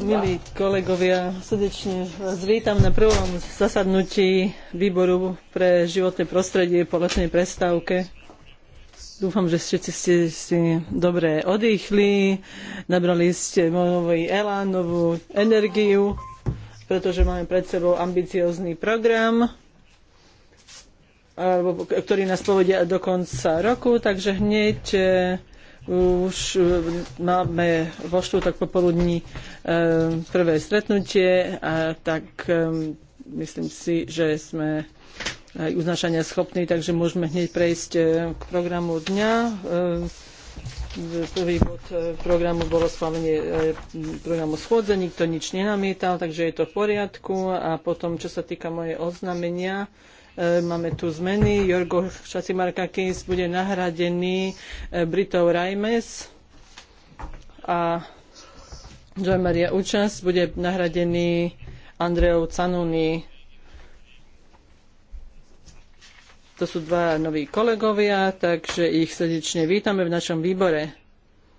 Milí kolegovia, srdečne vás vítam na prvom zasadnutí výboru pre životné prostredie po letnej prestávke. Dúfam, že všetci ste si dobre odýchli, nabrali ste nový elán, novú energiu, pretože máme pred sebou ambiciózny program ktorý nás povedia do konca roku, takže hneď eh, už e, máme vo štvrtok popoludní e, prvé stretnutie a tak e, myslím si, že sme aj uznašania schopní, takže môžeme hneď prejsť k programu dňa. Prvý bod programu bolo schválenie programu schôdze, nikto nič nenamietal, takže je to v poriadku. A potom, čo sa týka mojej oznámenia, E, máme tu zmeny. Jorgo Šacimarkakis bude nahradený e, Britou Rajmes a Joy Maria Učas bude nahradený Andreou Canuni. To sú dva noví kolegovia, takže ich srdečne vítame v našom výbore.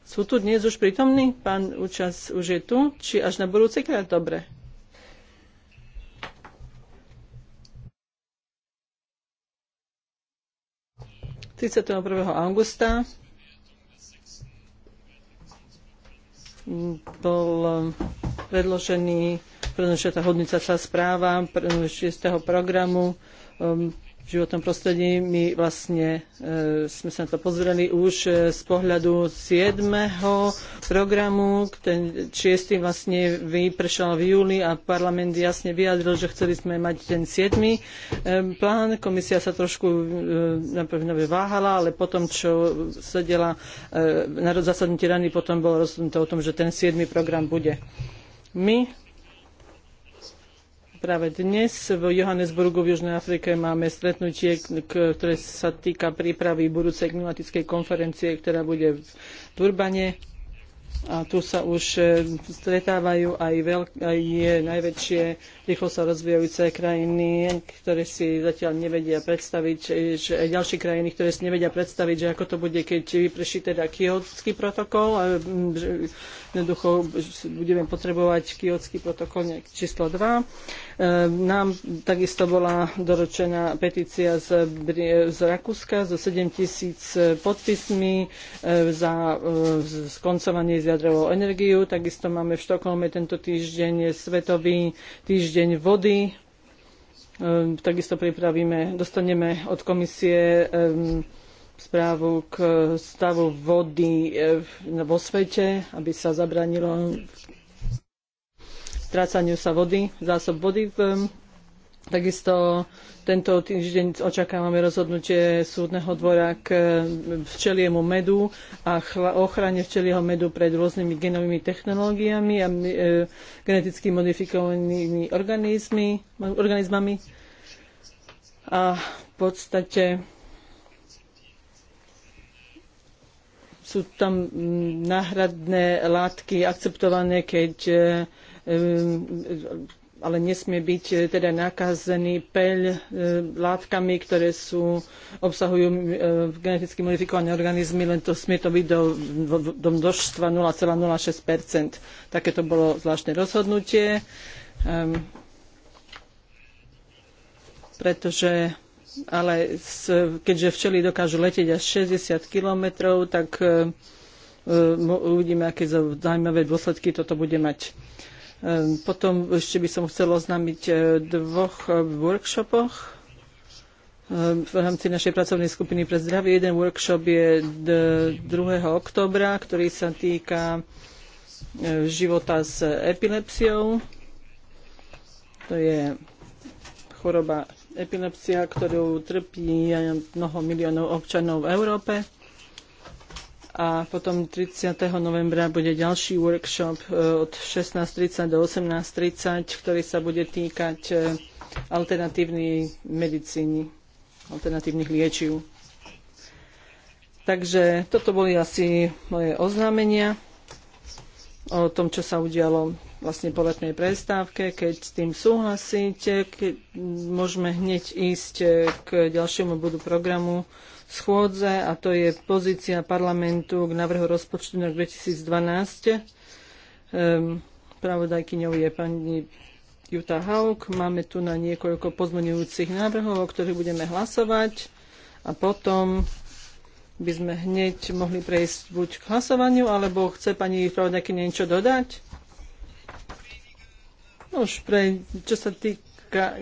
Sú tu dnes už prítomní? Pán Učas už je tu? Či až na budúci krát? Dobre. 31. augusta bol predložený predložená tá hodnica sa správa 6. programu um, životnom prostredí. My vlastne e, sme sa na to pozreli už e, z pohľadu 7. programu, ten 6. vlastne vypršal v júli a parlament jasne vyjadril, že chceli sme mať ten 7. E, plán. Komisia sa trošku e, napevno váhala, ale potom, čo sedela e, na zasadnutí rany, potom bolo rozhodnuté o tom, že ten 7. program bude. My Práve dnes v Johannesburgu v Južnej Afrike máme stretnutie, ktoré sa týka prípravy budúcej klimatickej konferencie, ktorá bude v Turbane. A tu sa už e, stretávajú aj, veľk- aj najväčšie rýchlo sa rozvíjajúce krajiny, ktoré si zatiaľ nevedia predstaviť, e, že aj ďalšie krajiny, ktoré si nevedia predstaviť, že ako to bude, keď vyprší teda kiotský protokol. A, jednoducho budeme potrebovať kiotský protokol číslo 2 E, nám takisto bola doručená petícia z, z Rakúska so 7 tisíc e, podpismi e, za skoncovanie s jadrovou energiou. Takisto máme v Štokholme tento týždeň Svetový týždeň vody. Takisto pripravíme, dostaneme od komisie správu k stavu vody vo svete, aby sa zabranilo strácaniu sa vody, zásob vody v Takisto tento týždeň očakávame rozhodnutie súdneho dvora k včeliemu medu a ochrane včelieho medu pred rôznymi genovými technológiami a e, geneticky modifikovanými organizmami. A v podstate sú tam náhradné látky akceptované, keď e, ale nesmie byť e, teda nakazený peľ e, látkami, ktoré sú, obsahujú e, geneticky modifikované organizmy, len to smie to byť do, do množstva 0,06 Také to bolo zvláštne rozhodnutie, pretože ale keďže včely dokážu letieť až 60 kilometrov, tak uvidíme, aké zaujímavé dôsledky toto bude mať. Ehm, potom ešte by som chcela oznámiť eh, dvoch eh, workshopoch ehm, v rámci našej pracovnej skupiny pre zdravie. Jeden workshop je 2. oktobra, ktorý sa týka eh, života s epilepsiou. To je choroba epilepsia, ktorou trpí mnoho miliónov občanov v Európe a potom 30. novembra bude ďalší workshop e, od 16.30 do 18.30, ktorý sa bude týkať e, alternatívnej medicíny, alternatívnych liečiv. Takže toto boli asi moje oznámenia o tom, čo sa udialo vlastne po letnej prestávke. Keď s tým súhlasíte, môžeme hneď ísť e, k ďalšiemu bodu programu, schôdze a to je pozícia parlamentu k návrhu rozpočtu na 2012. Um, ehm, pravodajkyňou je pani Juta Hauk. Máme tu na niekoľko pozmenujúcich návrhov, o ktorých budeme hlasovať a potom by sme hneď mohli prejsť buď k hlasovaniu, alebo chce pani pravodajky niečo dodať? No už pre, čo sa týka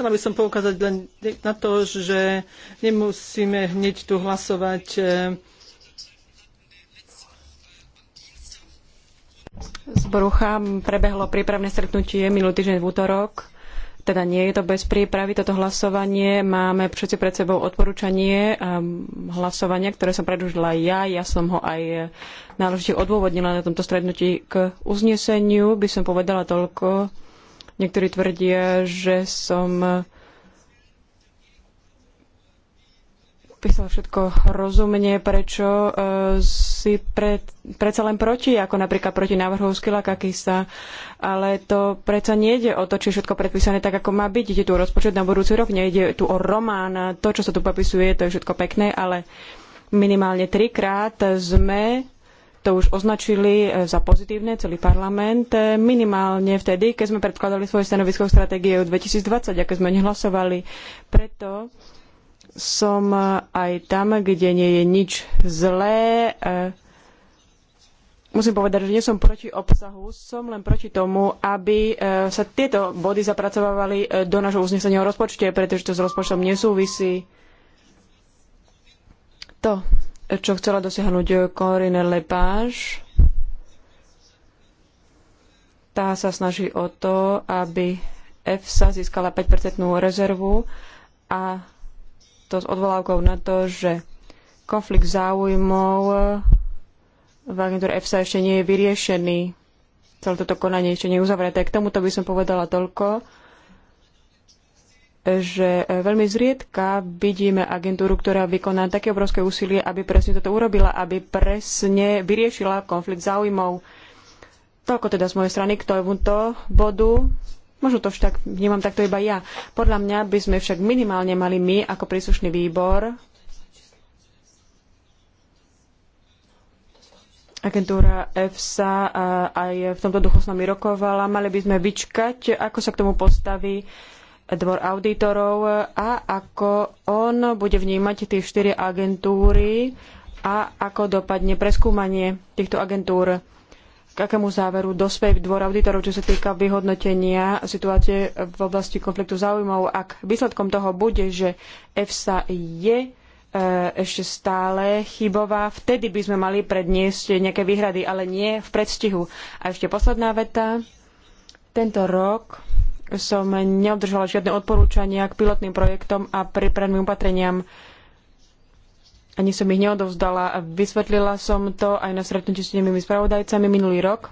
Chcela by som poukázať len na to, že nemusíme hneď tu hlasovať S eh, Bruchám prebehlo prípravné stretnutie minulý týždeň v útorok. Teda nie je to bez prípravy, toto hlasovanie. Máme všetci pred sebou odporúčanie ehm, hlasovania, ktoré som predúžila ja. Ja som ho aj náležite odôvodnila na tomto stretnutí k uzneseniu. By som povedala toľko, Niektorí tvrdia, že som eh, písal všetko rozumne, prečo eh, si pred, predsa len proti, ako napríklad proti návrhu Kakisa, ale to predsa nejde o to, či je všetko predpísané tak, ako má byť. Ide tu o rozpočet na budúci rok, nejde tu o román, to, čo sa tu popisuje, to je všetko pekné, ale minimálne trikrát sme to už označili e, za pozitívne celý parlament, e, minimálne vtedy, keď sme predkladali svoje stanovisko k stratégie 2020, ako sme nehlasovali. Preto som e, aj tam, kde nie je nič zlé, musím povedať, že nie som proti obsahu, som len proti tomu, aby sa tieto body zapracovávali do nášho uznesenia o rozpočte, pretože to s rozpočtom nesúvisí. To čo chcela dosiahnuť Corinne Lepage. Tá sa snaží o to, aby EFSA získala 5-percentnú rezervu a to s odvolávkou na to, že konflikt záujmov v agentúre EFSA ešte nie je vyriešený. Celé toto konanie ešte neuzavreté. K tomuto by som povedala toľko že e, veľmi zriedka vidíme agentúru, ktorá vykoná také obrovské úsilie, aby presne toto urobila, aby presne vyriešila konflikt záujmov. Toľko teda z mojej strany k tomuto bodu. Možno to však vnímam takto iba ja. Podľa mňa by sme však minimálne mali my ako príslušný výbor agentúra EFSA aj v tomto duchu s nami rokovala. Mali by sme vyčkať, ako sa k tomu postaví uh, dvor auditorov a ako on bude vnímať tie štyri agentúry a ako dopadne preskúmanie týchto agentúr. K akému záveru dospej dvor auditorov, čo sa týka vyhodnotenia situácie v oblasti konfliktu záujmov, ak výsledkom toho bude, že EFSA je e, ešte stále chybová. Vtedy by sme mali predniesť nejaké výhrady, ale nie v predstihu. A ešte posledná veta. Tento rok som neobdržala žiadne odporúčania k pilotným projektom a prípravným opatreniam. Ani som ich neodovzdala. Vysvetlila som to aj na stretnutí s tými spravodajcami minulý rok.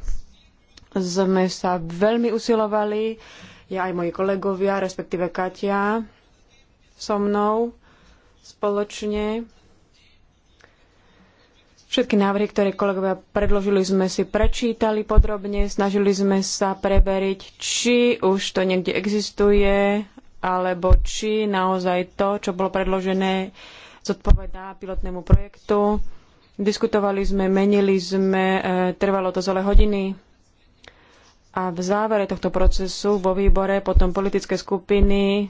Sme sa veľmi usilovali, ja aj moji kolegovia, respektíve Katia so mnou spoločne Všetky návrhy, ktoré kolegovia predložili, sme si prečítali podrobne, snažili sme sa preveriť, či už to niekde existuje, alebo či naozaj to, čo bolo predložené, zodpovedá pilotnému projektu. Diskutovali sme, menili sme, e, trvalo to celé hodiny. A v závere tohto procesu vo výbore potom politické skupiny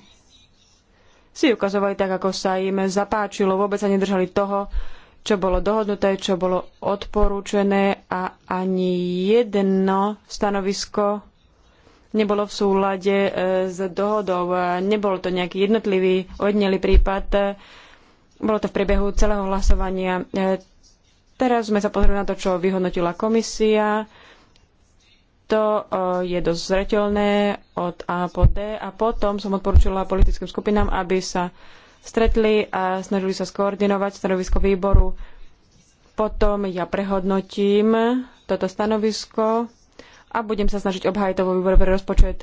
si ukazovali tak, ako sa im zapáčilo, vôbec sa nedržali toho, čo bolo dohodnuté, čo bolo odporúčené a ani jedno stanovisko nebolo v súlade e, s dohodou. Nebol to nejaký jednotlivý, ojedinelý prípad. Bolo to v priebehu celého hlasovania. E, teraz sme sa pozreli na to, čo vyhodnotila komisia. To e, je dosť zreteľné od A po D a potom som odporúčila politickým skupinám, aby sa stretli a snažili sa skoordinovať stanovisko výboru. Potom ja prehodnotím toto stanovisko a budem sa snažiť obhájiť to vo výbore pre rozpočet.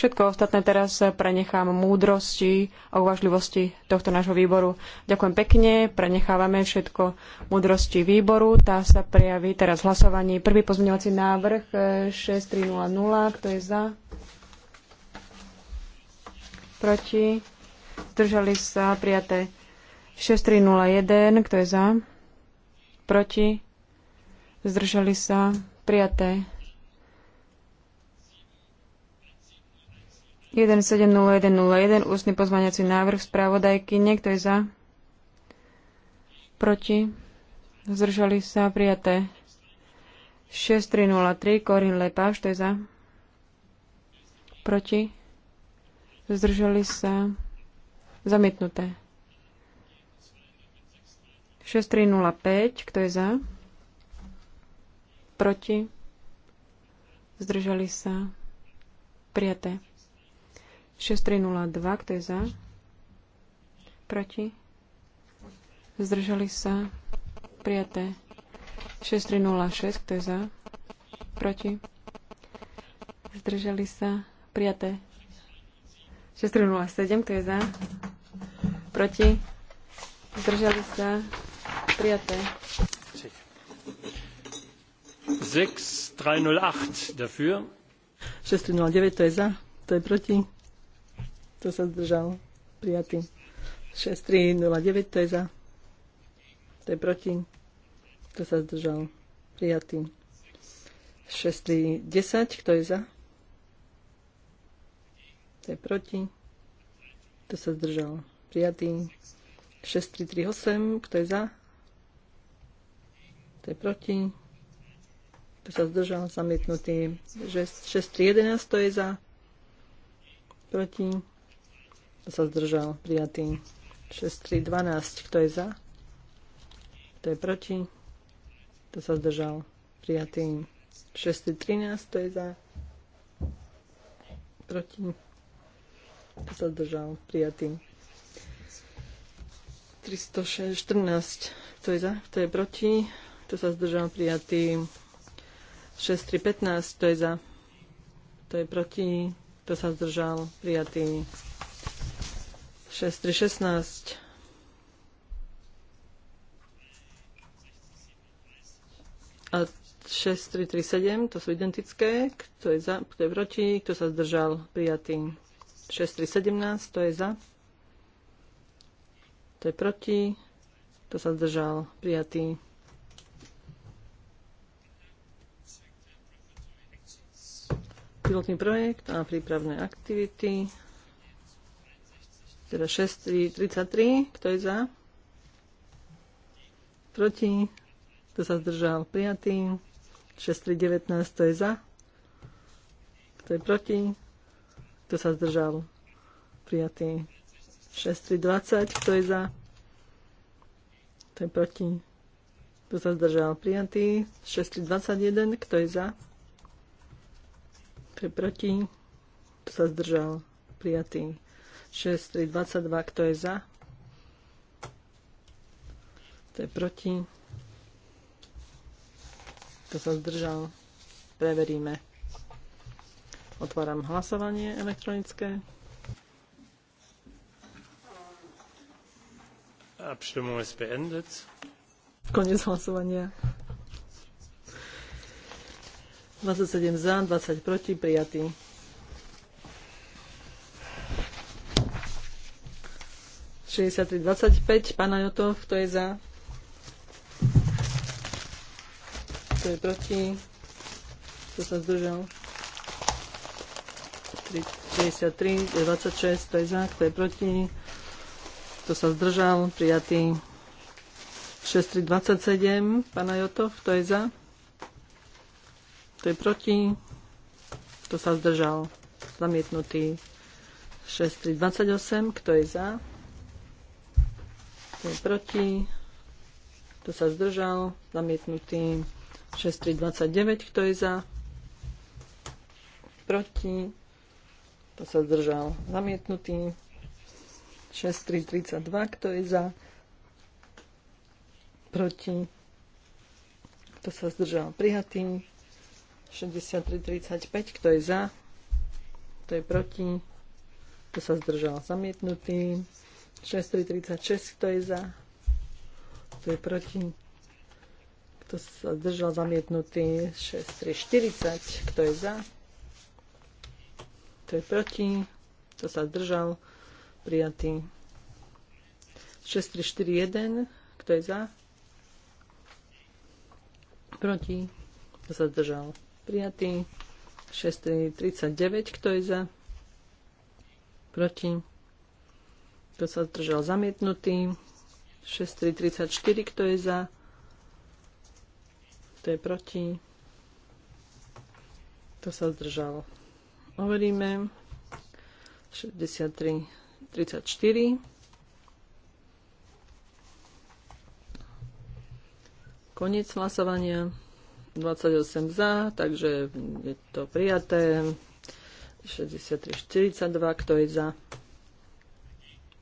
Všetko ostatné teraz prenechám múdrosti a uvažlivosti tohto nášho výboru. Ďakujem pekne, prenechávame všetko múdrosti výboru. Tá sa prejaví teraz v hlasovaní. Prvý pozmeňovací návrh 6300, eh, kto je za? Proti? zdržali sa prijaté 6301, kto je za, proti, zdržali sa prijaté 170101, ústny pozvaniaci návrh správodajky, niekto je za, proti, zdržali sa prijaté 6303, Korin Lepáš, to je za, proti, zdržali sa prijaté Zamietnuté. 6305, kto je za? Proti? Zdržali sa? Prijaté. 6302, kto je za? Proti? Zdržali sa? Prijaté. 6306, kto je za? Proti? Zdržali sa? Prijaté. 6307, kto je za? proti, zdržali sa, prijaté. 6308 dafür. 6309 to je za, to je proti. To sa zdržal. Prijatý. 6309 to je za. To je proti. To sa zdržal. Prijatý. 6310 kto je za? To je proti. To sa zdržal prijatý 6338, kto je za, kto je proti, kto sa zdržal, zamietnutý 6311, kto je za, proti, kto sa zdržal, prijatý 6312, kto je za, kto je proti, kto sa zdržal, prijatý 6313, kto je za, proti, kto sa zdržal, prijatý 314. to je za? Kto je proti? to sa zdržal prijatý? 6315. to je za? to je proti? to sa zdržal prijatý? 6316. 6337, to sú identické. Kto je za, kto je proti, kto sa zdržal, prijatý. 6317, to je za, to je proti. To sa zdržal. Prijatý. Pilotný projekt a prípravné aktivity. Teda 6.33. Kto je za? Proti. To sa zdržal. Prijatý. 6.3.19. To je za? Kto je proti? Kto sa zdržal? Prijatý. 20. kto je za? Kto je proti? Kto sa zdržal? Prijatý. 21. kto je za? Kto je proti? Kto sa zdržal? Prijatý. 22. kto je za? Kto je proti? Kto sa zdržal? Preveríme. Otváram hlasovanie elektronické. Abstimmung ist beendet. Konec hlasovania. 27 za, 20 proti, prijatý. Šesťdesiattri dvadsaťpäť, pána Jotov, kto je za? Kto je proti? Kto sa zdržal? 63, 26, kto je za, kto je proti? Kto sa zdržal? Prijatý. 6327. Pana Jotov, kto je za? Kto je proti? Kto sa zdržal? Zamietnutý. 6328. Kto je za? Kto je proti? Kto sa zdržal? Zamietnutý. 6329. Kto je za? Proti? Kto sa zdržal? Zamietnutý. 6332, kto je za, proti, kto sa zdržal prijatý, 6335, kto je za, kto je proti, kto sa zdržal zamietnutý, 6336, kto je za, kto je proti, kto sa zdržal zamietnutý, 6340, kto je za, kto je proti, kto sa zdržal prijatý. 6341, kto je za? Proti? Kto sa zdržal? Prijatý. 639, kto je za? Proti? Kto sa zdržal? Zamietnutý. 6334, kto je za? Kto je proti? Kto sa zdržal? Overíme. 63 34. Koniec hlasovania. 28 za, takže je to prijaté. 63, 42, kto je za?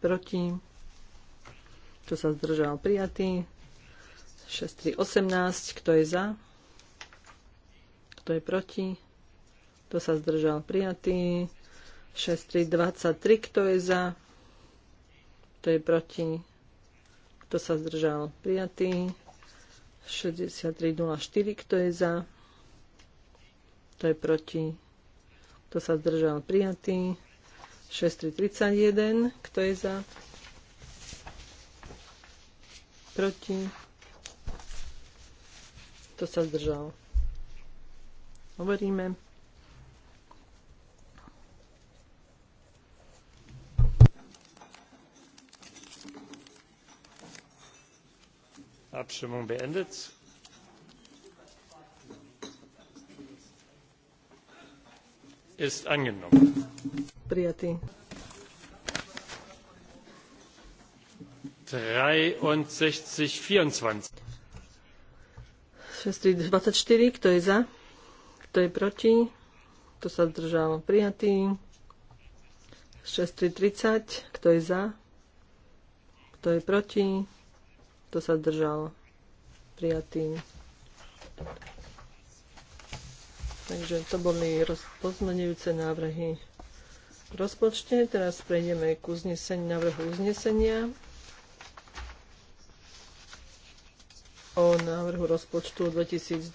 Proti? Kto sa zdržal? Prijatý. 6, 3, 18, kto je za? Kto je proti? Kto sa zdržal? Prijatý. 6323, kto je za, kto je proti, kto sa zdržal, prijatý. 6304, kto je za, kto je proti, kto sa zdržal, prijatý. 6331, kto je za, proti, kto sa zdržal. Hovoríme. abstimmung beendet. ist angenommen. Prijatý. 63, 24. Kto je za? Kto je proti? Kto sa zdržal? Prijatý. 30. Kto je za? Kto je proti? To sa držalo Prijatý. Takže to boli pozmenujúce návrhy rozpočte. Teraz prejdeme k uzneseniu, návrhu uznesenia o návrhu rozpočtu 2012,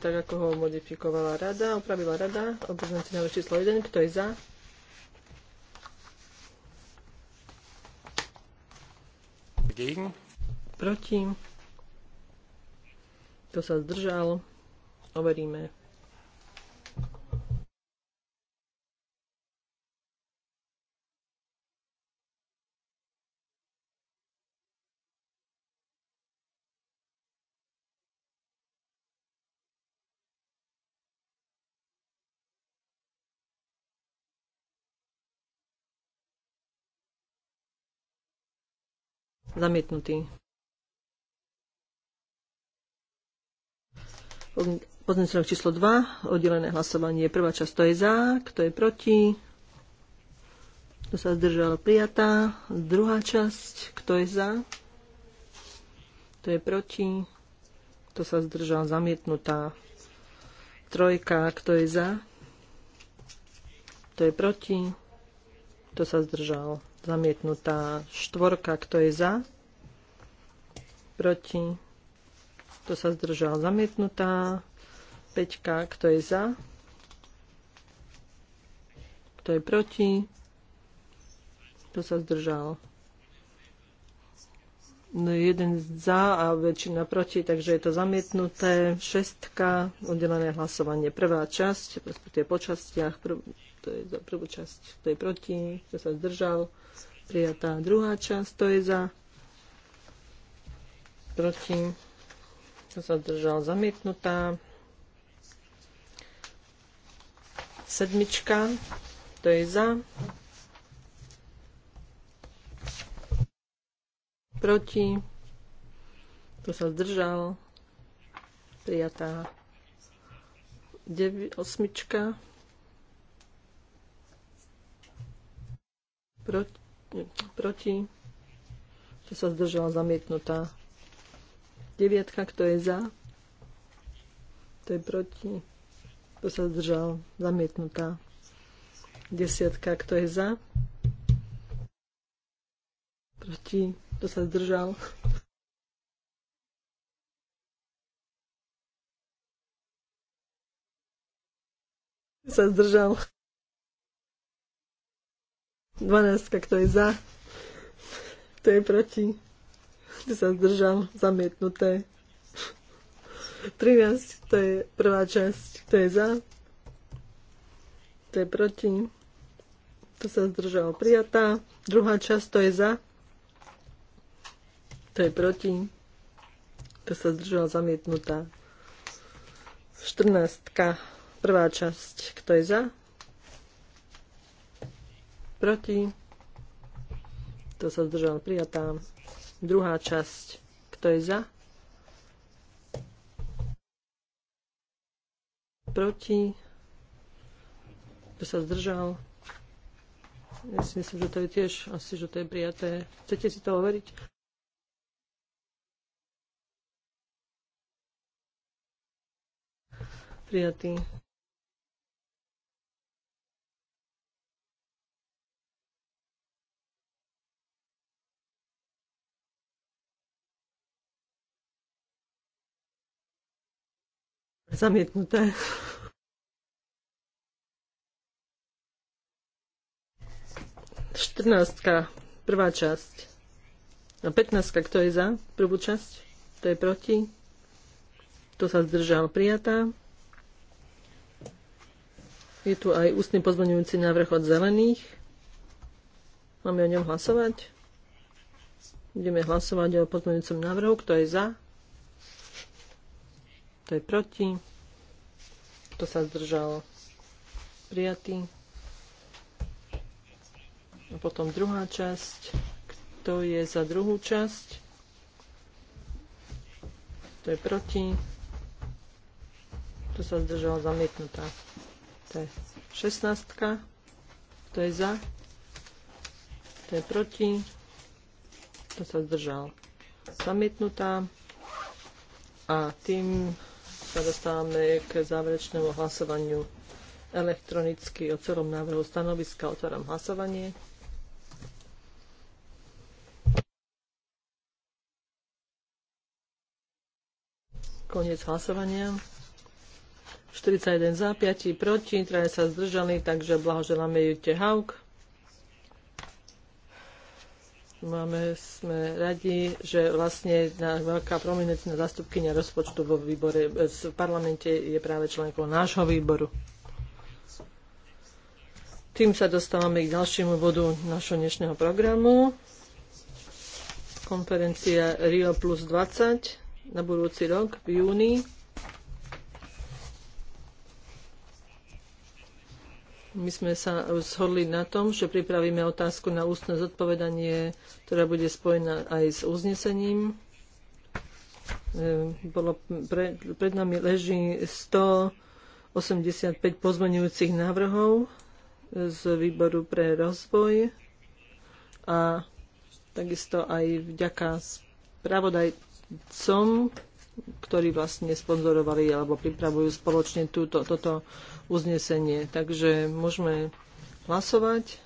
tak ako ho modifikovala rada, opravila rada. Oboznáte návrh číslo 1. Kto je za? Gegen proti, kto sa zdržal, overíme. Zamietnutý. Poznáte číslo 2, oddelené hlasovanie. Prvá časť to je za, kto je proti. Kto sa zdržal prijatá. Druhá časť, kto je za. Kto je proti. Kto sa zdržal zamietnutá. Trojka, kto je za. Kto je proti. Kto sa zdržal zamietnutá. Štvorka, kto je za. Proti kto sa zdržal zamietnutá, Peťka, kto je za, kto je proti, kto sa zdržal. No, jeden za a väčšina proti, takže je to zamietnuté. Šestka, oddelené hlasovanie. Prvá časť, respektíve po častiach, prv, to je za prvú časť, to je proti, kto sa zdržal. Prijatá druhá časť, to je za, proti, som sa držal zamietnutá. Sedmička, to je za. Proti, to sa zdržal. Prijatá. Devi, osmička. Proti, proti, to sa zdržal zamietnutá. Deviatka, kto je za? Kto je proti? Kto sa zdržal? Zamietnutá. Desiatka, kto je za? Proti? Kto sa zdržal? Kto sa zdržal? Dvanáctka, kto je za? Kto je proti? kde sa zdržal, zamietnuté. 13, to je prvá časť, kto je za, To je proti, to sa zdržalo prijatá. Druhá časť, to je za, To je proti, to sa zdržalo zamietnutá. 14, prvá časť, kto je za, proti, to sa zdržalo prijatá. Druhá časť. Kto je za? Proti? Kto sa zdržal? Ja si myslím, že to je tiež asi, že to je prijaté. Chcete si to overiť? Prijatý. Zamietnuté. Štrnáctka, prvá časť. A petnáctka, kto je za prvú časť? Kto je proti? Kto sa zdržal? Prijatá. Je tu aj ústny pozvoňujúci návrh od zelených. Máme o ňom hlasovať. Budeme hlasovať o pozvoňujúcom návrhu. Kto je za? Kto je proti? Kto sa zdržal? Prijatý. A potom druhá časť. Kto je za druhú časť? Kto je proti? Kto sa zdržal? Zamietnutá. To je 16. Kto je za? Kto je proti? Kto sa zdržal? Zamietnutá. A tým sa dostávame k záverečnému hlasovaniu elektronicky o celom návrhu stanoviska. Otváram hlasovanie. Koniec hlasovania. 41 za, 5 proti, 3 sa zdržali, takže blahoželáme Jute Hauk. Máme, sme radi, že vlastne na veľká prominentná zastupkynia rozpočtu vo výbore, e, v parlamente je práve členkou nášho výboru. Tým sa dostávame k ďalšiemu bodu našho dnešného programu. Konferencia Rio plus 20 na budúci rok v júni my sme sa zhodli na tom, že pripravíme otázku na ústne zodpovedanie, ktorá bude spojená aj s uznesením. E, bolo, pre, pred nami leží 185 pozmeňujúcich návrhov z výboru pre rozvoj a takisto aj vďaka spravodajcom, ktorí vlastne sponzorovali alebo pripravujú spoločne túto, toto uznesenie. Takže môžeme hlasovať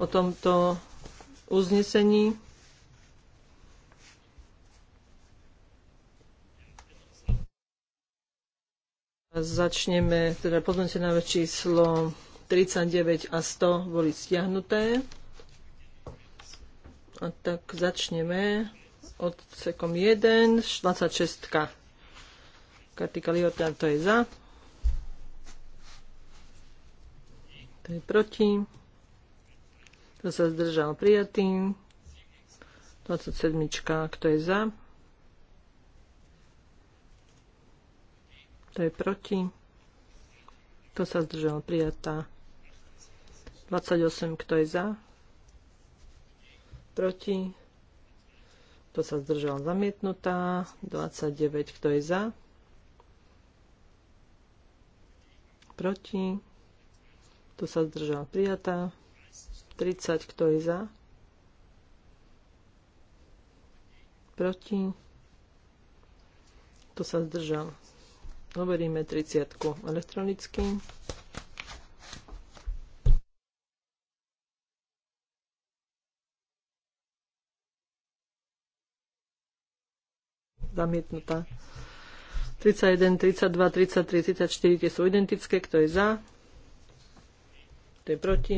o tomto uznesení. Začneme, teda poznáte na číslo 39 a 100 boli stiahnuté. A tak začneme odsekom 1, 26. Kartika Liotia, to je za. To je proti. To sa zdržal prijatý. 27. Kto je za? To je proti. To sa zdržal prijatá. 28. Kto je za? Proti kto sa zdržal? Zamietnutá. 29. Kto je za? Proti. Kto sa zdržal? Prijatá. 30. Kto je za? Proti. Kto sa zdržal? Overíme 30 elektronicky. zamietnutá. 31, 32, 33, 34, tie sú identické. Kto je za? Kto je proti?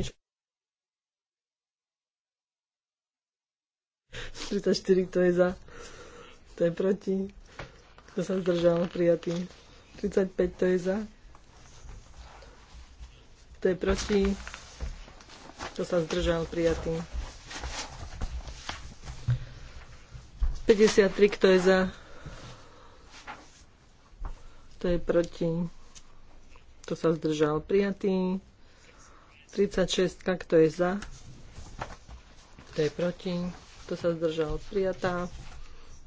34, kto je za? Kto je proti? Kto sa zdržal? Prijatý. 35, kto je za? Kto je proti? Kto sa zdržal? Prijatý. 53, kto je za? to je proti, to sa zdržal prijatý. 36, kto je za, kto je proti, kto sa zdržal prijatá.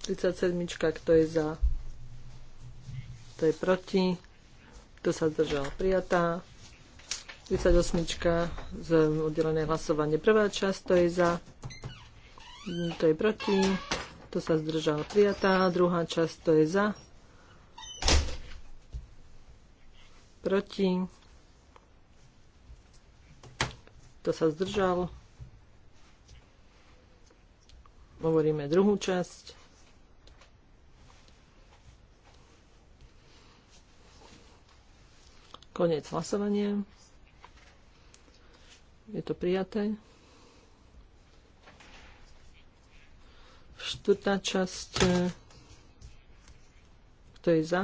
37, kto je za, kto je proti, kto sa zdržal prijatá. 38 z oddelené hlasovanie. Prvá časť, to je za, to je proti, to sa zdržal prijatá. Druhá časť, to je za, proti, To sa zdržal. Hovoríme druhú časť. Koniec hlasovania. Je to prijaté. Štvrtá časť. Kto je za?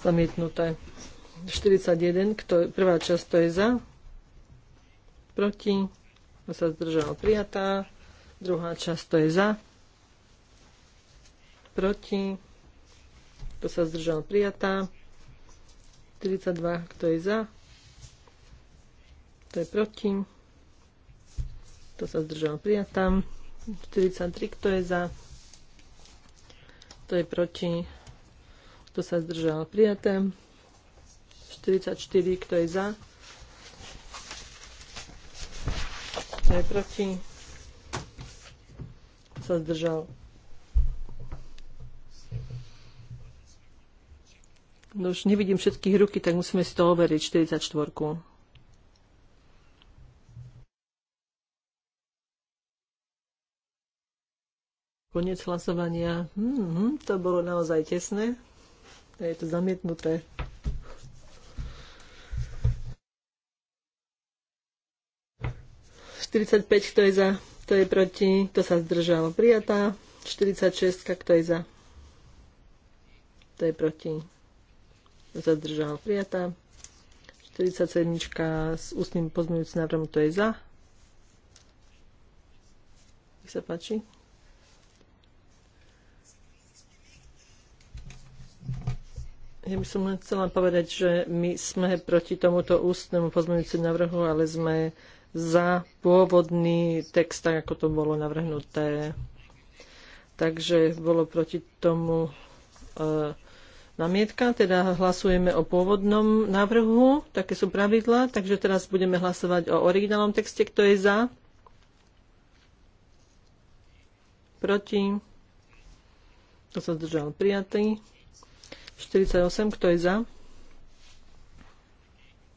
Zamietnuté. 41, kto, prvá časť to je za, proti, a sa zdržal prijatá, druhá časť to je za, proti, kto sa zdržal prijatá, 42, kto je za, kto je proti, kto sa zdržal prijatá, 43, kto je za, kto je proti, kto sa zdržal? Prijaté. 44. Kto je za? Kto je proti? Kto sa zdržal? No už nevidím všetkých ruky, tak musíme si to overiť. 44. -ku. Konec hlasovania. hmm to bolo naozaj tesné. Teda je to zamietnuté. kto je za, kto je proti, kto sa zdržal, prijatá. 46, kto je za, kto je proti, kto sa zdržal, prijatá. 47 s ústnym pozmeňujúcim návrhom, kto je za. Nech sa páči. Ja by som chcela povedať, že my sme proti tomuto ústnemu pozmeňujúcemu návrhu, ale sme za pôvodný text, tak ako to bolo navrhnuté. Takže bolo proti tomu e, namietka, teda hlasujeme o pôvodnom návrhu, také sú pravidla, takže teraz budeme hlasovať o originálnom texte, kto je za, proti, kto sa zdržal prijatý. 48, kto je za?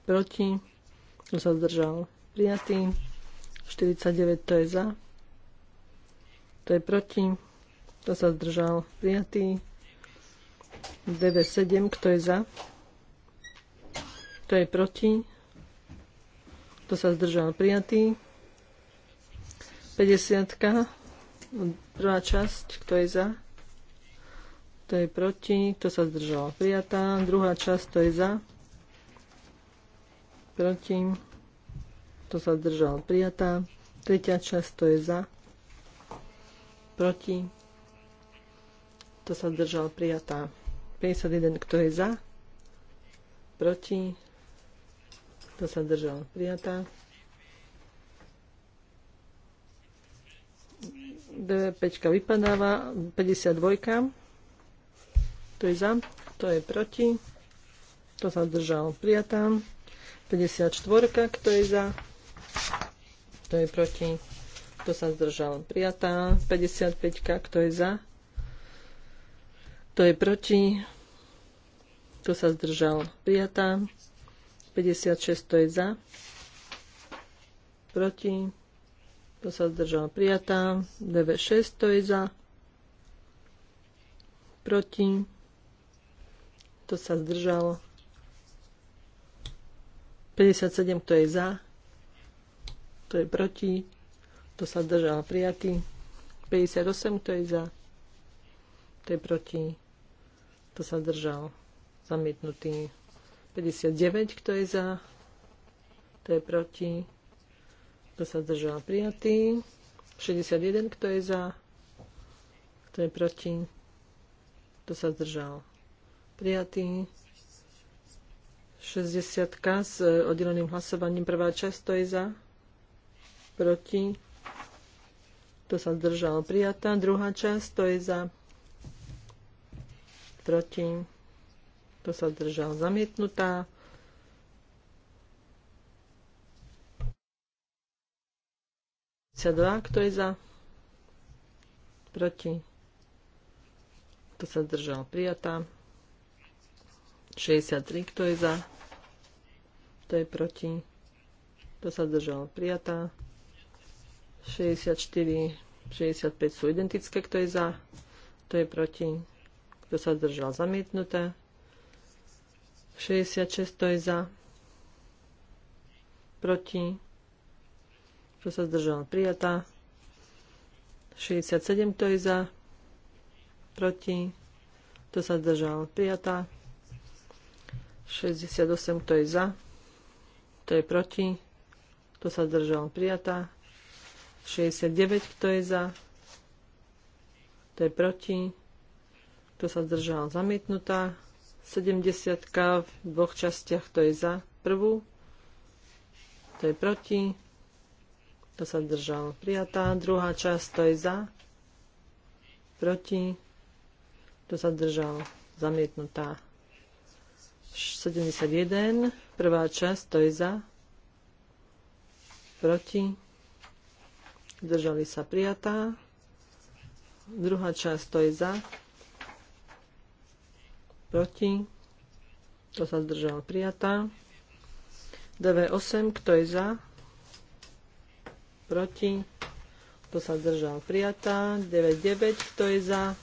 Proti? Kto sa zdržal? Prijatý. 49, to je za? To je proti? Kto sa zdržal? Prijatý. 97, kto je za? Kto je proti? Kto sa zdržal? Prijatý. 50, prvá časť, kto je za? To je proti, to sa zdržalo prijatá. Druhá časť, to je za, proti, to sa zdržalo prijatá. Tretia časť, to je za, proti, to sa zdržalo prijatá. 51, kto je za, proti, to sa zdržalo prijatá. 5 vypadáva, 52. Kto je za? Kto je proti? Kto sa zdržal? Prijatá. 54. Kto je za? Kto je proti? Kto sa zdržal? Prijatá. 55. Kto je za? Kto je proti? Kto sa zdržal? Prijatá. 56. Kto je za? Proti? Kto sa zdržal? Prijatá. 96. Kto je za? Proti? To sa zdržalo. 57, kto je za, kto je proti, To sa zdržalo prijatý. 58, kto je za, kto je proti, To sa zdržalo zamietnutý. 59, kto je za, kto je proti, to sa zdržalo prijatý. 61, kto je za, kto je proti, kto sa zdržalo prijatý 60 s e, oddeleným hlasovaním. Prvá časť to je za, proti, to sa zdržalo prijatá. Druhá časť to je za, proti, to sa zdržalo zamietnutá. kto je za? Proti. To sa zdržal prijatá. 63, kto je za? Kto je proti? Kto sa zdržal? Prijatá. 64, 65 sú identické, kto je za? Kto je proti? Kto sa zdržal? Zamietnuté. 66, kto je za? Proti? Kto sa zdržal? Prijatá. 67, kto je za? Proti? Kto sa zdržal? Prijatá. 68, kto je za, kto je proti, kto sa zdržal, prijatá. 69, kto je za, kto je proti, kto sa zdržal, zamietnutá. 70 v dvoch častiach, kto je za prvú, kto je proti, kto sa zdržal, prijatá. Druhá časť, kto je za, proti, kto sa zdržal, zamietnutá. 71, prvá časť, to je za, proti, držali sa prijatá. Druhá časť, to je za, proti, to sa zdržal prijatá. DV8, kto je za, proti, to sa zdržal prijatá. 99, kto je za,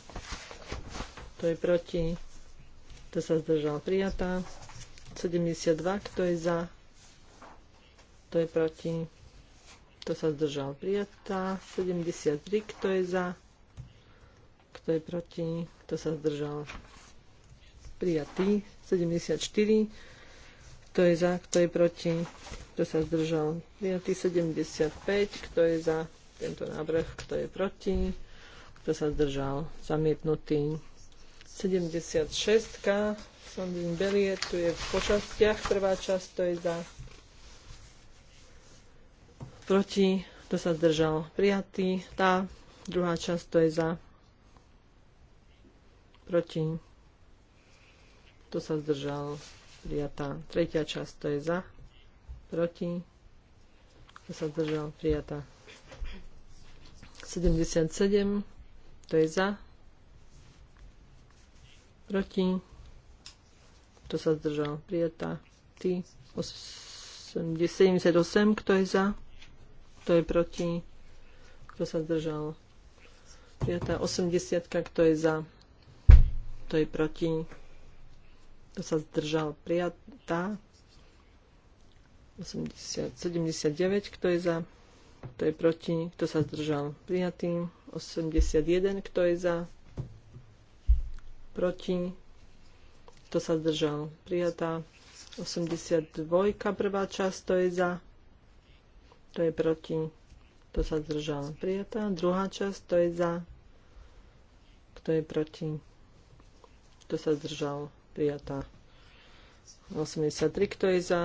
to je proti, kto sa zdržal? Prijatá. 72. Kto je za? Kto je proti? Kto sa zdržal? Prijatá. 73. Kto je za? Kto je proti? Kto sa zdržal? Prijatý. 74. Kto je za? Kto je proti? Kto sa zdržal? Prijatý. 75. Kto je za tento návrh? Kto je proti? Kto sa zdržal? Zamietnutý. 76. Sondin Belie, tu je v počastiach. Prvá časť, to je za. Proti, to sa zdržal? Prijatý. Tá druhá časť, to je za. Proti. to sa zdržal? Prijatá. Tretia časť, to je za. Proti. to sa zdržal? Prijatá. 77. To je za proti, kto sa zdržal, prijatá. Ty, 78, kto je za, kto je proti, kto sa zdržal, prijatá. 80, kto je za, kto je proti, kto sa zdržal, prijatá. 80, 79, kto je za, kto je proti, kto sa zdržal, prijatý. 81, kto je za, proti, to sa zdržal. Prijatá 82, prvá časť, to je za, to je proti, to sa zdržal. Prijatá druhá časť, to je za, kto je proti, To sa zdržal. Prijatá 83, kto je za,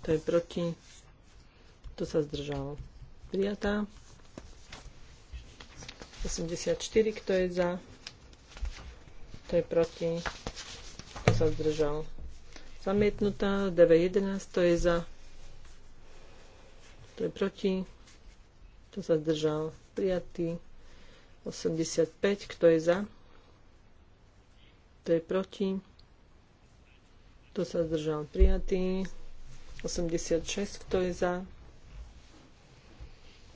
kto je proti, To sa zdržal. Prijatá 84, kto je za, to je proti, to sa zdržal. Zamietnutá, DV11, to je za, to je proti, to sa zdržal. Prijatý, 85, kto je za, to je proti, to sa zdržal. Prijatý, 86, kto je za,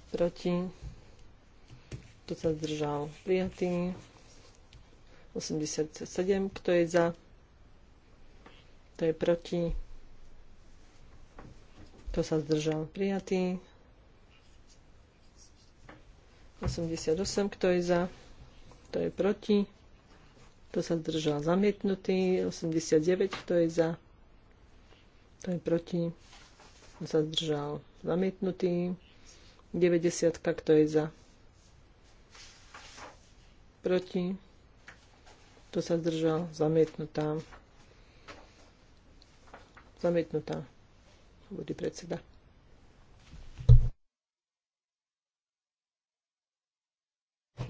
proti, to sa zdržal. Prijatý, 87, kto je za, kto je proti, kto sa zdržal, prijatý. 88, kto je za, kto je proti, kto sa zdržal, zamietnutý. 89, kto je za, kto je proti, kto sa zdržal, zamietnutý. 90, kto je za, proti, to sa zdržal? Zamietnutá. Zamietnutá. Bude predseda.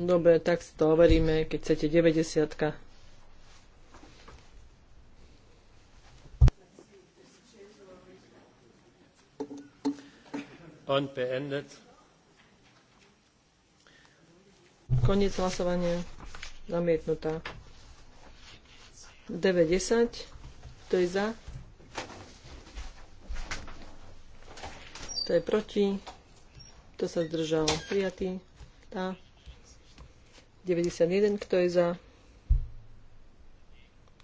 Dobre, tak si to overíme, keď chcete 90. On beendet. Koniec hlasovania. Zamietnutá. 910. to je za? to je proti? to sa zdržalo, Prijatý. Tá. 91. Kto je za?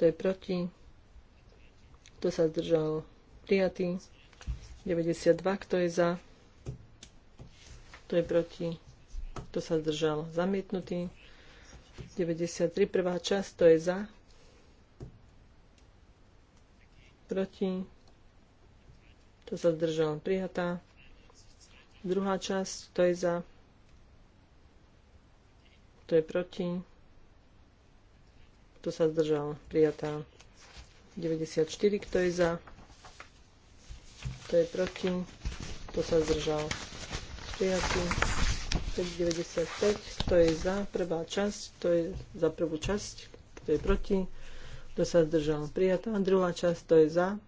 to je proti? to sa zdržalo, Prijatý. 92. Kto je za? to je proti? to sa zdržalo, Zamietnutý. 93. Prvá časť. to je za? proti, to sa zdržalo prijatá. Druhá časť, to je za, to je proti, to sa zdržalo prijatá. 94, kto je za, to je proti, to sa zdržalo prijatý. 95, kto je za, prvá časť, to je za prvú časť, kto je proti, kto sa zdržal prijatá. Druhá časť, to je za,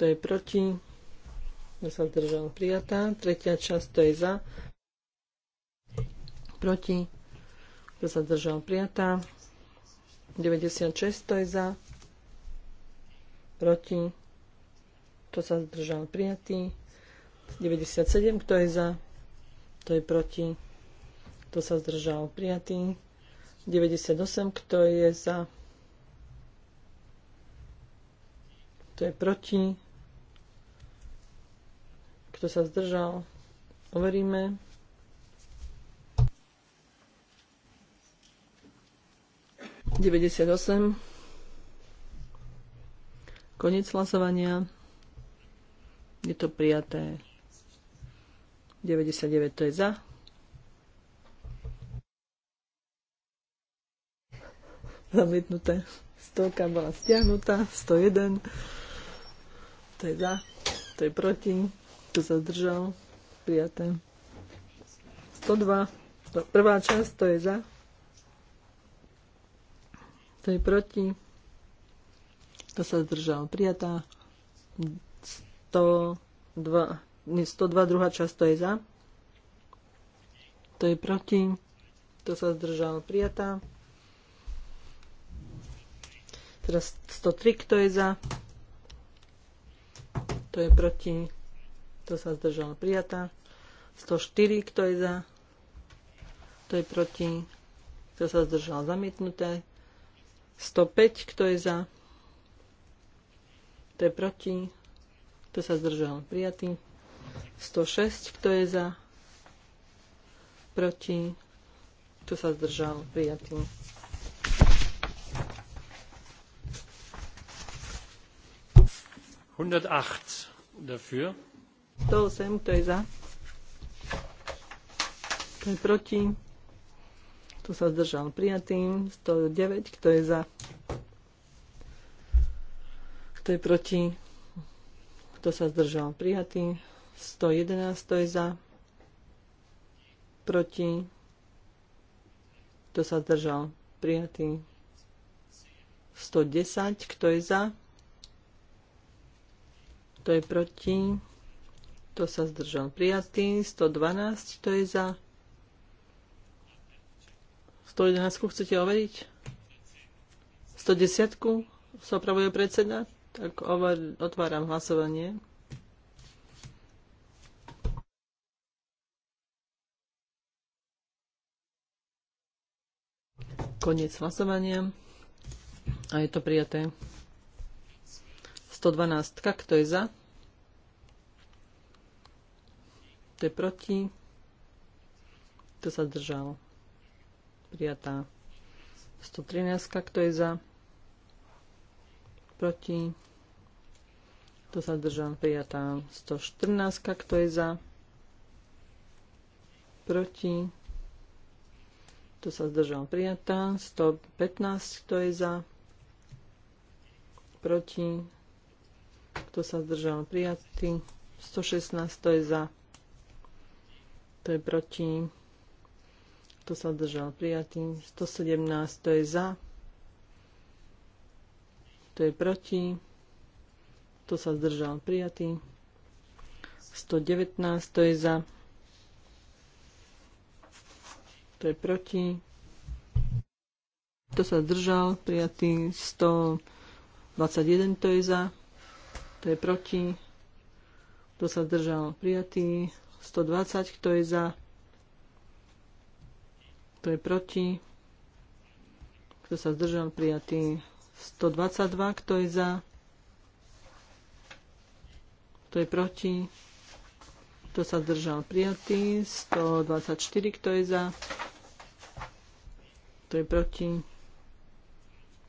to je proti, kto sa zdržal prijatá. Tretia časť, to je za, proti, kto sa zdržal prijatá. 96, to je za, proti, kto sa zdržal prijatý. 97, kto je za, to je proti, kto sa zdržal prijatý. 98, kto je za, kto je proti, kto sa zdržal. Overíme. Deväťdesiat osem. Koniec hlasovania. Je to prijaté. 99 to je za. zamietnuté. Stovka bola stiahnutá, 101. To je za, to je proti, to sa zdržal, prijaté. 102, prvá časť, to je za, to je proti, to sa zdržal, prijatá. 102, nie, 102 druhá časť, to je za, to je proti, to sa zdržal, prijatá. Teraz 103, kto je za? to je proti? to sa zdržalo, Prijatá. 104, kto je za? To je proti? Kto sa zdržalo, Zamietnuté. 105, kto je za? To je proti? Kto sa zdržalo, Prijatý. 106, kto je za? Proti? Kto sa zdržalo, Prijatý. 108 dafür. kto je za? Kto je proti? Kto sa zdržal prijatý? 109, kto je za? Kto je proti? Kto sa zdržal prijatý? 111, kto je za? Proti? Kto sa zdržal prijatý? 110, kto je za? Kto je proti? Kto sa zdržal? Prijatý. 112. to je za? 111 chcete overiť? 110 sa opravuje predseda? Tak over, otváram hlasovanie. Koniec hlasovania. A je to prijaté. 112. Kto je za? Kto je proti? Kto sa zdržal? Prijatá. 113. Kto je za? Proti? Kto sa zdržal? Prijatá. 114. Kto je za? Proti? Kto sa zdržal? Prijatá. 115. Kto je za? Proti? Kto sa zdržal? Prijatý. 116, to je za. To je proti. Kto sa zdržal? Prijatý. 117, to je za. To je proti. Kto sa zdržal? Prijatý. 119, to je za. To je proti. Kto sa zdržal? Prijatý. 121, to je za kto je proti, kto sa zdržal prijatý, 120, kto je za, kto je proti, kto sa zdržal prijatý, 122, kto je za, kto je proti, kto sa zdržal prijatý, 124, kto je za, kto je proti,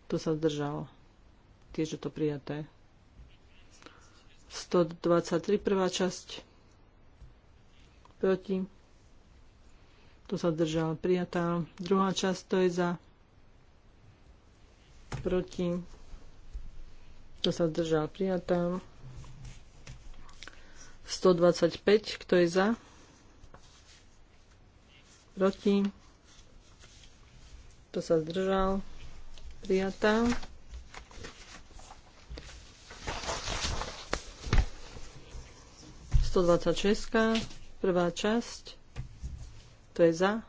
kto sa zdržal. Tiež je to prijaté. 123 prvá časť proti to sa držal prijatá druhá časť to je za proti to sa držal prijatá 125 kto je za proti to sa zdržal prijatá 126, prvá časť. To je za.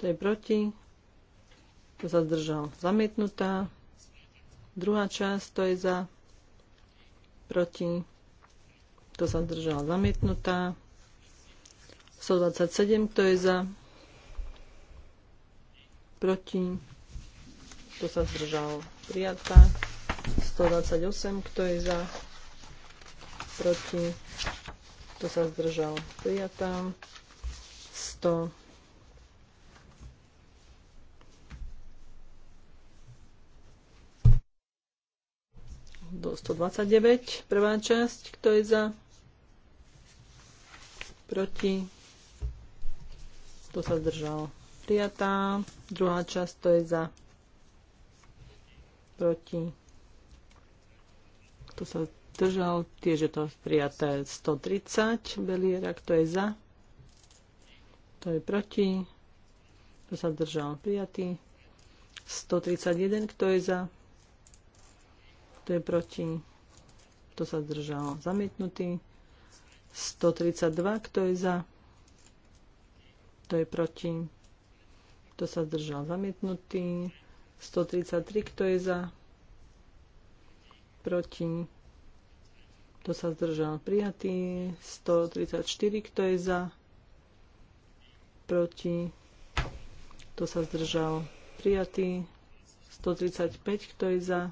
To je proti. To sa zdržal. Zamietnutá. Druhá časť, to je za. Proti. To zadržal, Zamietnutá. 127, kto je za? Proti? Kto sa zdržal? Prijatá. 128, kto je za? proti, to sa zdržal, prijatá. 100 do 129, prvá časť, kto je za, proti, to sa zdržal, prijatá. Druhá časť, to je za, proti, To sa zdržal, Držal tiež je to prijaté 130 ak kto je za, kto je proti, To sa držal prijatý. 131, kto je za, kto je proti, To sa držal zamietnutý. 132, kto je za, kto je proti, kto sa zdržal zamietnutý. 133, kto je za, proti, kto sa zdržal prijatý, 134, kto je za, proti, kto sa zdržal prijatý, 135, kto je za,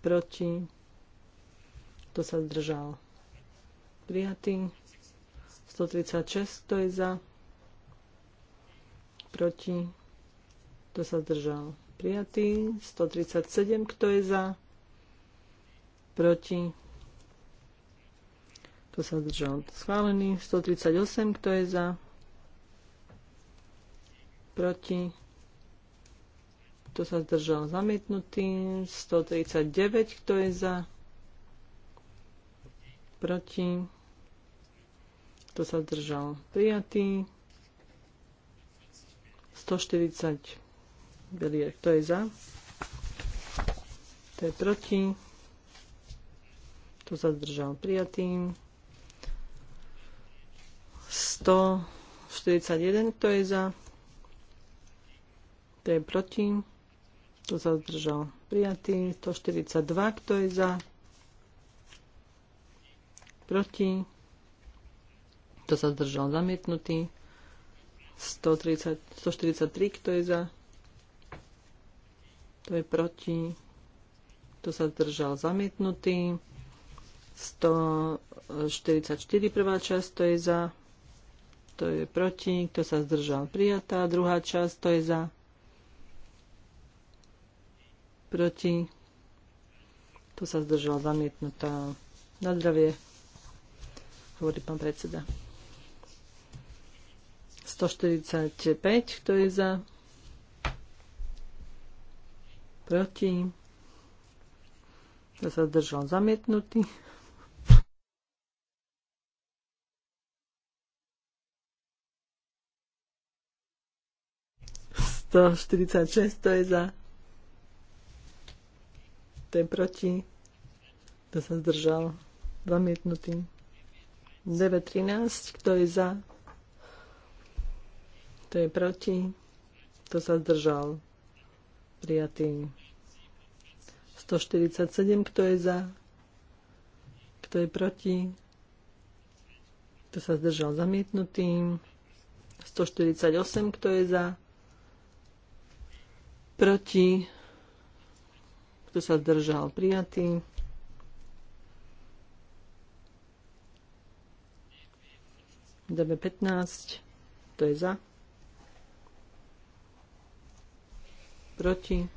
proti, kto sa zdržal prijatý, 136, kto je za, proti, kto sa zdržal prijatý, 137, kto je za, proti, to sa zdržal? Schválený. 138. Kto je za? Proti? To sa zdržal? Zamietnutý. 139. Kto je za? Proti? To sa zdržal? Prijatý. 140. Belier. Kto je za? To je proti? To sa zdržal? Prijatý. 141, kto je za, kto je proti, kto sa zdržal. Prijatý 142, kto je za, proti, kto sa zdržal. Zamietnutý 143, kto je za, kto je proti, kto sa zdržal. Zamietnutý 144, prvá časť, to je za, kto je proti, kto sa zdržal prijatá, druhá časť, to je za, proti, kto sa zdržal zamietnutá, na zdravie, hovorí pán predseda. 145, kto je za, proti, kto sa zdržal zamietnutý. 146, to je za. To je proti. To sa zdržal. Zamietnutý. 9.13, kto je za? To je proti. To sa zdržal. Prijatý. 147, kto je za? Kto je proti? Kto sa zdržal zamietnutým? 148, kto je za? proti, kto sa zdržal, prijatý. Dáme 15, to je za, proti,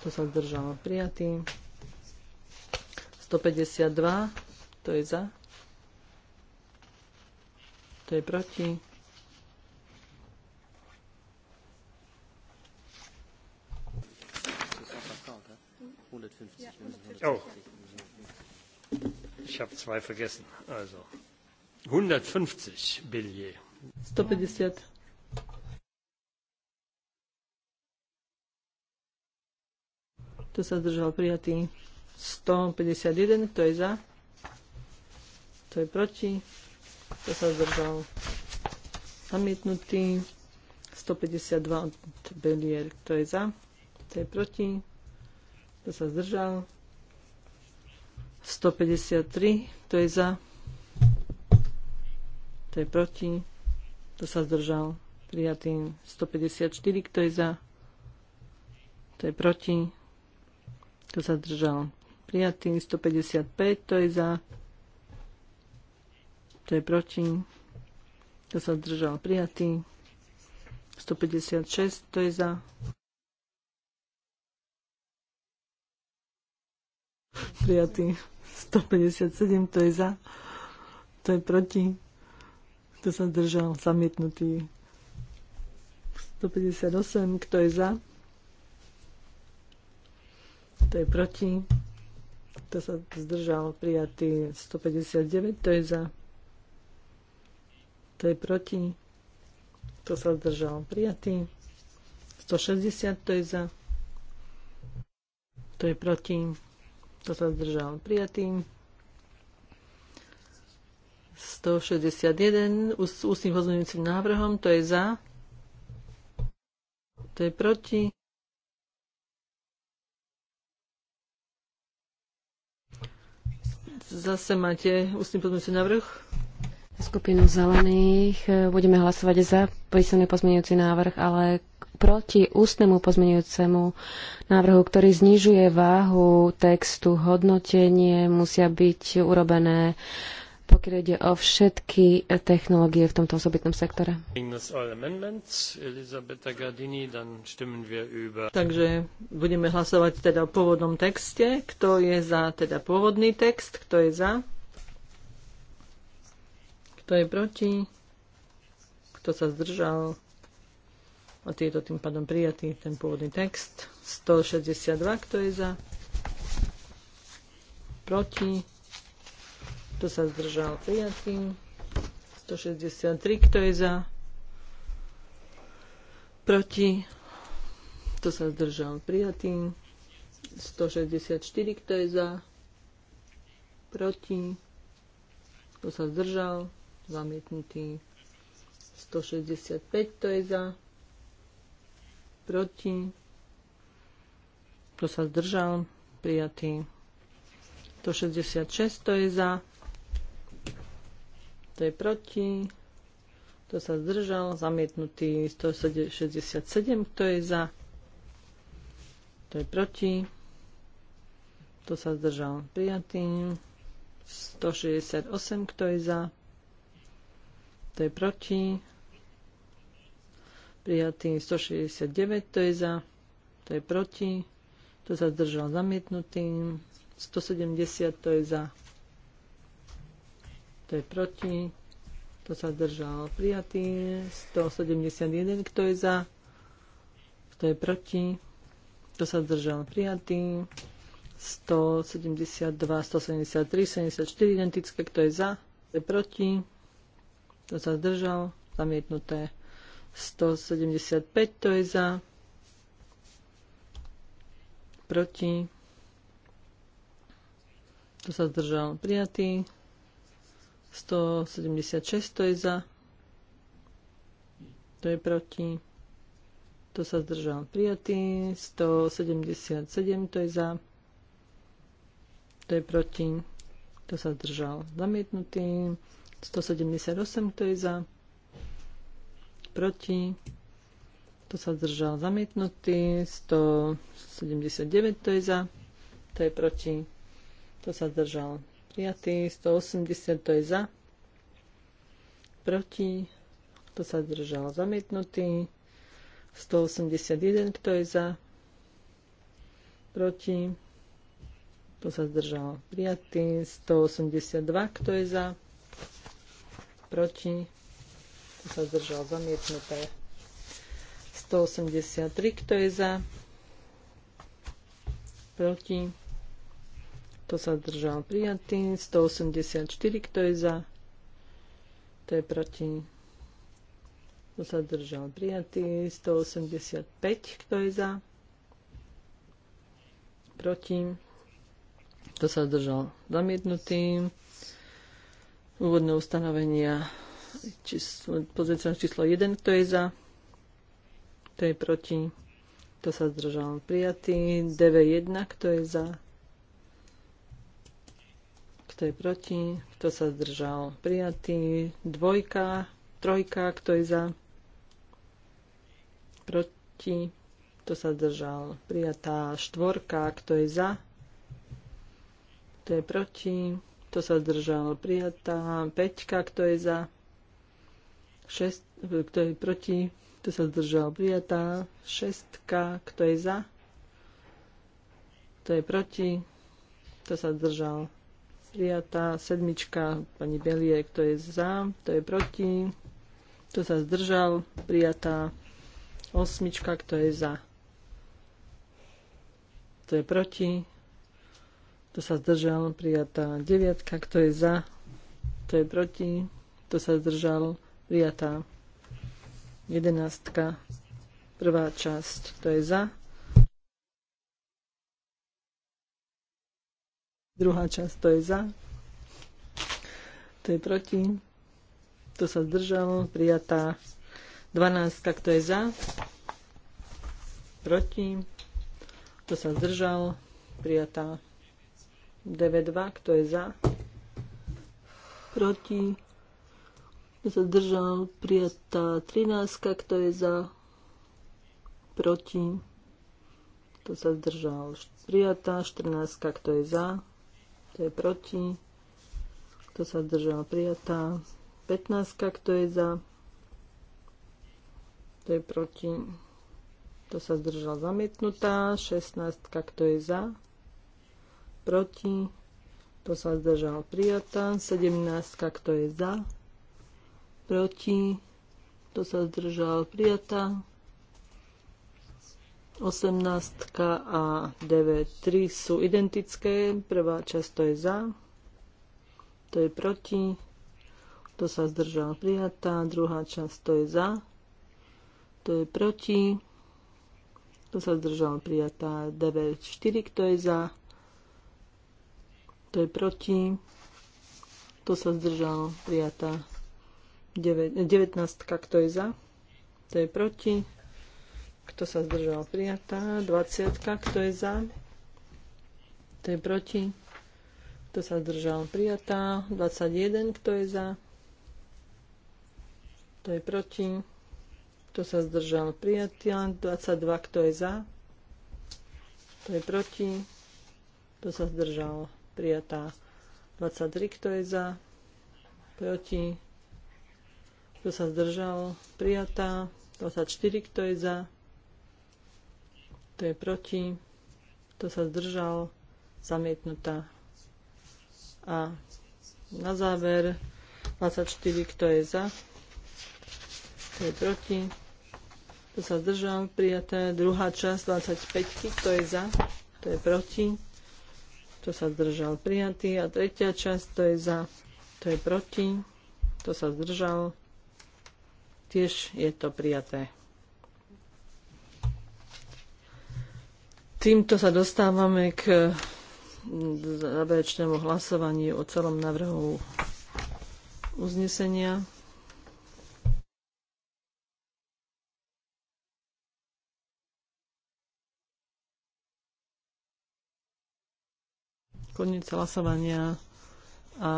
kto sa zdržal, prijatý. 152, to je za, to je proti, Oh. Ich habe zwei vergessen. Also 150 Billier. 150. To sa zdržal prijatý 151. Kto je za? Kto je proti? Kto sa zdržal? Zamietnutý 152 od Belier. Kto je za? To je proti? Kto sa zdržal? 153, to je za, to je proti, to sa zdržal, prijatý 154, kto je za, to je proti, to sa zdržal, prijatý 155, to je za, to je proti, to sa zdržal, prijatý 156, to je za, prijatý 157, to je za, To je proti, kto sa držal zamietnutý. 158, kto je za, kto je proti, kto sa zdržal, prijatý. 159, to je za, kto je proti, kto sa zdržal, prijatý. 160, to je za, kto je proti, to sa zdržal? Prijatý. 161 s ústnym pozmeňujúcim návrhom. To je za. To je proti. Zase máte ústny pozmeňujúci návrh. Skupinu zelených eh, budeme hlasovať za písaný pozmeňujúci návrh, ale proti ústnemu pozmenujúcemu návrhu, ktorý znižuje váhu textu, hodnotenie musia byť urobené pokiaľ ide o všetky technológie v tomto osobitnom sektore. Takže budeme hlasovať teda o pôvodnom texte. Kto je za teda pôvodný text? Kto je za? Kto je proti? Kto sa zdržal? je to tým pádom prijatý ten pôvodný text. 162, kto je za? Proti? Kto sa zdržal? Prijatý. 163, kto je za? Proti? Kto sa zdržal? Prijatý. 164, kto je za? Proti? Kto sa zdržal? Zamietnutý. 165, kto je za? proti, kto sa zdržal, prijatý. 166, to je za, to je proti, kto sa zdržal, zamietnutý. 167, kto je za, to je proti, kto sa zdržal, prijatý. 168, kto je za, to je proti, prijatý 169, to je za, to je proti, to sa zdržal zamietnutý, 170, to je za, to je proti, to sa zdržal prijatý, 171, kto je za, kto je proti, to sa zdržal prijatý, 172, 173, 74 identické, kto je za, kto je proti, kto sa zdržal, zamietnuté. 175, to je za, proti, to sa zdržal prijatý, 176, to je za, to je proti, to sa zdržal prijatý, 177, to je za, to je proti, to sa zdržal zamietnutý, 178, to je za, proti, to sa zdržal zamietnutý, 179 to je za, to je proti, to sa zdržal prijatý, 180 to je za, proti, to sa zdržal zamietnutý, 181 kto je za, proti, to sa zdržal prijatý, 182 kto je za, proti, kto sa zdržal zamietnuté. 183, kto je za, proti, to sa zdržal prijatý. 184, kto je za, To je proti, to sa zdržal prijatý. 185, kto je za, proti, kto sa zdržal zamietnutý. Úvodné ustanovenia číslo, pozrieť číslo 1, kto je za, kto je proti, kto sa zdržal prijatý, DV1, kto je za, kto je proti, kto sa zdržal prijatý, dvojka, trojka, kto je za, proti, kto sa zdržal prijatá, štvorka, kto je za, kto je proti, kto sa zdržal prijatá, peťka, kto je za, 6, e, kto je proti, kto sa zdržal, prijatá. 6, kto je za, kto je proti, kto sa zdržal, prijatá. Sedmička, pani Belie, kto je za, kto je proti, kto sa zdržal, prijatá. Osmička, kto je za, kto je proti, kto sa zdržal, prijatá. 9, kto je za, kto je proti, kto sa zdržal, prijatá prijatá. Jedenáctka, prvá časť, to je za, druhá časť, to je za, To je proti, to sa zdržalo, prijatá. Dvanáctka, kto je za, proti, to sa zdržal, prijatá. 9.2, kto je za, proti, zadržal prijatá 13, kto je za, proti, kto sa zdržal prijatá 14, kto je za, kto je proti, kto sa zdržal prijatá 15, kto je za, kto je proti, kto sa zdržal zamietnutá 16, kto je za, proti, kto sa zdržal prijatá 17, kto je za, proti, kto sa zdržal, prijatá. 18 a DV3 sú identické. Prvá časť to je za, to je proti, kto sa zdržal, prijatá. Druhá časť to je za, to je proti, kto sa zdržal, prijatá. 4, kto je za, to je proti, kto sa zdržal, prijatá. 19, kto je za, kto je proti, kto sa zdržal prijatá, 20, kto je za, kto je proti, kto sa zdržal prijatá, 21, kto je za, kto je proti, kto sa zdržal prijatá, 22, kto je za, kto je proti, kto sa zdržal prijatá, 23, kto je za, proti, kto sa zdržal? Prijatá. 24. Kto je za? Kto je proti? Kto sa zdržal? Zamietnutá. A na záver 24. Kto je za? Kto je proti? Kto sa zdržal? Prijaté. Druhá časť 25. Kto je za? Kto je proti? Kto sa zdržal? Prijatý. A tretia časť. Kto je za? Kto je proti? Kto sa zdržal? Tiež je to prijaté. Týmto sa dostávame k záverečnému hlasovaniu o celom návrhu uznesenia. Koniec hlasovania a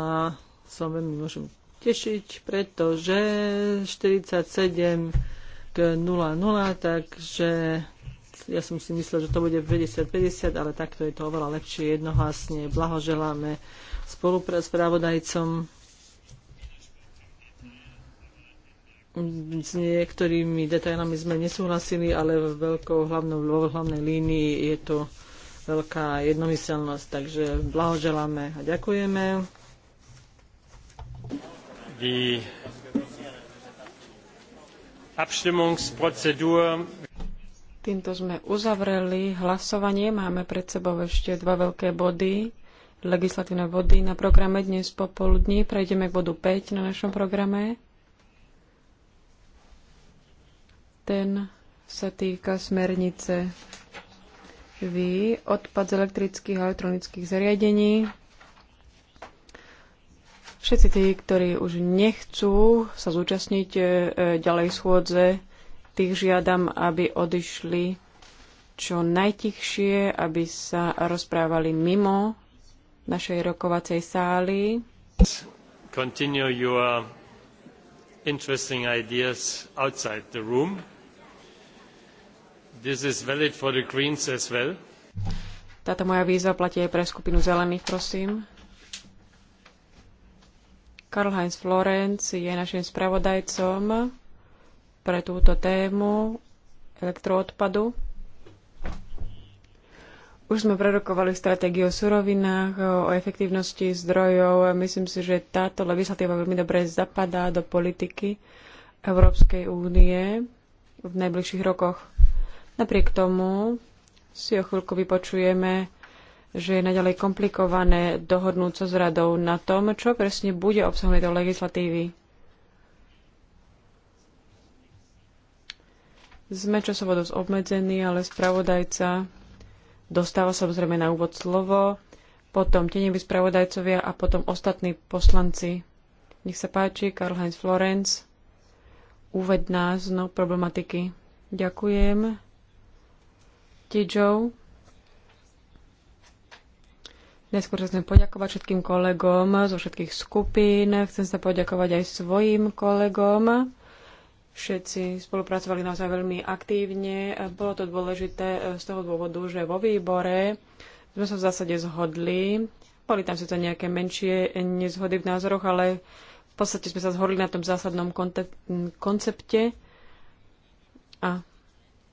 s vami môžem tešiť, pretože 47 k 00, takže ja som si myslel, že to bude 50-50, ale takto je to oveľa lepšie jednohlasne. Blahoželáme spolupravodajcom s niektorými detailami sme nesúhlasili, ale v veľkou hlavnou, v hlavnej línii je to veľká jednomyselnosť, takže blahoželáme a ďakujeme. Die Abstimmungsprozedur. Týmto sme uzavreli hlasovanie. Máme pred sebou ešte dva veľké body, legislatívne body na programe dnes popoludní. Prejdeme k bodu 5 na našom programe. Ten sa týka smernice VI, odpad z elektrických a elektronických zariadení. Všetci tí, ktorí už nechcú sa zúčastniť e, ďalej schôdze, tých žiadam, aby odišli čo najtichšie, aby sa rozprávali mimo našej rokovacej sály. Continue your interesting ideas outside the room. This is valid for the Greens as well. Táto moja výzva platí aj pre skupinu zelených, prosím. Karl-Heinz Florenc je našim spravodajcom pre túto tému elektroodpadu. Už sme prerokovali stratégiu o surovinách, o efektívnosti zdrojov. Myslím si, že táto legislatíva veľmi dobre zapadá do politiky Európskej únie v najbližších rokoch. Napriek tomu si o chvíľku vypočujeme že je naďalej komplikované dohodnúť sa s radou na tom, čo presne bude obsahom tejto legislatívy. Sme časovo dosť obmedzení, ale spravodajca dostáva samozrejme na úvod slovo, potom tenevi spravodajcovia a potom ostatní poslanci. Nech sa páči, Karl-Heinz Florenz, úved nás no problematiky. Ďakujem. Ti Najskôr sa chcem poďakovať všetkým kolegom zo všetkých skupín. Chcem sa poďakovať aj svojim kolegom. Všetci spolupracovali naozaj veľmi aktívne. Bolo to dôležité eh, z toho dôvodu, že vo výbore sme sa v zásade zhodli. Boli tam to nejaké menšie nezhody v názoroch, ale v podstate sme sa zhodli na tom zásadnom koncepte a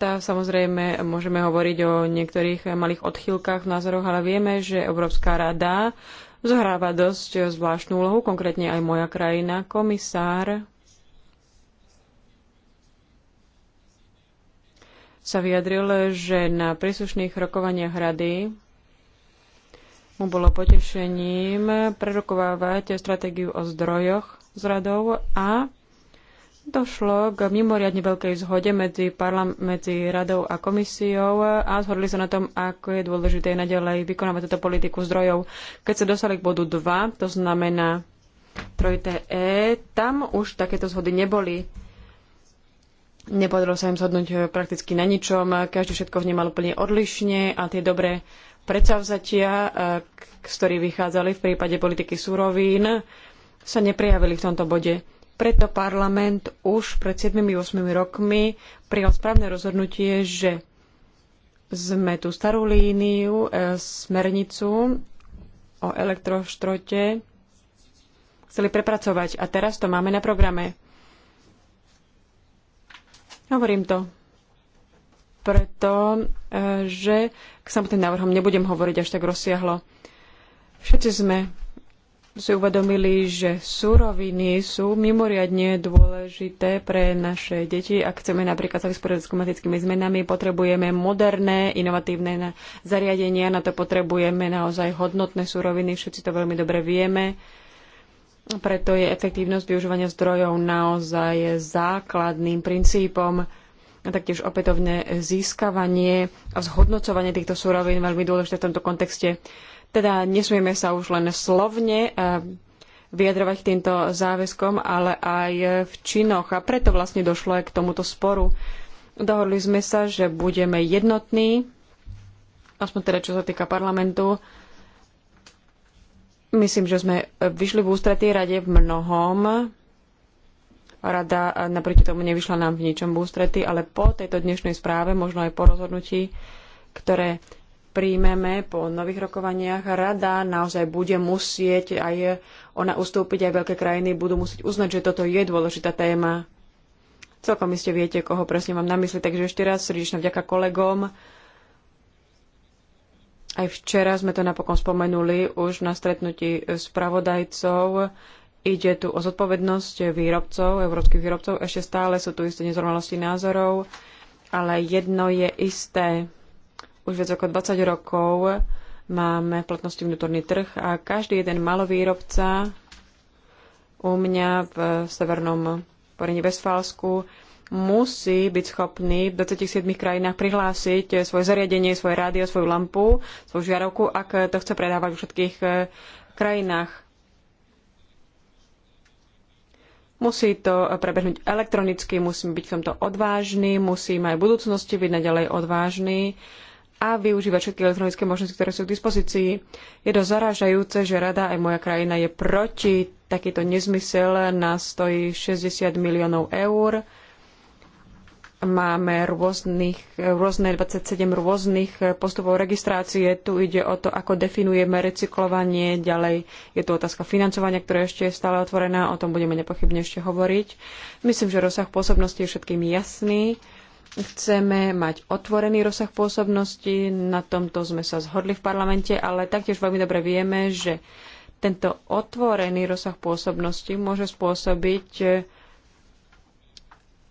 tá, samozrejme, môžeme hovoriť o niektorých malých odchýlkach v názoroch, ale vieme, že Európska rada zohráva dosť zvláštnu úlohu, konkrétne aj moja krajina, komisár sa vyjadril, že na príslušných rokovaniach rady mu bolo potešením prerokovávať stratégiu o zdrojoch s radou a Došlo k mimoriadne veľkej zhode medzi, medzi radou a komisiou a zhodli sa na tom, ako je dôležité naďalej vykonávať túto politiku zdrojov. Keď sa dostali k bodu 2, to znamená trojité E, tam už takéto zhody neboli. Nepodarilo sa im zhodnúť e, prakticky na ničom, každý všetko vnímal úplne odlišne a tie dobré predsavzatia, e, z ktorých vychádzali v prípade politiky surovín, sa neprejavili v tomto bode. Preto parlament už pred siedmimi ôsmimi rokmi prijal správne rozhodnutie, že sme tú starú líniu, e, smernicu o elektroštrote chceli prepracovať a teraz to máme na programe. Hovorím to preto, e, že k samotným návrhom nebudem hovoriť až tak rozsiahlo. Všetci sme si uvedomili, že suroviny sú mimoriadne dôležité pre naše deti. Ak chceme napríklad sa vysporiadať s klimatickými zmenami, potrebujeme moderné, inovatívne zariadenia, na to potrebujeme naozaj hodnotné suroviny, všetci to veľmi dobre vieme. Preto je efektívnosť využívania zdrojov naozaj základným princípom a taktiež opätovné získavanie a zhodnocovanie týchto surovín veľmi dôležité v tomto kontexte. Teda nesmieme sa už len slovne eh, vyjadrovať k týmto záväzkom, ale aj v činoch. A preto vlastne došlo aj k tomuto sporu. Dohodli sme sa, že budeme jednotní, aspoň teda čo sa týka parlamentu. Myslím, že sme vyšli v ústretí rade v mnohom. Rada eh, naproti tomu nevyšla nám v ničom v ústretí, ale po tejto dnešnej správe, možno aj po rozhodnutí, ktoré príjmeme po nových rokovaniach, rada naozaj bude musieť aj ona ustúpiť, aj veľké krajiny budú musieť uznať, že toto je dôležitá téma. Celkom iste viete, koho presne mám na mysli, takže ešte raz srdečne vďaka kolegom. Aj včera sme to napokon spomenuli už na stretnutí spravodajcov. Ide tu o zodpovednosť výrobcov, európskych výrobcov. Ešte stále sú tu isté nezrovnalosti názorov, ale jedno je isté už viac ako 20 rokov máme v platnosti vnútorný trh a každý jeden malovýrobca u mňa v severnom Porene Vesfálsku musí byť schopný v 27 krajinách prihlásiť svoje zariadenie, svoje rádio, svoju lampu, svoju žiarovku, ak to chce predávať vo všetkých e, krajinách. Musí to prebehnúť elektronicky, musí byť v tomto odvážny, musí aj v budúcnosti byť naďalej odvážny a využívať všetky elektronické možnosti, ktoré sú k dispozícii. Je dosť zaražajúce, že rada aj moja krajina je proti takýto nezmysel. na stojí 60 miliónov eur. Máme rôznych, rôzne 27 rôznych postupov registrácie. Tu ide o to, ako definujeme recyklovanie. Ďalej je tu otázka financovania, ktorá ešte je stále otvorená. O tom budeme nepochybne ešte hovoriť. Myslím, že rozsah pôsobnosti je všetkým jasný Chceme mať otvorený rozsah pôsobnosti, na tomto sme sa zhodli v parlamente, ale taktiež veľmi dobre vieme, že tento otvorený rozsah pôsobnosti môže spôsobiť eh,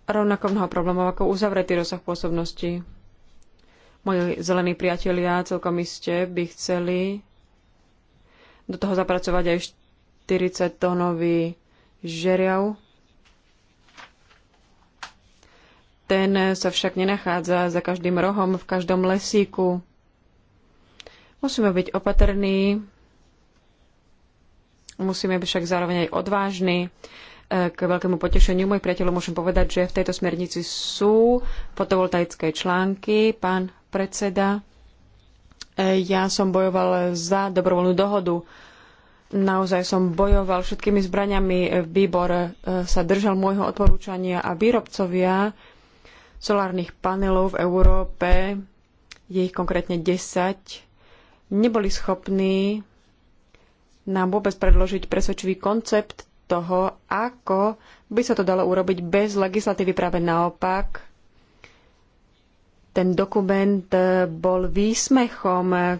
rovnako mnoho problémov ako uzavretý rozsah pôsobnosti. Moji zelení priatelia celkom iste by chceli do toho zapracovať aj 40-tónový žeriav, Ten sa však nenachádza za každým rohom, v každom lesíku. Musíme byť opatrní, musíme byť však zároveň aj odvážni. E, k veľkému potešeniu môj priateľov môžem povedať, že v tejto smernici sú fotovoltaické články. Pán predseda, e, ja som bojoval za dobrovoľnú dohodu. Naozaj som bojoval všetkými zbraňami. Výbor e, sa držal môjho odporúčania a výrobcovia solárnych panelov v Európe, je ich konkrétne 10, neboli schopní nám vôbec predložiť presvedčivý koncept toho, ako by sa to dalo urobiť bez legislatívy. Práve naopak, ten dokument bol výsmechom.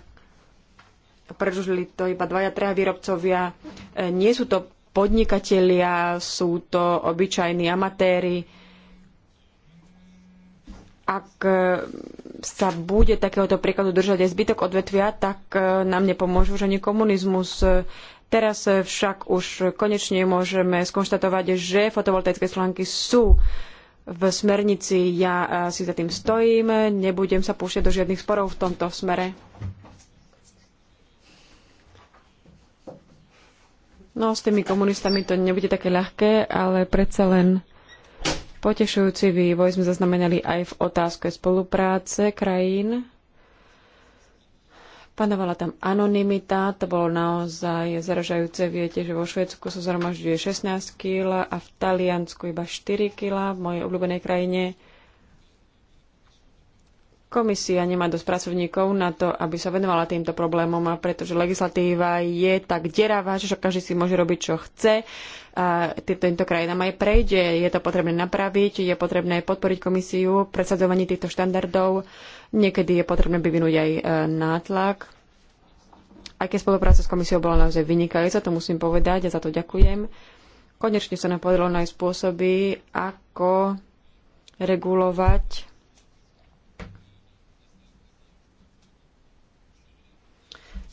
Predložili to iba dvaja, traja výrobcovia. Nie sú to podnikatelia, sú to obyčajní amatéri ak e, sa bude takéhoto príkladu držať aj zbytok odvetvia, tak e, nám nepomôžu že ani komunizmus. Teraz však už konečne môžeme skonštatovať, že fotovoltaické slánky sú v smernici. Ja e, si za tým stojím, nebudem sa púšťať do žiadnych sporov v tomto smere. No, s tými komunistami to nebude také ľahké, ale predsa len Potešujúci vývoj sme zaznamenali aj v otázke spolupráce krajín. Panovala tam anonimita. to bolo naozaj zaražajúce. Viete, že vo Švedsku sa zhromažďuje 16 kg a v Taliansku iba 4 kg, v mojej obľúbenej krajine. Komisia nemá dosť pracovníkov na to, aby sa venovala týmto problémom, a pretože legislatíva je tak deravá, že každý si môže robiť, čo chce. A týmto krajinám aj prejde. Je to potrebné napraviť, je potrebné podporiť komisiu v presadzovaní týchto štandardov. Niekedy je potrebné vyvinúť aj e, nátlak. Aj keď spolupráca s komisiou bola naozaj vynikajúca, to musím povedať a za to ďakujem. Konečne sa nám podarilo nájsť spôsoby, ako regulovať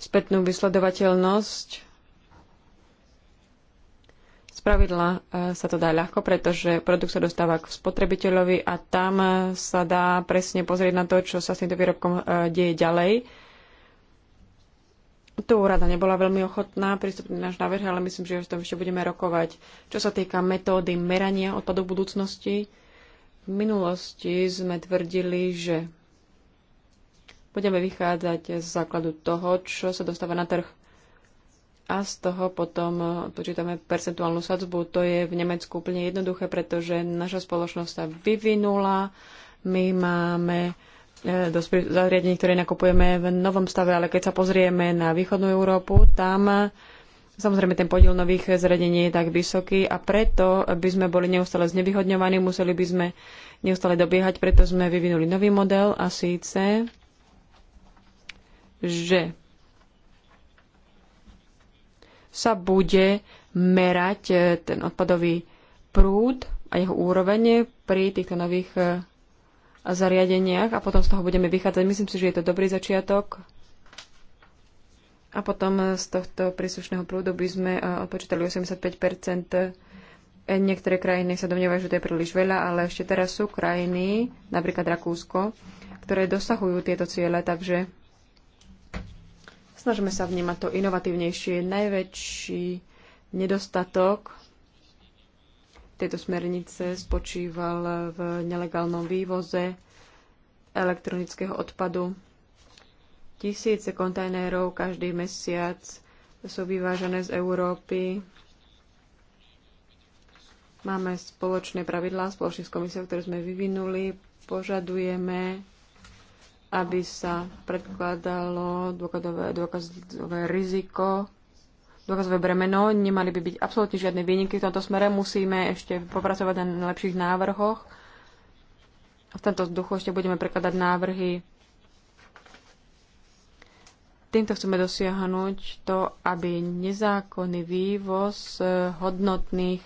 spätnú vysledovateľnosť. Spravidla e, sa to dá ľahko, pretože produkt sa dostáva k spotrebiteľovi a tam e, sa dá presne pozrieť na to, čo sa s týmto výrobkom e, deje ďalej. Tu rada nebola veľmi ochotná pristúpiť na náš návrh, ale myslím, že o tom ešte budeme rokovať. Čo sa týka metódy merania odpadov budúcnosti, v minulosti sme tvrdili, že budeme vychádzať z základu toho, čo sa dostáva na trh. A z toho potom počítame percentuálnu sadzbu. To je v Nemecku úplne jednoduché, pretože naša spoločnosť sa vyvinula. My máme e, dosť zariadení, ktoré nakupujeme v novom stave, ale keď sa pozrieme na východnú Európu, tam e, Samozrejme, ten podiel nových zariadení je tak vysoký a preto by sme boli neustále znevýhodňovaní, museli by sme neustále dobiehať, preto sme vyvinuli nový model a síce že sa bude merať eh, ten odpadový prúd a jeho úroveň pri týchto nových eh, zariadeniach a potom z toho budeme vychádzať. Myslím si, že je to dobrý začiatok. A potom eh, z tohto príslušného prúdu by sme odpočítali 85 Niektoré krajiny sa domnievajú, že to je príliš veľa, ale ešte teraz sú krajiny, napríklad Rakúsko, ktoré dosahujú tieto ciele, takže Snažíme sa vnímať to inovatívnejšie. Najväčší nedostatok tejto smernice spočíval v nelegálnom vývoze elektronického odpadu. Tisíce kontajnerov každý mesiac sú vyvážané z Európy. Máme spoločné pravidlá spoločne s komisiou, ktoré sme vyvinuli. Požadujeme aby sa predkladalo dôkazové, dôkazové riziko, dôkazové bremeno. Nemali by byť absolútne žiadne výnimky v tomto smere. Musíme ešte popracovať na lepších návrhoch. V tomto duchu ešte budeme prekladať návrhy. Týmto chceme dosiahnuť to, aby nezákonný vývoz hodnotných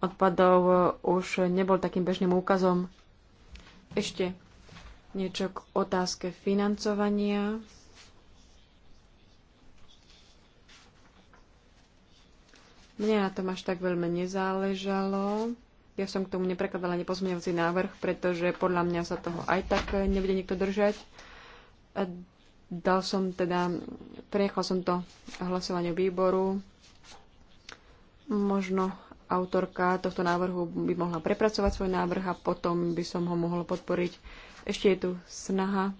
odpadov už nebol takým bežným úkazom. Ešte niečo k otázke financovania. Mne na tom až tak veľmi nezáležalo. Ja som k tomu neprekladala nepozmeňovací návrh, pretože podľa mňa sa toho aj tak nebude nikto držať. Dal som teda, prenechal som to hlasovanie výboru. Možno autorka tohto návrhu by mohla prepracovať svoj návrh a potom by som ho mohla podporiť ešte je tu snaha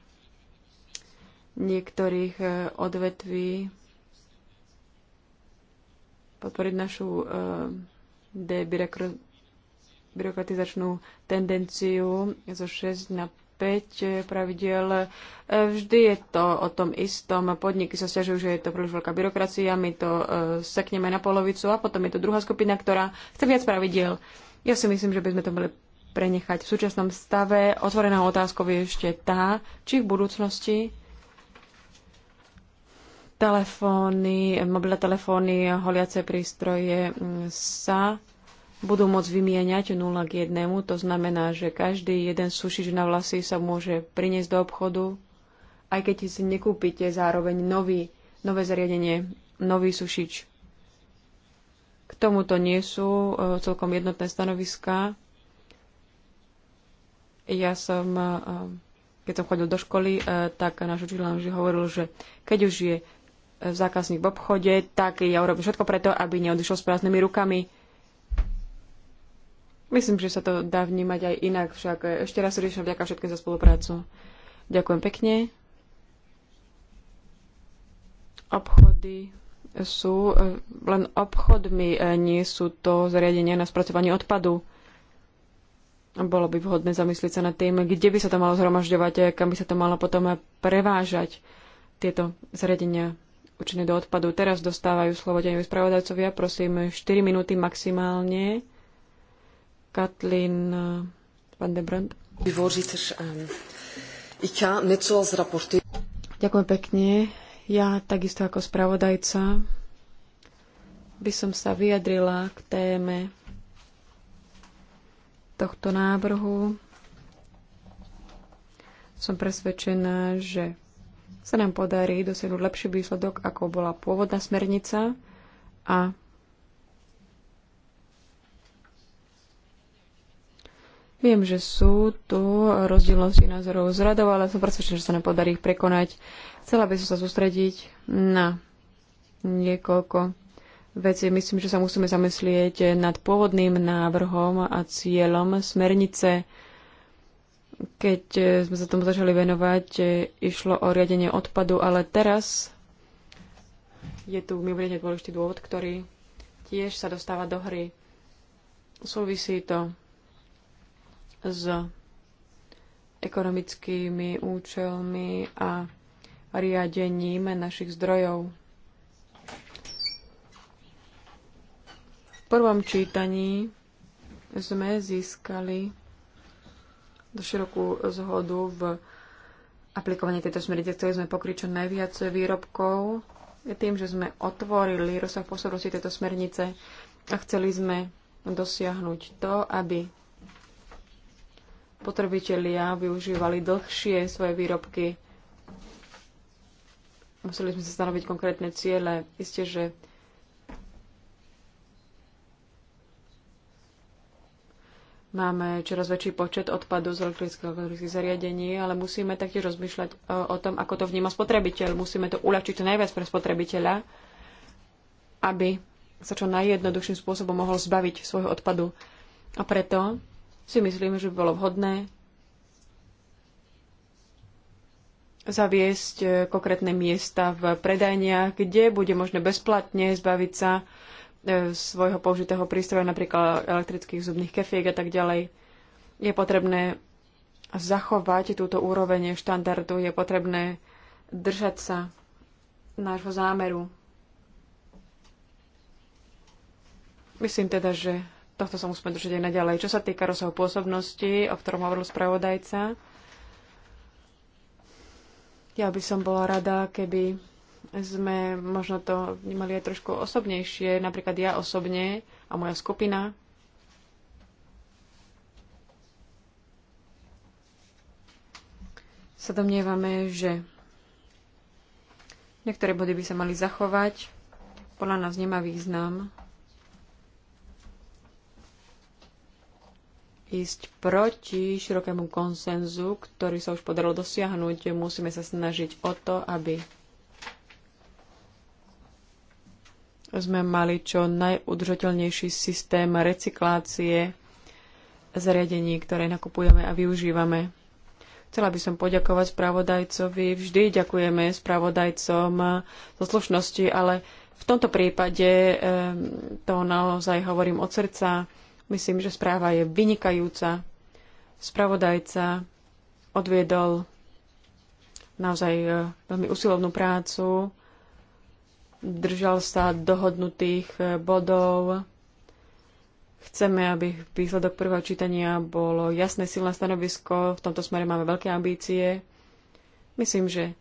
niektorých e, odvetví podporiť našu e, debyrokratizačnú tendenciu zo 6 na 5 e, pravidel. Vždy je to o tom istom. Podniky sa stiažujú, že je to príliš veľká byrokracia, my to sekneme na polovicu a potom je to druhá skupina, ktorá chce viac pravidiel. Ja si myslím, že by sme to mali prenechať. V súčasnom stave otvorená otázkou je ešte tá, či v budúcnosti telefóny, mobilné telefóny, holiace prístroje mm, sa budú môcť vymieňať 0 k 1. To znamená, že každý jeden sušič na vlasy sa môže priniesť do obchodu, aj keď si nekúpite zároveň nový, nové zariadenie, nový sušič. K tomuto nie sú e, celkom jednotné stanoviská ja som, eh, eh, keď som chodil do školy, eh, tak náš učiteľ už hovoril, že keď už je zákazník v obchode, tak ja urobím všetko preto, aby neodišiel s prázdnymi rukami. Myslím, že sa to dá vnímať aj inak, však ešte raz srdečne vďaka všetkým za spoluprácu. Ďakujem pekne. Obchody sú len obchodmi, nie sú to zariadenia na spracovanie odpadu. Bolo by vhodné zamyslieť sa nad tým, kde by sa to malo zhromažďovať, kam by sa to malo potom prevážať tieto zariadenia určené do odpadu. Teraz dostávajú slovo deňoví spravodajcovia. Prosím, 4 minúty maximálne. Katlin van eh, de Brand. Ehm, Ďakujem pekne. Ja takisto ako spravodajca by som sa vyjadrila k téme tohto návrhu. Som presvedčená, že sa nám podarí dosiahnuť lepší výsledok, ako bola pôvodná smernica a Viem, že sú tu rozdielnosti názorov z radov, ale som presvedčená, že sa nám podarí ich prekonať. Chcela by som sa sústrediť na niekoľko veci. Myslím, že sa musíme zamyslieť nad pôvodným návrhom a cieľom smernice. Keď sme sa tomu začali venovať, išlo o riadenie odpadu, ale teraz je tu mimoriadne dôležitý dôvod, ktorý tiež sa dostáva do hry. Súvisí to s ekonomickými účelmi a riadením našich zdrojov. prvom čítaní sme získali širokú zhodu v aplikovaní tejto smernice. Chceli sme pokryť čo najviac výrobkov tým, že sme otvorili rozsah pôsobnosti tejto smernice a chceli sme dosiahnuť to, aby potrebitelia využívali dlhšie svoje výrobky. Museli sme sa stanoviť konkrétne ciele. Isté, že Máme čoraz väčší počet odpadu z elektrických elektrických zariadení, ale musíme taktiež rozmýšľať o, e, o tom, ako to vníma spotrebiteľ. Musíme to uľahčiť čo najviac pre spotrebiteľa, aby sa čo najjednoduchším spôsobom mohol zbaviť svojho odpadu. A preto si myslíme, že by bolo vhodné zaviesť e, konkrétne miesta v predajniach, kde bude možné bezplatne zbaviť sa E, svojho použitého prístroja, napríklad elektrických zubných kefiek a tak ďalej. Je potrebné zachovať túto úroveň štandardu, je potrebné držať sa nášho zámeru. Myslím teda, že tohto sa musíme držať aj naďalej. Čo sa týka rozsahu pôsobnosti, o ktorom hovoril spravodajca, ja by som bola rada, keby sme možno to vnímali aj trošku osobnejšie. Napríklad ja osobne a moja skupina sa domnievame, že niektoré body by sa mali zachovať. Podľa nás nemá význam ísť proti širokému konsenzu, ktorý sa už podarilo dosiahnuť. Musíme sa snažiť o to, aby sme mali čo najudržateľnejší systém recyklácie zariadení, ktoré nakupujeme a využívame. Chcela by som poďakovať spravodajcovi. Vždy ďakujeme spravodajcom zo slušnosti, ale v tomto prípade to naozaj hovorím od srdca. Myslím, že správa je vynikajúca. Spravodajca odviedol naozaj eh, veľmi usilovnú prácu držal sa dohodnutých eh, bodov. Chceme, aby výsledok prvého čítania bolo jasné, silné stanovisko. V tomto smere máme veľké ambície. Myslím, že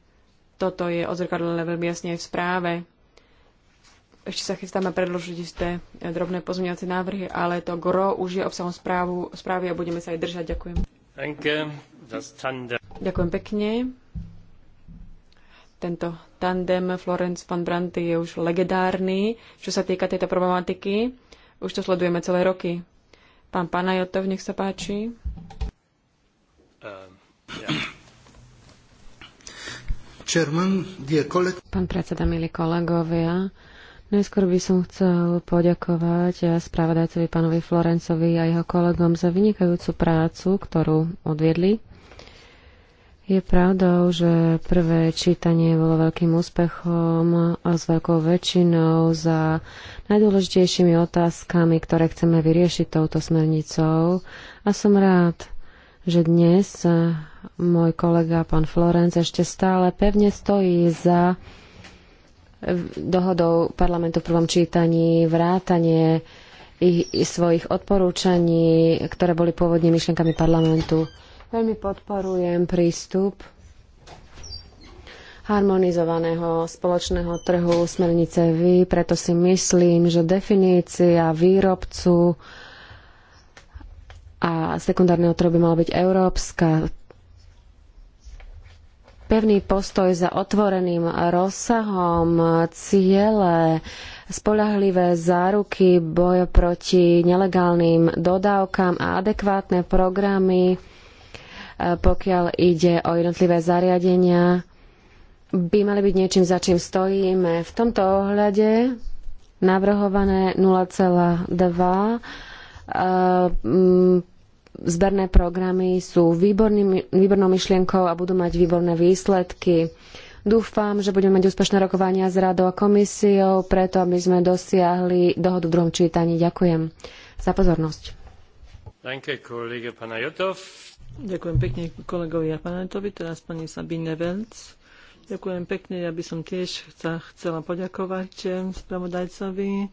toto je odzrkadlené veľmi jasne aj v správe. Ešte sa chystáme predložiť isté eh, drobné pozmeňovacie návrhy, ale to gro už je obsahom správu, správy a budeme sa aj držať. Ďakujem. Ďakujem pekne. Tento tandem Florence van Brandt je už legendárny, čo sa týka tejto problematiky. Už to sledujeme celé roky. Pán Panajotov, nech sa páči. Um, Pán predseda, milí kolegovia, najskôr by som chcel poďakovať spravodajcovi pánovi Florencovi a jeho kolegom za vynikajúcu prácu, ktorú odviedli. Je pravdou, že prvé čítanie bolo veľkým úspechom a s veľkou väčšinou za najdôležitejšími otázkami, ktoré chceme vyriešiť touto smernicou. A som rád, že dnes môj kolega pán Florenc ešte stále pevne stojí za dohodou parlamentu v prvom čítaní vrátanie ich, svojich odporúčaní, ktoré boli pôvodne myšlienkami parlamentu. Veľmi podporujem prístup harmonizovaného spoločného trhu smernice VY, preto si myslím, že definícia výrobcu a sekundárneho trhu by mala byť európska. Pevný postoj za otvoreným rozsahom, ciele, spolahlivé záruky, boja proti nelegálnym dodávkam a adekvátne programy pokiaľ ide o jednotlivé zariadenia, by mali byť niečím, za čím stojíme. V tomto ohľade navrhované 0,2 eh, zberné programy sú výbornou myšlienkou a budú mať výborné výsledky. Dúfam, že budeme mať úspešné rokovania s radou a komisiou, preto aby sme dosiahli dohodu v druhom čítaní. Ďakujem za pozornosť. Danke, kolega Ďakujem pekne kolegovi Japanetovi, teraz pani Sabine Velc. Ďakujem pekne, ja by som tiež sa chcela poďakovať spravodajcovi.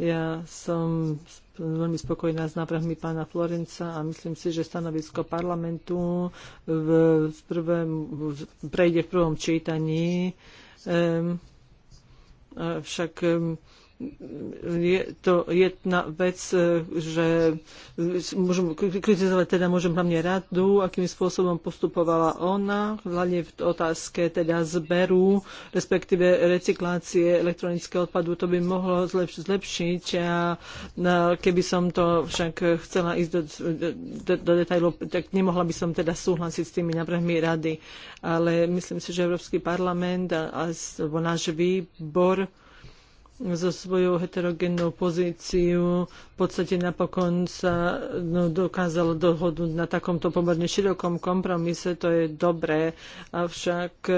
Ja som veľmi spokojná s návrhmi pána Florenca a myslím si, že stanovisko parlamentu v, v prvém, prejde v prvom čítaní. Ehm, však ehm, je to jedna vec, e, že môžem kritizovať teda môžem hlavne radu, akým spôsobom postupovala ona, hlavne v otázke teda zberu, respektíve recyklácie elektronického odpadu, to by mohlo zlepš- zlepšiť a keby som to však chcela ísť do, do, do detajlov, tak nemohla by som teda súhlasiť s tými návrhmi rady. Ale myslím si, že Európsky parlament a, a náš výbor so svojou heterogénnou pozíciu v podstate napokon sa no, dokázalo dohodnúť na takomto pomerne širokom kompromise. To je dobré, avšak e,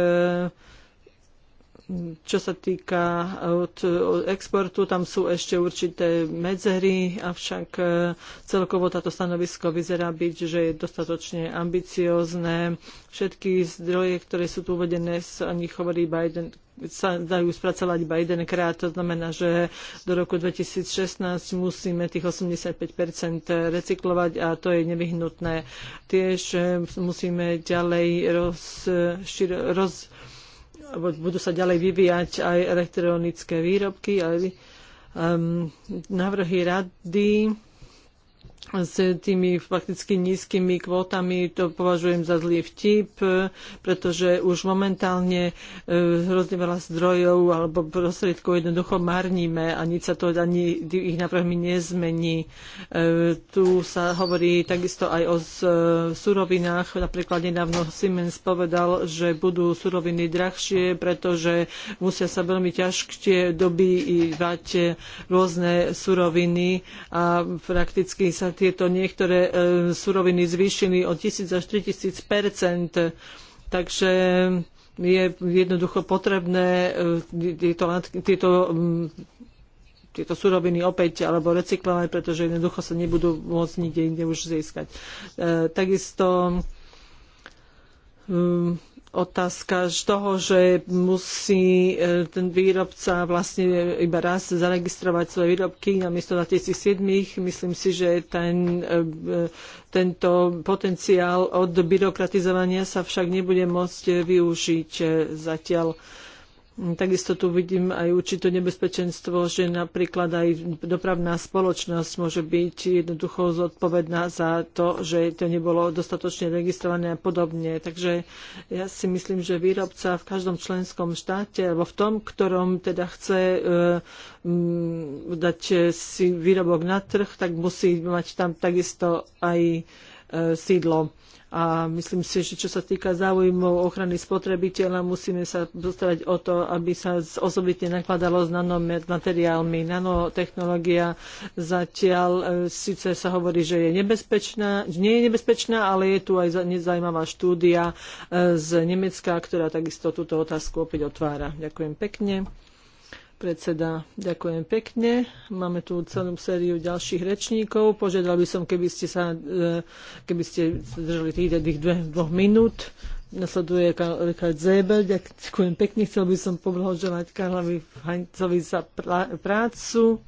čo sa týka eh, od exportu, tam sú ešte určité medzery, avšak eh, celkovo táto stanovisko vyzerá byť, že je dostatočne ambiciózne. Všetky zdroje, ktoré sú tu uvedené, sa o nich hovorí Biden, sa dajú spracovať iba jedenkrát. To znamená, že do roku 2016 musíme tých 85 recyklovať a to je nevyhnutné. Tiež eh, musíme ďalej rozširovať roz budú sa ďalej vyvíjať aj elektronické výrobky, aj um, návrhy rady s tými fakticky nízkymi kvótami, to považujem za zlý vtip, pretože už momentálne e, hrozne veľa zdrojov alebo prostriedkov jednoducho marníme a nič sa to ani ich návrhmi nezmení. E, tu sa hovorí takisto aj o e, surovinách. Napríklad nedávno Siemens povedal, že budú suroviny drahšie, pretože musia sa veľmi ťažšie dobývať rôzne suroviny a prakticky sa tieto niektoré e, suroviny zvýšili o 1000 až 3000 Takže je jednoducho potrebné e, tieto, tieto, tieto suroviny opäť alebo recyklovať, pretože jednoducho sa nebudú môcť nikde inde už získať. E, takisto otázka z toho, že musí e, ten výrobca vlastne iba raz zaregistrovať svoje výrobky namiesto na tých siedmých. Myslím si, že ten, e, e, tento potenciál od byrokratizovania sa však nebude môcť využiť zatiaľ. Takisto tu vidím aj určité nebezpečenstvo, že napríklad aj dopravná spoločnosť môže byť jednoducho zodpovedná za to, že to nebolo dostatočne registrované a podobne. Takže ja si myslím, že výrobca v každom členskom štáte alebo v tom, ktorom teda chce eh, dať si výrobok na trh, tak musí mať tam takisto aj eh, sídlo. A myslím si, že čo sa týka záujmov ochrany spotrebiteľa, musíme sa postarať o to, aby sa osobitne nakladalo s nanomateriálmi. Nanotechnológia zatiaľ e, síce sa hovorí, že je nebezpečná, nie je nebezpečná, ale je tu aj nezajímavá štúdia e, z Nemecka, ktorá takisto túto otázku opäť otvára. Ďakujem pekne. Predseda, ďakujem pekne. Máme tu celú sériu ďalších rečníkov. Požiadal by som, keby ste sa e, keby ste držali tých tých dve, dvoch minút. Nasleduje Richard Zébel. Ďakujem pekne. Chcel by som poblahoželať Karlovi Hancovi za prácu.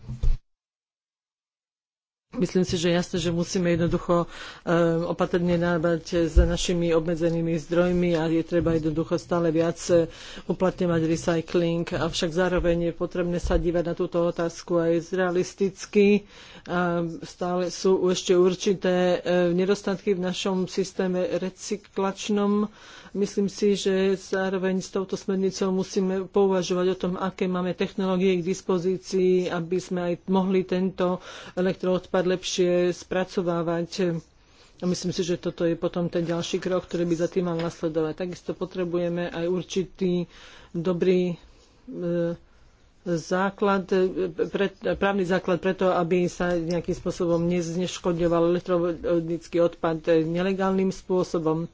Myslím si, že jasné, že musíme jednoducho e, opatrne nábať s našimi obmedzenými zdrojmi a je treba jednoducho stále viac e, uplatňovať recycling. Avšak zároveň je potrebné sa dívať na túto otázku aj realisticky. Stále sú ešte určité e, nedostatky v našom systéme recyklačnom. Myslím si, že zároveň s touto smernicou musíme pouvažovať o tom, aké máme technológie k dispozícii, aby sme aj mohli tento elektroodpad lepšie spracovávať. A myslím si, že toto je potom ten ďalší krok, ktorý by za tým mal nasledovať. Takisto potrebujeme aj určitý dobrý e, základ, pre, právny základ preto, aby sa nejakým spôsobom nezneškodňoval elektronický odpad nelegálnym spôsobom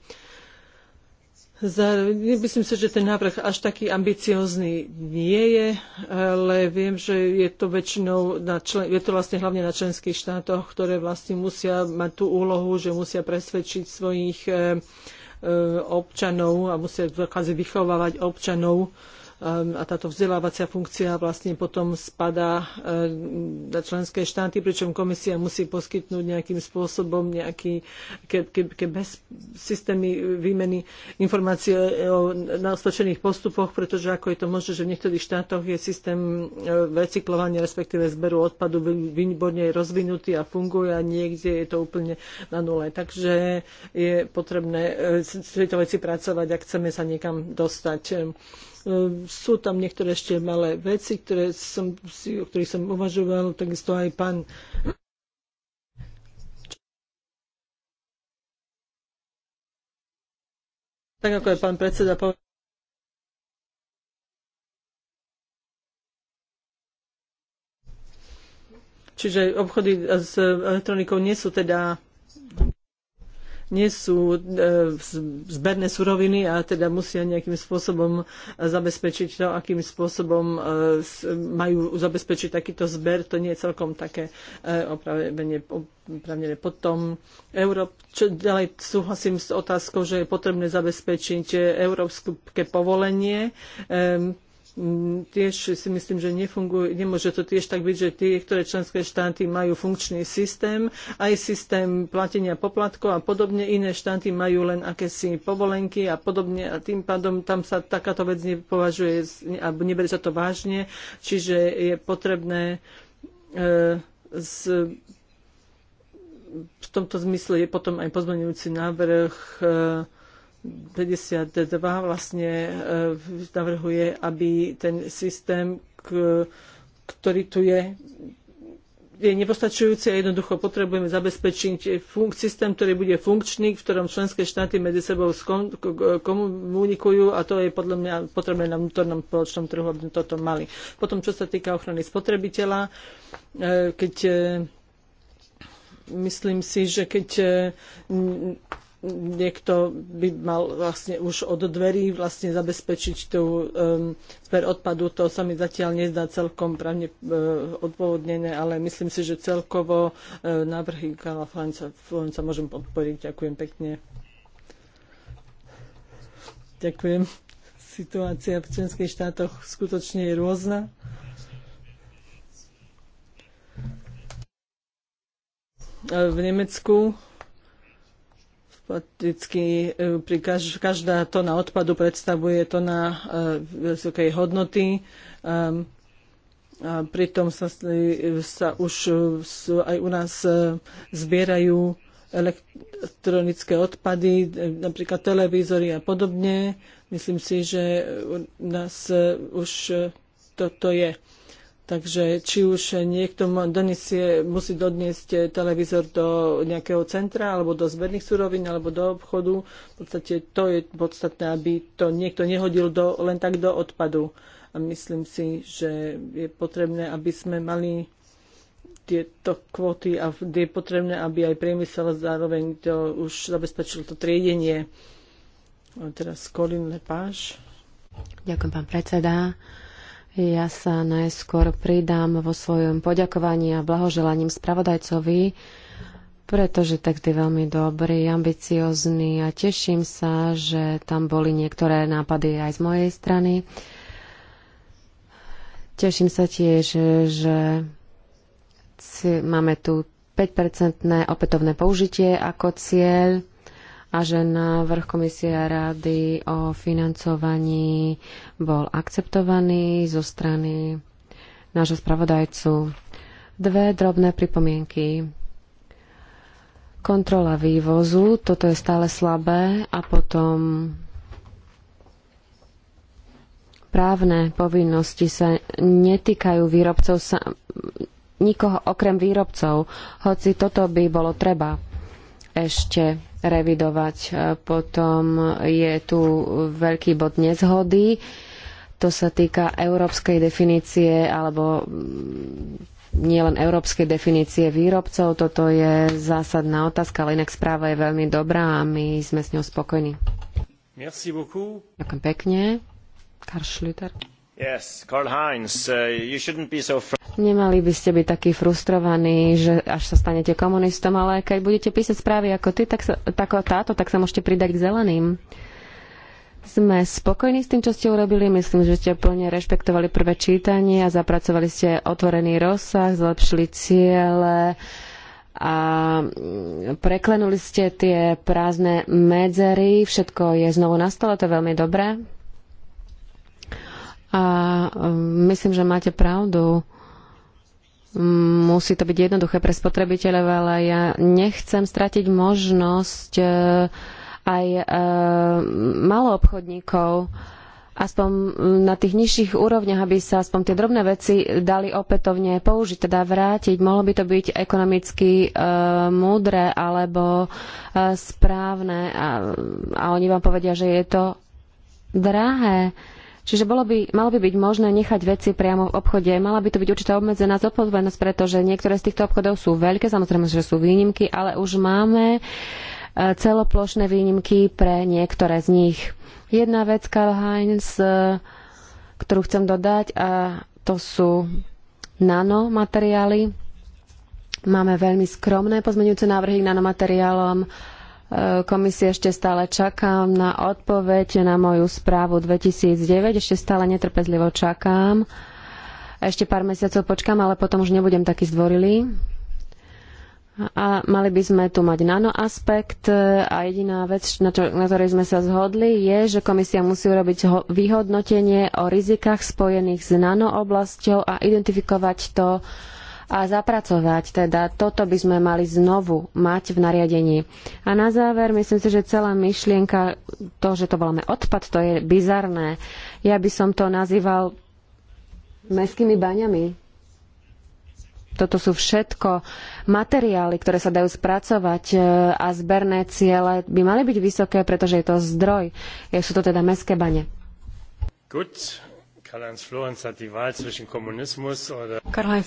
myslím si, že ten návrh až taký ambiciózny nie je, ale viem, že je to väčšinou na člen, je to vlastne hlavne na členských štátoch, ktoré vlastne musia mať tú úlohu, že musia presvedčiť svojich eh, eh, občanov a musia kvázi vychovávať občanov Ehm, a táto vzdelávacia funkcia vlastne potom spadá ehm, na členské štáty, pričom komisia musí poskytnúť nejakým spôsobom nejaký, ke, ke bez systémy výmeny informácií o naostačených postupoch, pretože ako je to možné, že v niektorých štátoch je systém e, recyklovania, respektíve zberu odpadu výborne rozvinutý a funguje a niekde je to úplne na nule. Takže je potrebné e, s tejto veci pracovať, ak chceme sa niekam dostať. Ehm, sú tam niektoré ešte malé veci, ktoré som, o ktorých som uvažoval, takisto aj pán tak ako aj pán predseda povedal, Čiže obchody s elektronikou nie sú teda nie sú e, zberné suroviny a teda musia nejakým spôsobom zabezpečiť to, akým spôsobom e, majú zabezpečiť takýto zber. To nie je celkom také e, opravenie opravnené. Potom Európ, čo ďalej súhlasím s otázkou, že je potrebné zabezpečiť európske povolenie. Ehm, Mm, tiež si myslím, že nefunguje, nemôže to tiež tak byť, že tie, ktoré členské štáty majú funkčný systém, aj systém platenia poplatkov a podobne, iné štáty majú len akési povolenky a podobne a tým pádom tam sa takáto vec nepovažuje a neberie sa to vážne, čiže je potrebné e, z, v tomto zmysle je potom aj pozmeňujúci návrh e, 52 vlastne e, navrhuje, aby ten systém, ktorý tu je, je nepostačujúci a jednoducho potrebujeme zabezpečiť systém, ktorý bude funkčný, v ktorom členské štáty medzi sebou komunikujú a to je podľa mňa potrebné na vnútornom spoločnom trhu, aby sme toto mali. Potom, čo sa týka ochrany spotrebiteľa, e, keď e, myslím si, že keď niekto by mal vlastne už od dverí vlastne zabezpečiť tú um, zber odpadu. To sa mi zatiaľ nezdá celkom právne uh, eh, ale myslím si, že celkovo uh, návrhy Karla Franca, môžem podporiť. Ďakujem pekne. Ďakujem. Situácia v členských štátoch skutočne je rôzna. V Nemecku Prakticky e, každá tona odpadu predstavuje tona e, vysokej hodnoty. Ehm, a pritom sa, e, sa už aj u nás zbierajú elektronické odpady, napríklad televízory a podobne. Myslím si, že u nás už toto je. Takže či už niekto donesie, musí doniesť televízor do nejakého centra alebo do zberných surovín alebo do obchodu, v podstate to je podstatné, aby to niekto nehodil do, len tak do odpadu. A myslím si, že je potrebné, aby sme mali tieto kvóty a je potrebné, aby aj priemysel zároveň to už zabezpečil to triedenie. A teraz Colin Lepáš. Ďakujem, pán predseda. Ja sa najskôr pridám vo svojom poďakovaní a blahoželaním spravodajcovi, pretože text je veľmi dobrý, ambiciozný a teším sa, že tam boli niektoré nápady aj z mojej strany. Teším sa tiež, že máme tu 5-percentné opätovné použitie ako cieľ a že návrh komisie a rady o financovaní bol akceptovaný zo strany nášho spravodajcu. Dve drobné pripomienky. Kontrola vývozu, toto je stále slabé a potom právne povinnosti sa netýkajú výrobcov sa, nikoho okrem výrobcov, hoci toto by bolo treba ešte revidovať. E, potom je tu veľký bod nezhody. To sa týka európskej definície alebo mm, nielen európskej definície výrobcov. Toto je zásadná otázka, ale inak správa je veľmi dobrá a my sme s ňou spokojní. Merci beaucoup. Ďakujem pekne. Karl Schlüter. Uh, Nemali by ste byť takí frustrovaní, že až sa stanete komunistom, ale keď budete písať správy ako ty, tak sa, táto, tak sa môžete pridať k zeleným. Sme spokojní s tým, čo ste urobili. Myslím, že ste plne rešpektovali prvé čítanie a zapracovali ste otvorený rozsah, zlepšili ciele a mm, preklenuli ste tie prázdne medzery. Všetko je znovu na stole, to je veľmi dobré a mm, myslím, že máte pravdu. Musí to byť jednoduché pre spotrebiteľov, ale ja nechcem stratiť možnosť e, aj e, maloobchodníkov, aspoň na tých nižších úrovniach, aby sa aspoň tie drobné veci dali opätovne použiť, teda vrátiť. Mohlo by to byť ekonomicky e, múdre alebo e, správne a, a oni vám povedia, že je to drahé. E, Čiže bolo by, malo by byť možné nechať veci priamo v obchode. Mala by to byť určitá obmedzená zodpovednosť, pretože niektoré z týchto obchodov sú veľké, samozrejme, že sú výnimky, ale už máme e, celoplošné výnimky pre niektoré z nich. Jedna vec, Karl Heinz, e, ktorú chcem dodať, a to sú nanomateriály. Máme veľmi skromné pozmeňujúce návrhy k nanomateriálom E, komisie ešte stále čakám na odpoveď na moju správu 2009. Ešte stále netrpezlivo čakám. Ešte pár mesiacov počkám, ale potom už nebudem taký zdvorilý. A mali by sme tu mať nanoaspekt e, a jediná vec, na, čo, na ktorej sme sa zhodli, je, že komisia musí urobiť ho, vyhodnotenie o rizikách spojených s nanooblasťou a identifikovať to uh, a zapracovať. Teda toto by sme mali znovu mať v nariadení. A na záver, myslím si, že celá myšlienka, to, že to voláme odpad, to je bizarné. Ja by som to nazýval mestskými baňami. Toto sú všetko materiály, ktoré sa dajú spracovať e, a zberné ciele by mali byť vysoké, pretože je to zdroj. Sú to teda mestské bane. Good. Karl-Heinz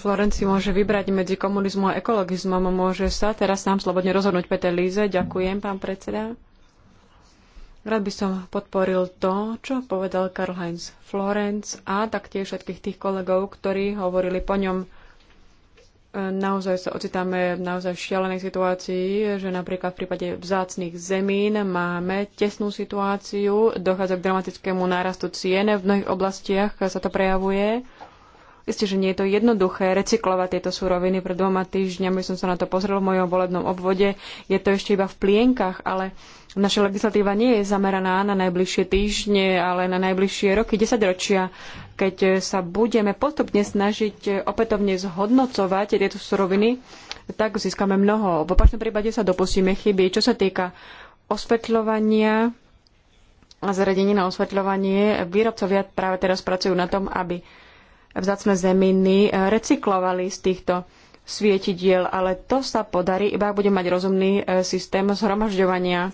Florenz si môže vybrať medzi komunizmom a ekologizmom. Môže sa teraz sám slobodne rozhodnúť. Peter Líze, ďakujem, pán predseda. Rád by som podporil to, čo povedal Karl-Heinz Florenz a taktiež všetkých tých kolegov, ktorí hovorili po ňom naozaj sa ocitáme v naozaj šialenej situácii, že napríklad v prípade vzácných zemín máme tesnú situáciu, dochádza k dramatickému nárastu cien, v mnohých oblastiach sa to prejavuje. Isté, že nie je to jednoduché recyklovať tieto súroviny. Pred dvoma týždňami som sa na to pozrel v mojom volebnom obvode. Je to ešte iba v plienkach, ale naša legislatíva nie je zameraná na najbližšie týždne, ale na najbližšie roky, desaťročia, keď sa budeme postupne snažiť opätovne zhodnocovať tieto suroviny, tak získame mnoho. V opačnom prípade sa dopustíme chyby. Čo sa týka osvetľovania a zaradenie na osvetľovanie, výrobcovia práve teraz pracujú na tom, aby vzácne zeminy e, recyklovali z týchto svietidiel, ale to sa podarí, iba ak bude mať rozumný e, systém zhromažďovania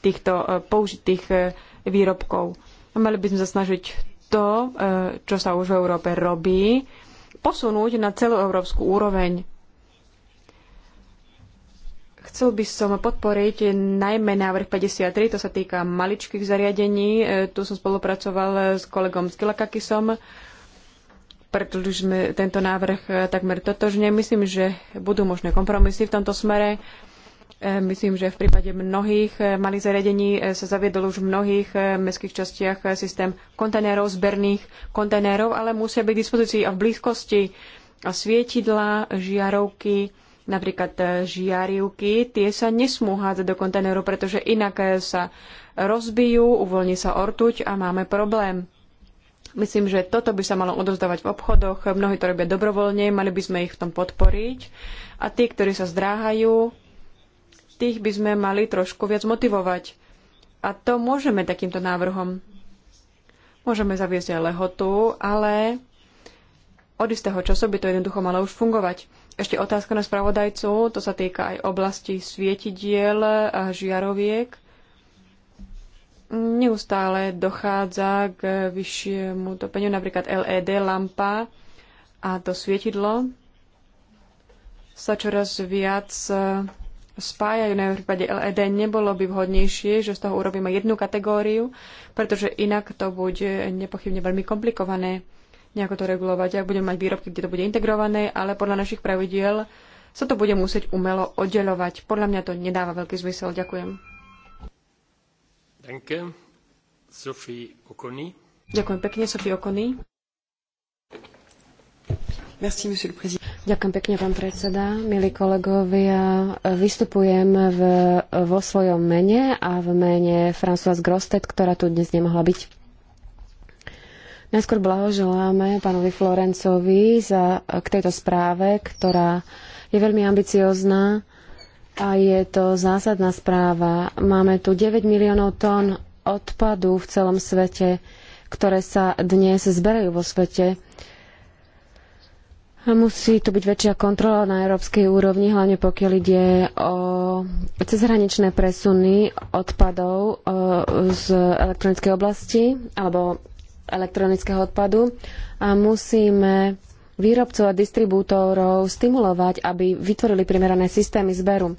týchto e, použitých výrobkov. Mali by sme sa snažiť to, čo sa už v Európe robí, posunúť na celú európsku úroveň. Chcel by som podporiť najmä návrh 53, to sa týka maličkých zariadení. Tu som spolupracoval s kolegom Skilakakisom. Skilakakisom sme tento návrh e, takmer totožne. Myslím, že budú možné kompromisy v tomto smere. E, myslím, že v prípade mnohých e, malých zariadení sa zaviedol už v mnohých mestských častiach systém kontajnerov, zberných kontajnerov, ale musia byť k dispozícii a v blízkosti svietidla, žiarovky, napríklad žiarivky, tie sa nesmú hádzať do kontajnerov, pretože inak sa rozbijú, uvoľní sa ortuť a máme problém. Myslím, že toto by sa malo odozdávať v obchodoch. Mnohí to robia dobrovoľne, mali by sme ich v tom podporiť. A tí, ktorí sa zdráhajú, tých by sme mali trošku viac motivovať. A to môžeme takýmto návrhom. Môžeme zaviesť aj lehotu, ale od istého času by to jednoducho malo už fungovať. Ešte otázka na spravodajcu, to sa týka aj oblasti svietidiel a žiaroviek neustále dochádza k vyššiemu topeniu, napríklad LED lampa a to svietidlo sa čoraz viac e, spájajú. Na prípade LED nebolo by vhodnejšie, že z toho urobíme jednu kategóriu, pretože inak to bude nepochybne veľmi komplikované nejako to regulovať, ak budeme mať výrobky, kde to bude integrované, ale podľa našich pravidiel sa to bude musieť umelo oddelovať. Podľa mňa to nedáva veľký zmysel. Ďakujem. Ďakujem pekne, Sophie Okony. Merci, monsieur le président. Ďakujem pekne, pán predseda. Milí kolegovia, vystupujem v, vo svojom mene a v mene Françoise Grostet, ktorá tu dnes nemohla byť. Najskôr blahoželáme pánovi Florencovi za, k tejto správe, ktorá je veľmi ambiciozná a je to zásadná správa. Máme tu 9 miliónov tón odpadu v celom svete, ktoré sa dnes zberajú vo svete. A musí tu byť väčšia kontrola na európskej úrovni, hlavne pokiaľ ide o cezhraničné presuny odpadov e, z elektronickej oblasti alebo elektronického odpadu a musíme výrobcov a distribútorov stimulovať, aby vytvorili primerané systémy zberu.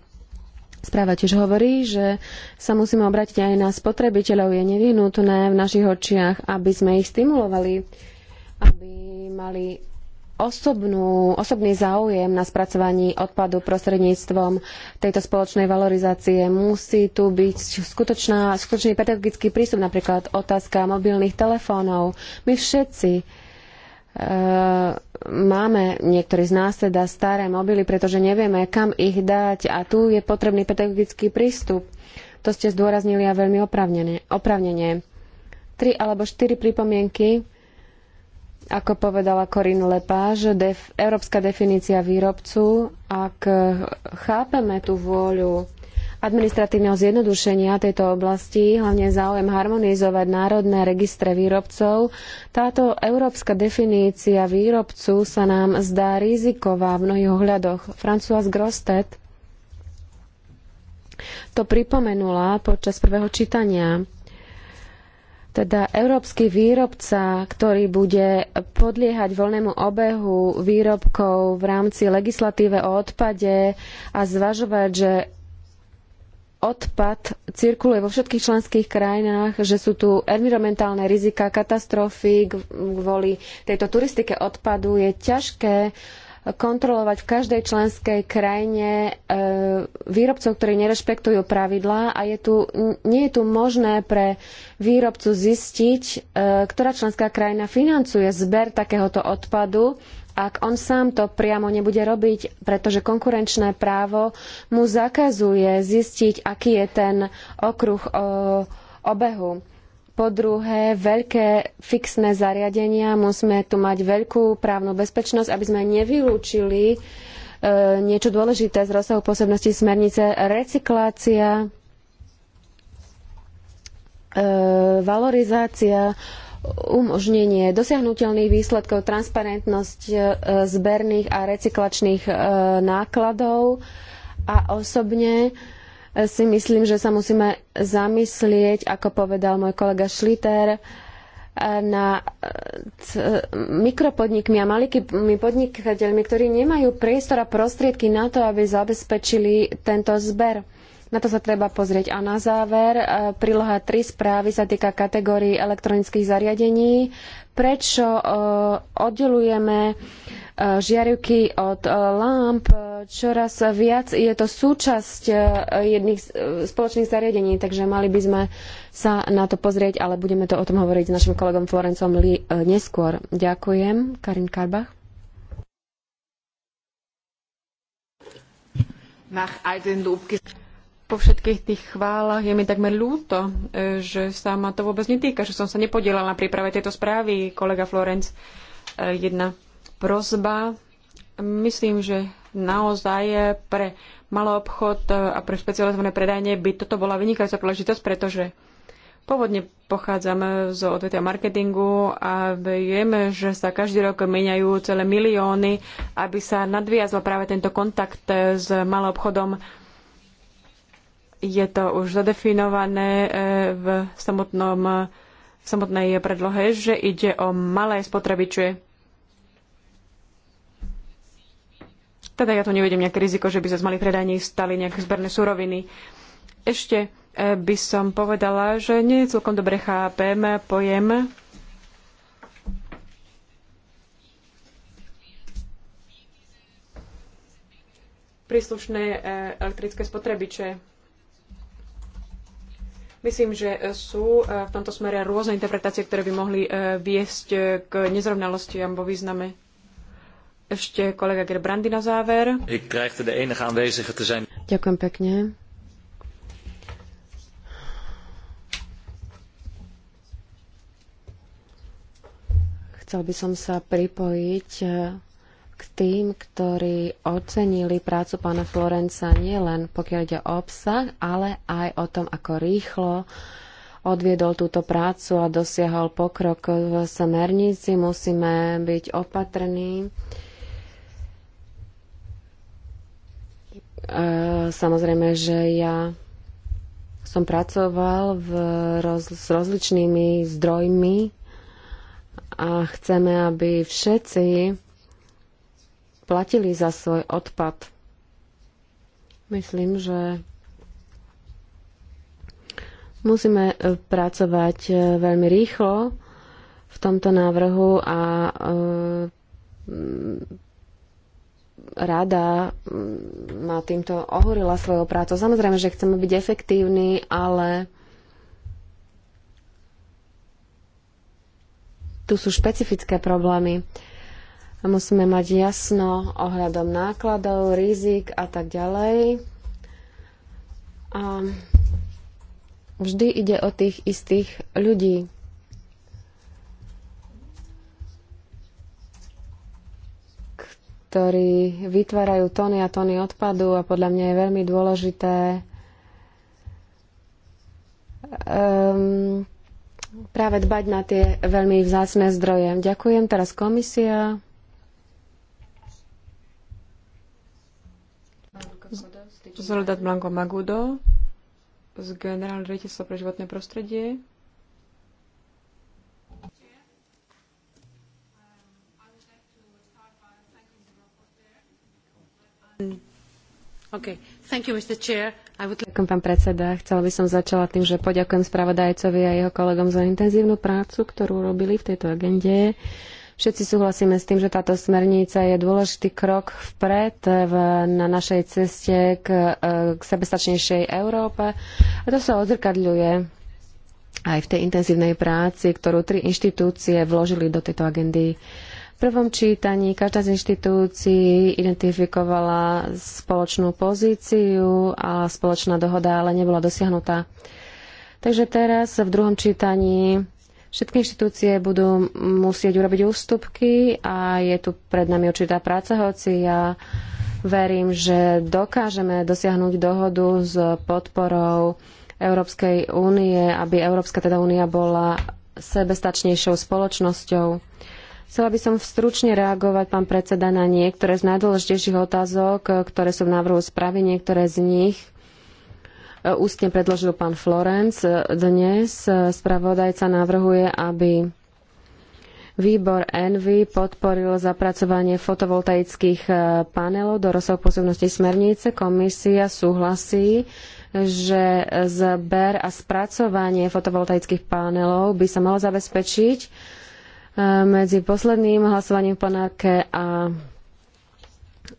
Správa tiež hovorí, že sa musíme obrátiť aj na spotrebiteľov. Je nevyhnutné v našich očiach, aby sme ich stimulovali, aby mali osobnú, osobný záujem na spracovaní odpadu prostredníctvom tejto spoločnej valorizácie. Musí tu byť skutočná, skutočný pedagogický prístup, napríklad otázka mobilných telefónov. My všetci máme niektorí z nás teda staré mobily, pretože nevieme, kam ich dať a tu je potrebný pedagogický prístup. To ste zdôraznili a veľmi opravnene. Tri alebo štyri pripomienky, ako povedala Corinne Lepage, def, európska definícia výrobcu, ak chápeme tú vôľu administratívneho zjednodušenia tejto oblasti, hlavne záujem harmonizovať národné registre výrobcov. Táto európska definícia výrobcu sa nám zdá riziková v mnohých ohľadoch. François Grostet to pripomenula počas prvého čítania teda európsky výrobca, ktorý bude podliehať voľnému obehu výrobkov v rámci legislatíve o odpade a zvažovať, že odpad cirkuluje vo všetkých členských krajinách, že sú tu environmentálne rizika, katastrofy kvôli tejto turistike odpadu. Je ťažké kontrolovať v každej členskej krajine e, výrobcov, ktorí nerešpektujú pravidlá a je tu, nie je tu možné pre výrobcu zistiť, e, ktorá členská krajina financuje zber takéhoto odpadu ak on sám to priamo nebude robiť, pretože konkurenčné právo mu zakazuje zistiť, aký je ten okruh o, obehu. Po druhé, veľké fixné zariadenia, musíme tu mať veľkú právnu bezpečnosť, aby sme nevylúčili e, niečo dôležité z rozsahu pôsobnosti smernice. Recyklácia, e, valorizácia, umožnenie dosiahnutelných výsledkov, transparentnosť e, zberných a recyklačných e, nákladov a osobne e, si myslím, že sa musíme zamyslieť, ako povedal môj kolega Šliter, na mikropodnikmi a malými podnikateľmi, ktorí nemajú priestor a prostriedky na to, aby zabezpečili tento zber. Na to sa treba pozrieť. A na záver, e, príloha 3 správy sa týka kategórií elektronických zariadení. Prečo e, oddelujeme e, žiarivky od lamp? Čoraz viac je to súčasť jedných spoločných zariadení, takže mali by sme sa na to pozrieť, ale budeme to o tom hovoriť s našim kolegom Florencom Lee neskôr. Ďakujem. Karin Karbach. Nach all den po všetkých tých chválach je mi takmer ľúto, e, že sa ma to vôbec netýka, že som sa nepodielala na príprave tejto správy, kolega Florenc. E, jedna prozba. Myslím, že naozaj pre malý obchod e, a pre špecializované predajne by toto bola vynikajúca príležitosť, pretože Pôvodne pochádzam z odvetia marketingu a vieme, že sa každý rok meniajú celé milióny, aby sa nadviazol práve tento kontakt s malým obchodom. Je to už zadefinované e, v samotnom v e, samotnej predlohe, že ide o malé spotrebiče. Teda ja tu nevidím nejaké riziko, že by sa z malých predajní stali nejaké zberné suroviny. Ešte e, by som povedala, že nie celkom dobre chápem pojem príslušné elektrické spotrebiče Myslím, že sú e, v tomto smere rôzne interpretácie, ktoré by mohli e, viesť e, k nezrovnalostiam vo význame. Ešte kolega Gerbrandy na záver. Er Ďakujem pekne. Chcel by som sa pripojiť k tým, ktorí ocenili prácu pána Florenca nielen pokiaľ ide o obsah, ale aj o tom, ako rýchlo odviedol túto prácu a dosiahol pokrok v smernici. Musíme byť opatrní. E, samozrejme, že ja som pracoval v roz, s rozličnými zdrojmi a chceme, aby všetci platili za svoj odpad. Myslím, že musíme e, pracovať e, veľmi rýchlo v tomto návrhu a e, rada ma týmto ohorila svojou prácu. Samozrejme, že chceme byť efektívni, ale tu sú špecifické problémy. Musíme mať jasno ohľadom nákladov, rizik a tak ďalej. A vždy ide o tých istých ľudí. ktorí vytvárajú tony a tony odpadu a podľa mňa je veľmi dôležité um, práve dbať na tie veľmi vzácne zdroje. Ďakujem. Teraz komisia. Zoledad Blanco Magudo z Generálneho riaditeľstva pre životné prostredie. Okay. You, would... Ďakujem, pán predseda. Chcela by som začala tým, že poďakujem spravodajcovi a jeho kolegom za intenzívnu prácu, ktorú robili v tejto agende. Uh, Všetci súhlasíme s tým, že táto smernica je dôležitý krok vpred v, na našej ceste k, e, k sebestačnejšej Európe a to sa odzrkadľuje aj v tej intenzívnej práci, ktorú tri inštitúcie vložili do tejto agendy. V prvom čítaní každá z inštitúcií identifikovala spoločnú pozíciu a spoločná dohoda ale nebola dosiahnutá. Takže teraz v druhom čítaní Všetky inštitúcie budú musieť urobiť ústupky a je tu pred nami určitá práca, hoci ja verím, že dokážeme dosiahnuť dohodu s podporou Európskej únie, aby Európska teda únia bola sebestačnejšou spoločnosťou. Chcela by som stručne reagovať, pán predseda, na niektoré z najdôležitejších otázok, ktoré sú v návrhu správy. Niektoré z nich E, ústne predložil pán Florenc. E, dnes e, spravodajca navrhuje, aby Výbor ENVY podporil zapracovanie fotovoltaických panelov do rozsahu pôsobnosti smernice. Komisia súhlasí, že zber a spracovanie fotovoltaických panelov by sa malo zabezpečiť medzi posledným hlasovaním v plenárke a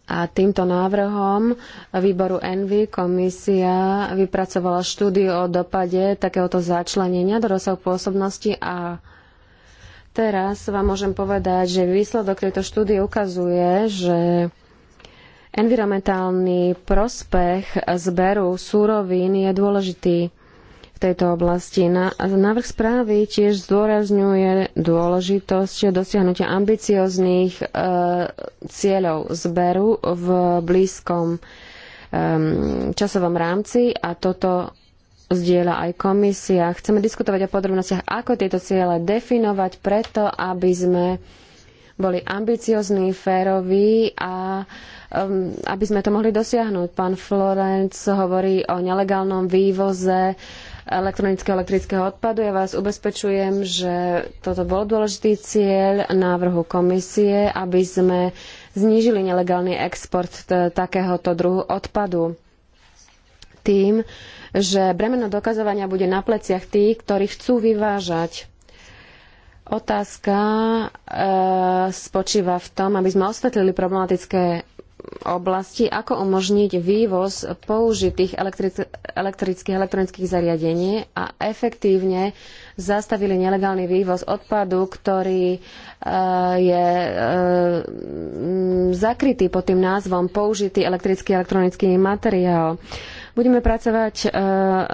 a týmto návrhom výboru Envy komisia vypracovala štúdiu o dopade takéhoto začlenenia do rozsahu pôsobnosti a teraz vám môžem povedať, že výsledok tejto štúdie ukazuje, že environmentálny prospech zberu surovín je dôležitý v tejto oblasti. Návrh správy tiež zdôrazňuje dôležitosť dosiahnutia ambicioznych e, cieľov zberu v blízkom e, časovom rámci a toto zdieľa aj komisia. Chceme diskutovať o podrobnostiach, ako tieto ciele definovať preto, aby sme boli ambiciozní, féroví a um, aby sme to mohli dosiahnuť. Pán Florenc hovorí o nelegálnom vývoze uh, elektronického elektrického odpadu. Ja vás ubezpečujem, že toto bol dôležitý cieľ návrhu komisie, aby sme znížili nelegálny export e, takéhoto druhu odpadu tým, že bremeno dokazovania bude na pleciach tých, ktorí chcú vyvážať Otázka e, spočíva v tom, aby sme osvetlili problematické oblasti, ako umožniť vývoz použitých elektric- elektrických elektronických zariadení a efektívne zastavili nelegálny vývoz odpadu, ktorý e, je e, zakrytý pod tým názvom použitý elektrický elektronický materiál. Budeme pracovať e,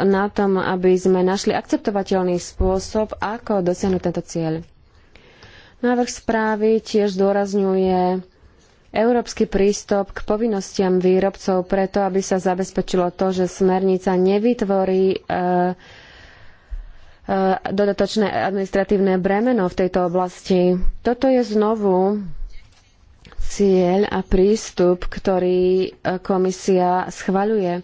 na tom, aby sme našli akceptovateľný spôsob, ako dosiahnuť tento cieľ. Návrh správy tiež zdôrazňuje európsky prístup k povinnostiam výrobcov preto, aby sa zabezpečilo to, že smernica nevytvorí e, e, dodatočné administratívne bremeno v tejto oblasti. Toto je znovu cieľ a prístup, ktorý e, komisia schvaľuje.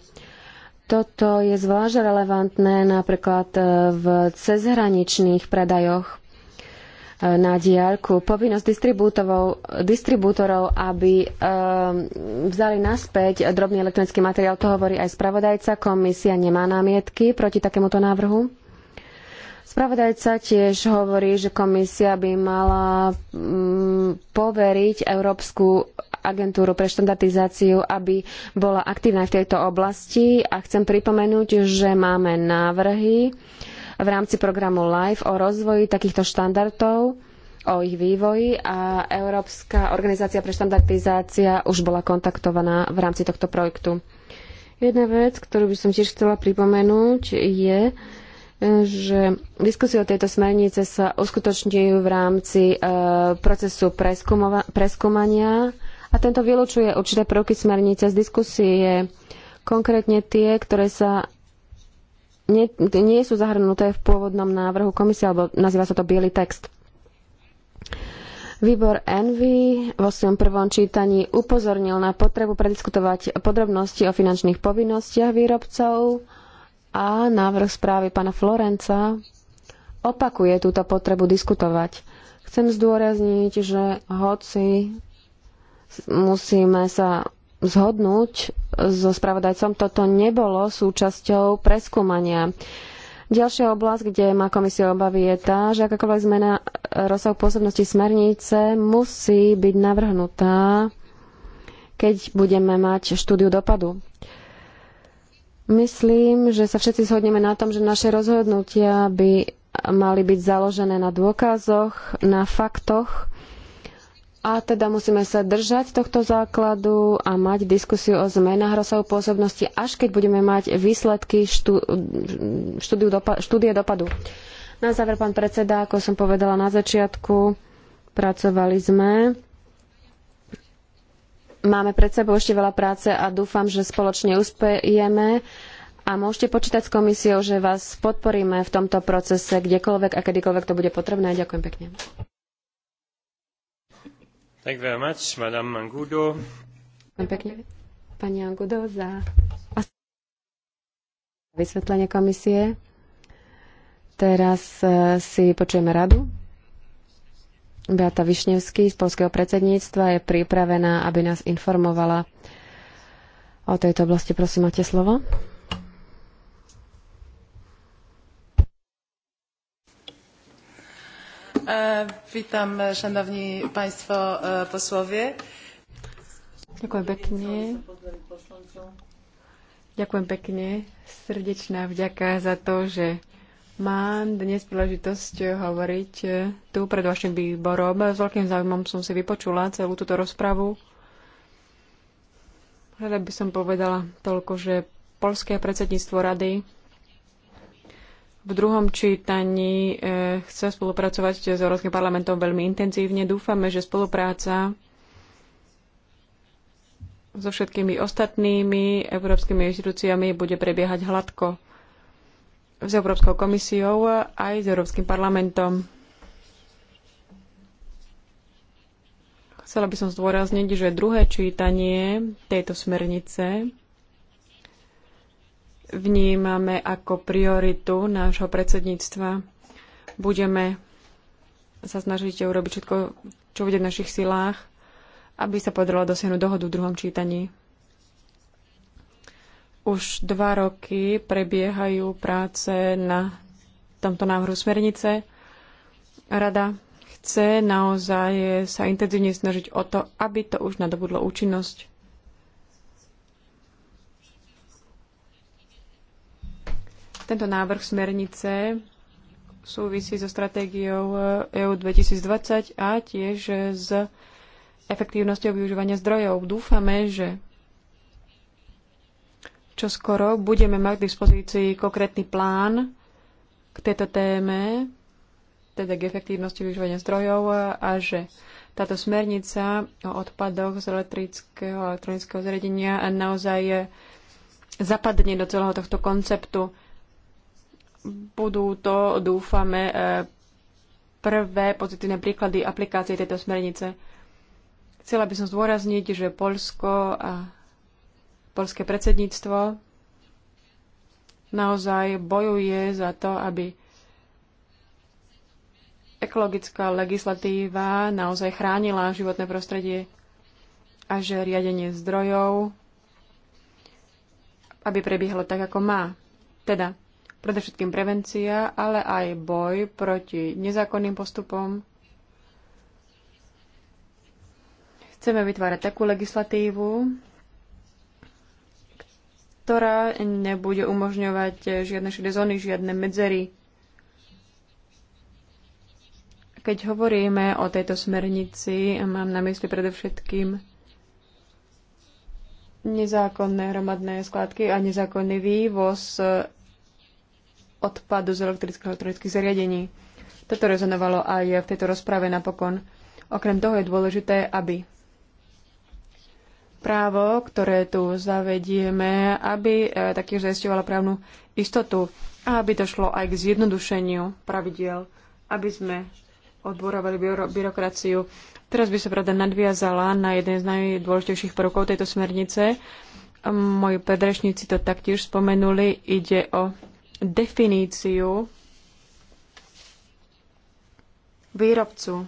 Toto je zvlášť relevantné napríklad v cezhraničných predajoch na diaľku. Povinnosť distribútorov, aby ehm, vzali naspäť drobný elektronický materiál, to hovorí aj spravodajca. Komisia nemá námietky proti takémuto návrhu. Spravodajca tiež hovorí, že komisia by mala mm, poveriť Európsku agentúru pre štandardizáciu, aby bola aktívna v tejto oblasti. A chcem pripomenúť, že máme návrhy uh, v rámci programu LIFE o rozvoji takýchto štandardov o ich vývoji a Európska organizácia pre štandardizácia už bola kontaktovaná v rámci tohto projektu. Jedna vec, ktorú by som tiež chcela pripomenúť, je, že diskusie o tejto smernice sa uskutočňujú v rámci e, procesu preskúmania a tento vylučuje určité prvky smernice z diskusie, konkrétne tie, ktoré sa nie, nie sú zahrnuté v pôvodnom návrhu komisie, alebo nazýva sa to biely text. Výbor Envy vo svojom prvom čítaní upozornil na potrebu prediskutovať podrobnosti o finančných povinnostiach výrobcov a návrh správy pána Florenca opakuje túto potrebu diskutovať. Chcem zdôrazniť, že hoci musíme sa zhodnúť so spravodajcom. Toto nebolo súčasťou preskúmania. Ďalšia oblasť, kde má komisia obavy, je tá, že akákoľvek zmena rozsahu pôsobnosti smernice musí byť navrhnutá, keď budeme mať štúdiu dopadu. Myslím, že sa všetci zhodneme na tom, že naše rozhodnutia by mali byť založené na dôkazoch, na faktoch a teda musíme sa držať tohto základu a mať diskusiu o zmenách rozsahu pôsobnosti, až keď budeme mať výsledky štú, dopa, štúdie dopadu. Na záver, pán predseda, ako som povedala na začiatku, pracovali sme. Máme pred sebou ešte veľa práce a dúfam, že spoločne uspejeme a môžete počítať s komisiou, že vás podporíme v tomto procese kdekoľvek a kedykoľvek to bude potrebné. Ďakujem pekne. Thank you very much, Madame Angudo. pani Angudo, za vysvetlenie komisie. Teraz eh, si počujeme radu. Beata Višnevský z polského predsedníctva je pripravená, aby nás informovala o tejto oblasti. Prosím, máte slovo. Vítam, e, šanovní e, państwo e, posłowie. Ďakujem pekne. Ďakujem pekne. Srdečná vďaka za to, že mám dnes príležitosť hovoriť tu pred vašim výborom. S veľkým záujmom som si vypočula celú túto rozpravu. Rada by som povedala toľko, že polské predsedníctvo rady v druhom čítaní e, chce spolupracovať s Európskym parlamentom veľmi intenzívne. Dúfame, že spolupráca so všetkými ostatnými európskymi inštitúciami bude prebiehať hladko s Európskou komisiou aj s Európskym parlamentom. Chcela by som zdôrazniť, že druhé čítanie tejto smernice vnímame ako prioritu nášho predsedníctva. Budeme sa snažiť urobiť všetko, čo bude v našich silách, aby sa podarilo dosiahnuť dohodu v druhom čítaní. Už dva roky prebiehajú práce na tomto návrhu smernice. Rada chce naozaj sa intenzívne snažiť o to, aby to už nadobudlo účinnosť. Tento návrh smernice súvisí so stratégiou EU e 2020 a tiež s efektívnosťou využívania zdrojov. Dúfame, že čo skoro budeme mať k dispozícii konkrétny plán k tejto téme, teda k efektívnosti využívania zdrojov e, a že táto smernica o odpadoch z elektrického a elektronického zariadenia naozaj e, zapadne do celého tohto konceptu budú to, dúfame, e, prvé pozitívne príklady aplikácie tejto smernice. Chcela by som zdôrazniť, že Polsko a polské predsedníctvo naozaj bojuje za to, aby ekologická legislatíva naozaj chránila životné prostredie a že riadenie zdrojov, aby prebiehalo tak, ako má. Teda predovšetkým prevencia, ale aj boj proti nezákonným postupom. Chceme vytvárať takú legislatívu, ktorá nebude umožňovať žiadne šedé zóny, žiadne medzery. Keď hovoríme o tejto smernici, mám na mysli predovšetkým nezákonné hromadné skladky a nezákonný vývoz odpadu z elektrických elektronických zariadení. Toto rezonovalo aj v tejto rozprave napokon. Okrem toho je dôležité, aby právo, ktoré tu zavedieme, aby e, taktiež zajistovalo právnu istotu a aby došlo aj k zjednodušeniu pravidiel, aby sme odborovali byro- byrokraciu. Teraz by sa pravda nadviazala na jeden z najdôležitejších prvkov tejto smernice. Moji predrečníci to taktiež spomenuli. Ide o definíciu výrobcu.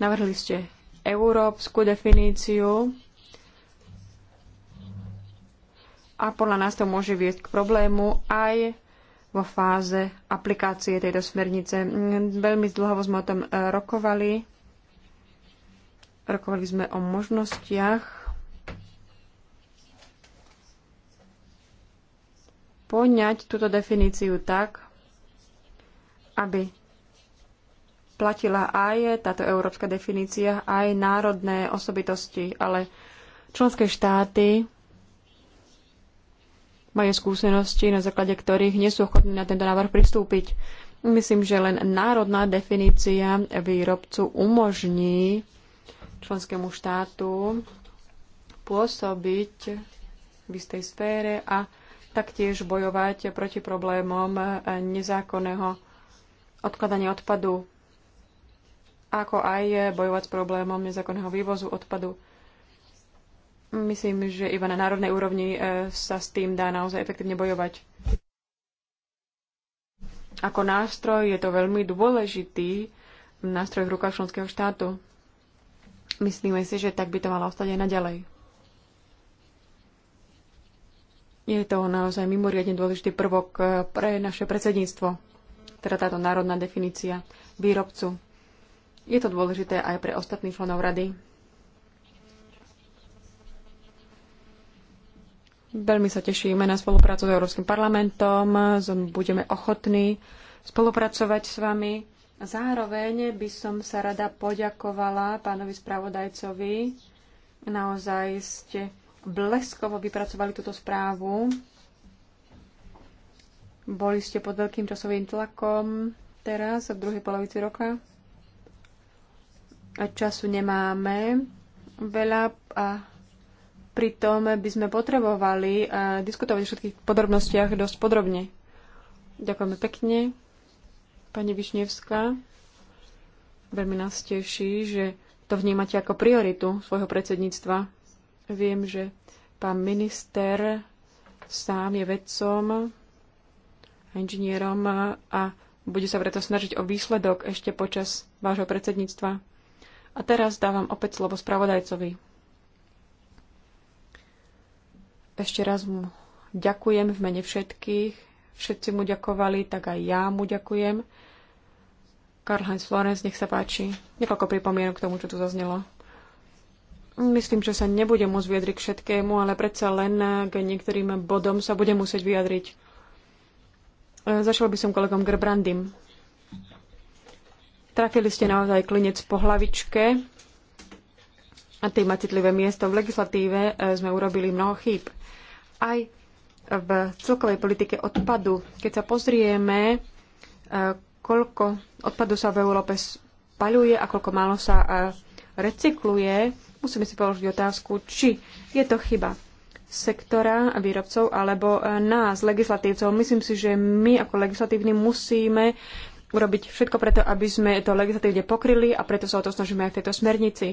Navrhli ste európsku definíciu a podľa nás to môže viesť k problému aj vo fáze aplikácie tejto smernice. Veľmi zdlhavo sme o tom rokovali. Rokovali sme o možnostiach poňať túto definíciu tak, aby platila aj táto európska definícia, aj národné osobitosti, ale členské štáty majú skúsenosti, na základe ktorých nie sú ochotní na tento návrh pristúpiť. Myslím, že len národná definícia výrobcu umožní členskému štátu pôsobiť v istej sfére a taktiež bojovať proti problémom nezákonného odkladania odpadu, ako aj bojovať s problémom nezákonného vývozu odpadu. Myslím, že iba na národnej úrovni e, sa s tým dá naozaj efektívne bojovať. Ako nástroj je to veľmi dôležitý nástroj v rukách členského štátu. Myslíme si, že tak by to malo ostať aj naďalej. Je to naozaj mimoriadne dôležitý prvok eh, pre naše predsedníctvo, teda táto národná definícia výrobcu. Je to dôležité aj pre ostatných členov rady. Veľmi sa tešíme na spoluprácu s Európskym parlamentom. Budeme ochotní spolupracovať s vami. Zároveň by som sa rada poďakovala pánovi spravodajcovi. Naozaj ste bleskovo vypracovali túto správu. Boli ste pod veľkým časovým tlakom teraz, v druhej polovici roka. A času nemáme veľa a pritom by sme potrebovali eh, diskutovať o všetkých podrobnostiach dosť podrobne. Ďakujeme pekne, pani Višnevská. Veľmi nás teší, že to vnímate ako prioritu svojho predsedníctva. Viem, že pán minister sám je vedcom a inžinierom a bude sa preto snažiť o výsledok ešte počas vášho predsedníctva. A teraz dávam opäť slovo spravodajcovi. Ešte raz mu ďakujem v mene všetkých. Všetci mu ďakovali, tak aj ja mu ďakujem. Karl Heinz Florence, nech sa páči. Niekoľko pripomienok k tomu, čo tu zaznelo. Myslím, že sa nebudem môcť vyjadriť k všetkému, ale predsa len k niektorým bodom sa budem musieť vyjadriť. E, Zašiel by som kolegom Gerbrandym. Trafili ste naozaj klinec po hlavičke a tým má citlivé miesto. V legislatíve e, sme urobili mnoho chýb. Aj v celkovej politike odpadu. Keď sa pozrieme, e, koľko odpadu sa v Európe spaľuje a koľko málo sa recykluje, Musíme si položiť otázku, či je to chyba sektora výrobcov alebo e, nás, legislatívcov. Myslím si, že my ako legislatívni musíme urobiť všetko preto, aby sme to legislatívne pokryli a preto sa o to snažíme aj v tejto smernici.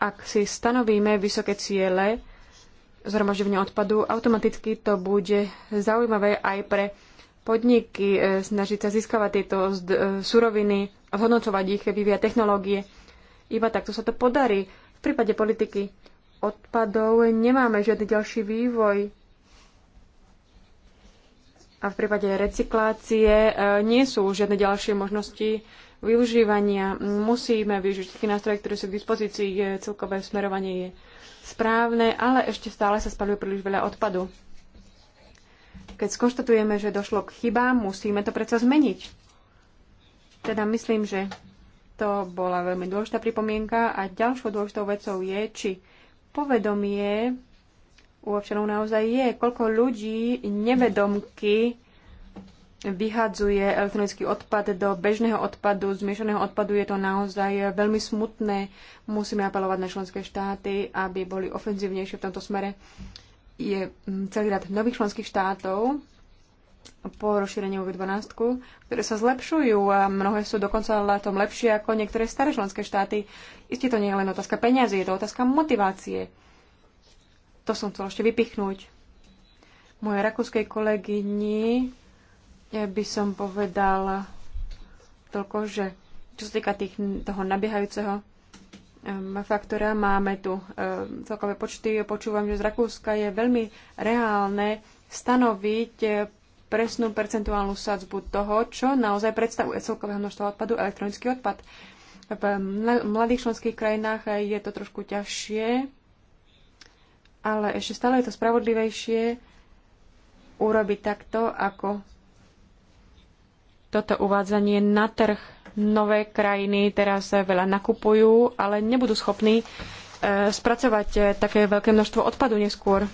Ak si stanovíme vysoké ciele zhromažďovania odpadu, automaticky to bude zaujímavé aj pre podniky e, snažiť sa získavať tieto e, suroviny, zhodnocovať ich, vyvíjať technológie. Iba takto sa to podarí v prípade politiky odpadov nemáme žiadny ďalší vývoj. A v prípade recyklácie e, nie sú žiadne ďalšie možnosti využívania. Musíme využiť všetky nástroje, ktoré sú k dispozícii. Celkové smerovanie je správne, ale ešte stále sa spaluje príliš veľa odpadu. Keď skonštatujeme, že došlo k chybám, musíme to predsa zmeniť. Teda myslím, že to bola veľmi dôležitá pripomienka a ďalšou dôležitou vecou je, či povedomie u občanov naozaj je, koľko ľudí nevedomky vyhadzuje elektronický odpad do bežného odpadu, zmiešaného odpadu, je to naozaj veľmi smutné. Musíme apelovať na členské štáty, aby boli ofenzívnejšie v tomto smere. Je mm, celý rad nových členských štátov, po rozšírení UV12, ktoré sa zlepšujú a mnohé sú dokonca na tom lepšie ako niektoré staré členské štáty. Isté to nie je len otázka peňazí, je to otázka motivácie. To som chcel ešte vypichnúť. Mojej rakúskej kolegyni ja by som povedal toľko, že čo sa týka tých, toho nabiehajúceho ehm, faktora máme tu ehm, celkové počty. Počúvam, že z Rakúska je veľmi reálne stanoviť presnú percentuálnu sadzbu toho, čo naozaj predstavuje celkového množstva odpadu elektronický odpad. V mladých členských krajinách je to trošku ťažšie, ale ešte stále je to spravodlivejšie urobiť takto, ako toto uvádzanie na trh. Nové krajiny teraz veľa nakupujú, ale nebudú schopní e, spracovať e, také veľké množstvo odpadu neskôr.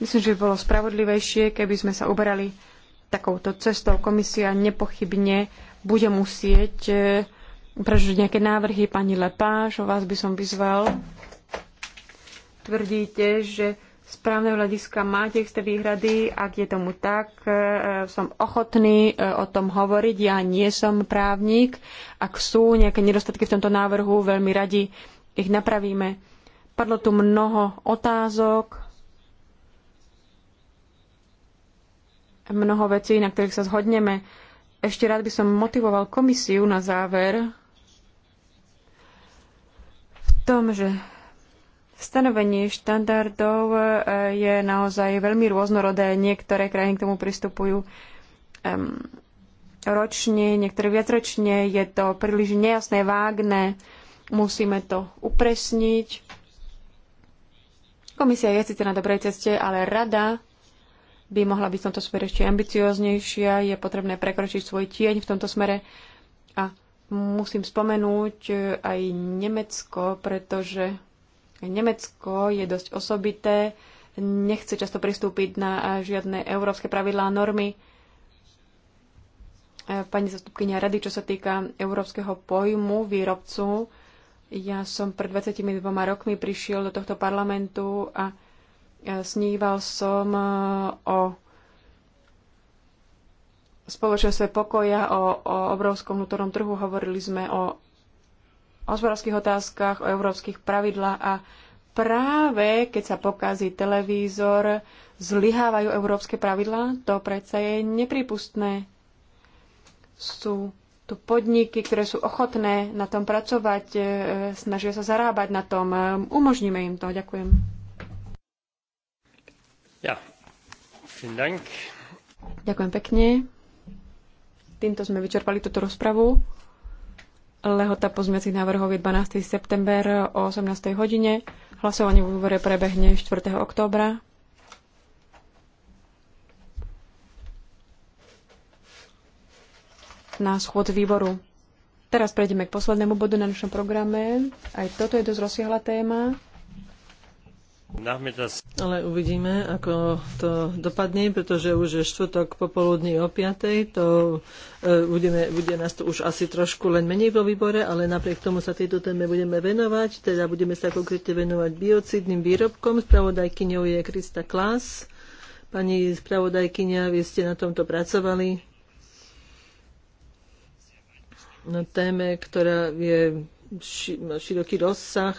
Myslím, že by bolo spravodlivejšie, keby sme sa uberali takouto cestou. Komisia nepochybne bude musieť e, prežiť nejaké návrhy. Pani Lepáš, o vás by som vyzval. Tvrdíte, že právneho hľadiska máte isté výhrady. Ak je tomu tak, e, som ochotný e, o tom hovoriť. Ja nie som právnik. Ak sú nejaké nedostatky v tomto návrhu, veľmi radi ich napravíme. Padlo tu mnoho otázok. mnoho vecí, na ktorých sa zhodneme. Ešte rád by som motivoval komisiu na záver v tom, že stanovenie štandardov e, je naozaj veľmi rôznorodé. Niektoré krajiny k tomu pristupujú ročne, niektoré viacročne. Je to príliš nejasné, vágne. Musíme to upresniť. Komisia je síce na dobrej ceste, ale rada by mohla byť v tomto smere ešte ambicioznejšia, je potrebné prekročiť svoj tieň v tomto smere. A musím spomenúť e, aj Nemecko, pretože Nemecko je dosť osobité, nechce často pristúpiť na e, žiadne európske pravidlá a normy. E, pani zastupkynia rady, čo sa týka európskeho pojmu výrobcu, ja som pred 22 rokmi prišiel do tohto parlamentu a Sníval som e, o spoločenstve pokoja, o, o obrovskom vnútornom trhu. Hovorili sme o hospodárských otázkach, o európskych pravidlách a práve keď sa pokazí televízor, zlyhávajú európske pravidlá. To predsa je nepripustné. Sú tu podniky, ktoré sú ochotné na tom pracovať, e, snažia sa zarábať na tom. Umožníme im to. Ďakujem. Ja. Dank. Ďakujem pekne. Týmto sme vyčerpali túto rozpravu. Lehota pozmiacich návrhov je 12. september o 18. hodine. Hlasovanie v úvore prebehne 4. októbra. na schôd výboru. Teraz prejdeme k poslednému bodu na našom programe. Aj toto je dosť rozsiahla téma. Ale uvidíme, ako to dopadne, pretože už je štvrtok popoludní o 5. To e, budeme, bude nás to už asi trošku len menej vo výbore, ale napriek tomu sa tejto téme budeme venovať. Teda budeme sa konkrétne venovať biocidným výrobkom. Spravodajkyňou je Krista Klas. Pani spravodajkyňa, vy ste na tomto pracovali. Na téme, ktorá je široký rozsah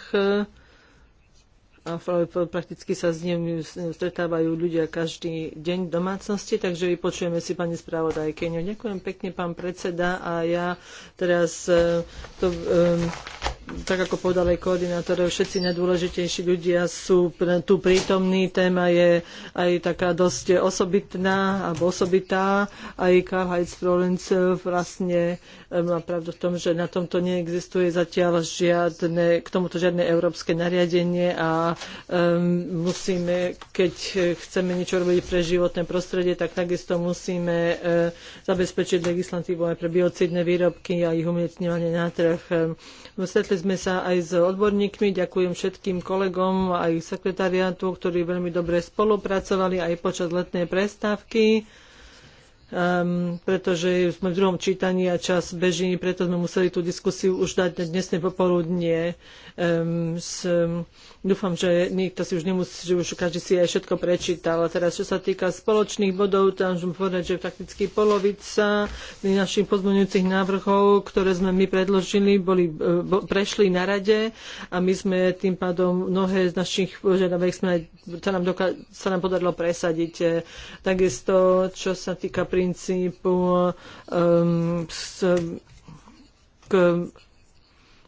a prakticky sa s ním stretávajú ľudia každý deň v domácnosti, takže vypočujeme si pani spravodajkeňu. Ďakujem pekne, pán predseda, a ja teraz e, to, e, tak ako povedal aj koordinátor, všetci najdôležitejší ľudia sú tu prítomní. Téma je aj taká dosť osobitná alebo osobitá. Aj Karl Heinz Florenz e, vlastne má pravdu v tom, že na tomto neexistuje zatiaľ žiadne, k tomuto žiadne európske nariadenie a a um, ehm, musíme, keď chceme niečo robiť pre životné prostredie, tak takisto musíme uh, zabezpečiť legislatívu aj pre biocidné výrobky a ich umiestňovanie na trh. Ehm, stretli sme sa aj s odborníkmi, ďakujem všetkým kolegom aj sekretariátu, ktorí veľmi dobre spolupracovali aj počas letnej prestávky um, pretože sme v druhom čítaní a čas beží, preto sme museli tú diskusiu už dať na dnesné popoludnie. Um, s, um, dúfam, že nikto si už nemusí, že už každý si aj všetko prečítal. A teraz, čo sa týka spoločných bodov, tam môžem povedať, že prakticky polovica našich pozmeňujúcich návrhov, ktoré sme my predložili, boli, e, bo, prešli na rade a my sme tým pádom mnohé z našich požiadaviek sa nám, doka- sa nám podarilo presadiť. E, takisto, čo sa týka pri princípu um, s, k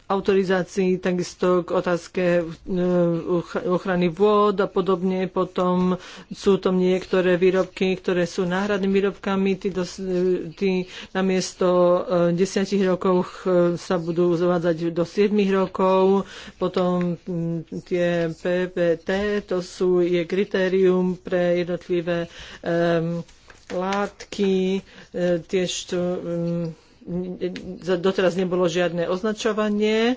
autorizácii takisto k otázke eh, ochrany vôd a podobne. Potom sú tam niektoré výrobky, ktoré sú náhradnými výrobkami. Tí, dos, tí namiesto 10 eh, rokov eh, sa budú zavádzať do 7 rokov. Potom hm, tie PPT, to sú, je kritérium pre jednotlivé um, látky, e, tiež to, mm, e, doteraz nebolo žiadne označovanie.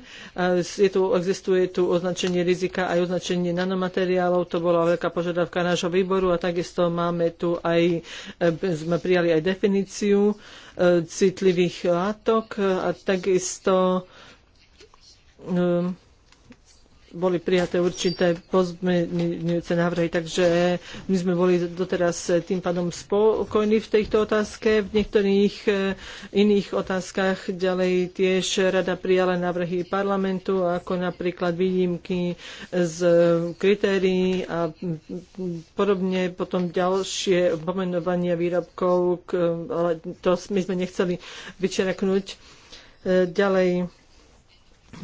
Je tu, existuje tu označenie rizika aj označenie nanomateriálov. To bola veľká požiadavka nášho výboru a takisto máme tu aj, e, sme prijali aj definíciu citlivých látok a takisto um, boli prijaté určité pozmenujúce návrhy, takže my sme boli doteraz tým pádom spokojní v tejto otázke. V niektorých e, iných otázkach ďalej tiež rada prijala návrhy parlamentu, ako napríklad výnimky z kritérií a podobne potom ďalšie pomenovania výrobkov, ale to my sme nechceli vyčeraknúť e, ďalej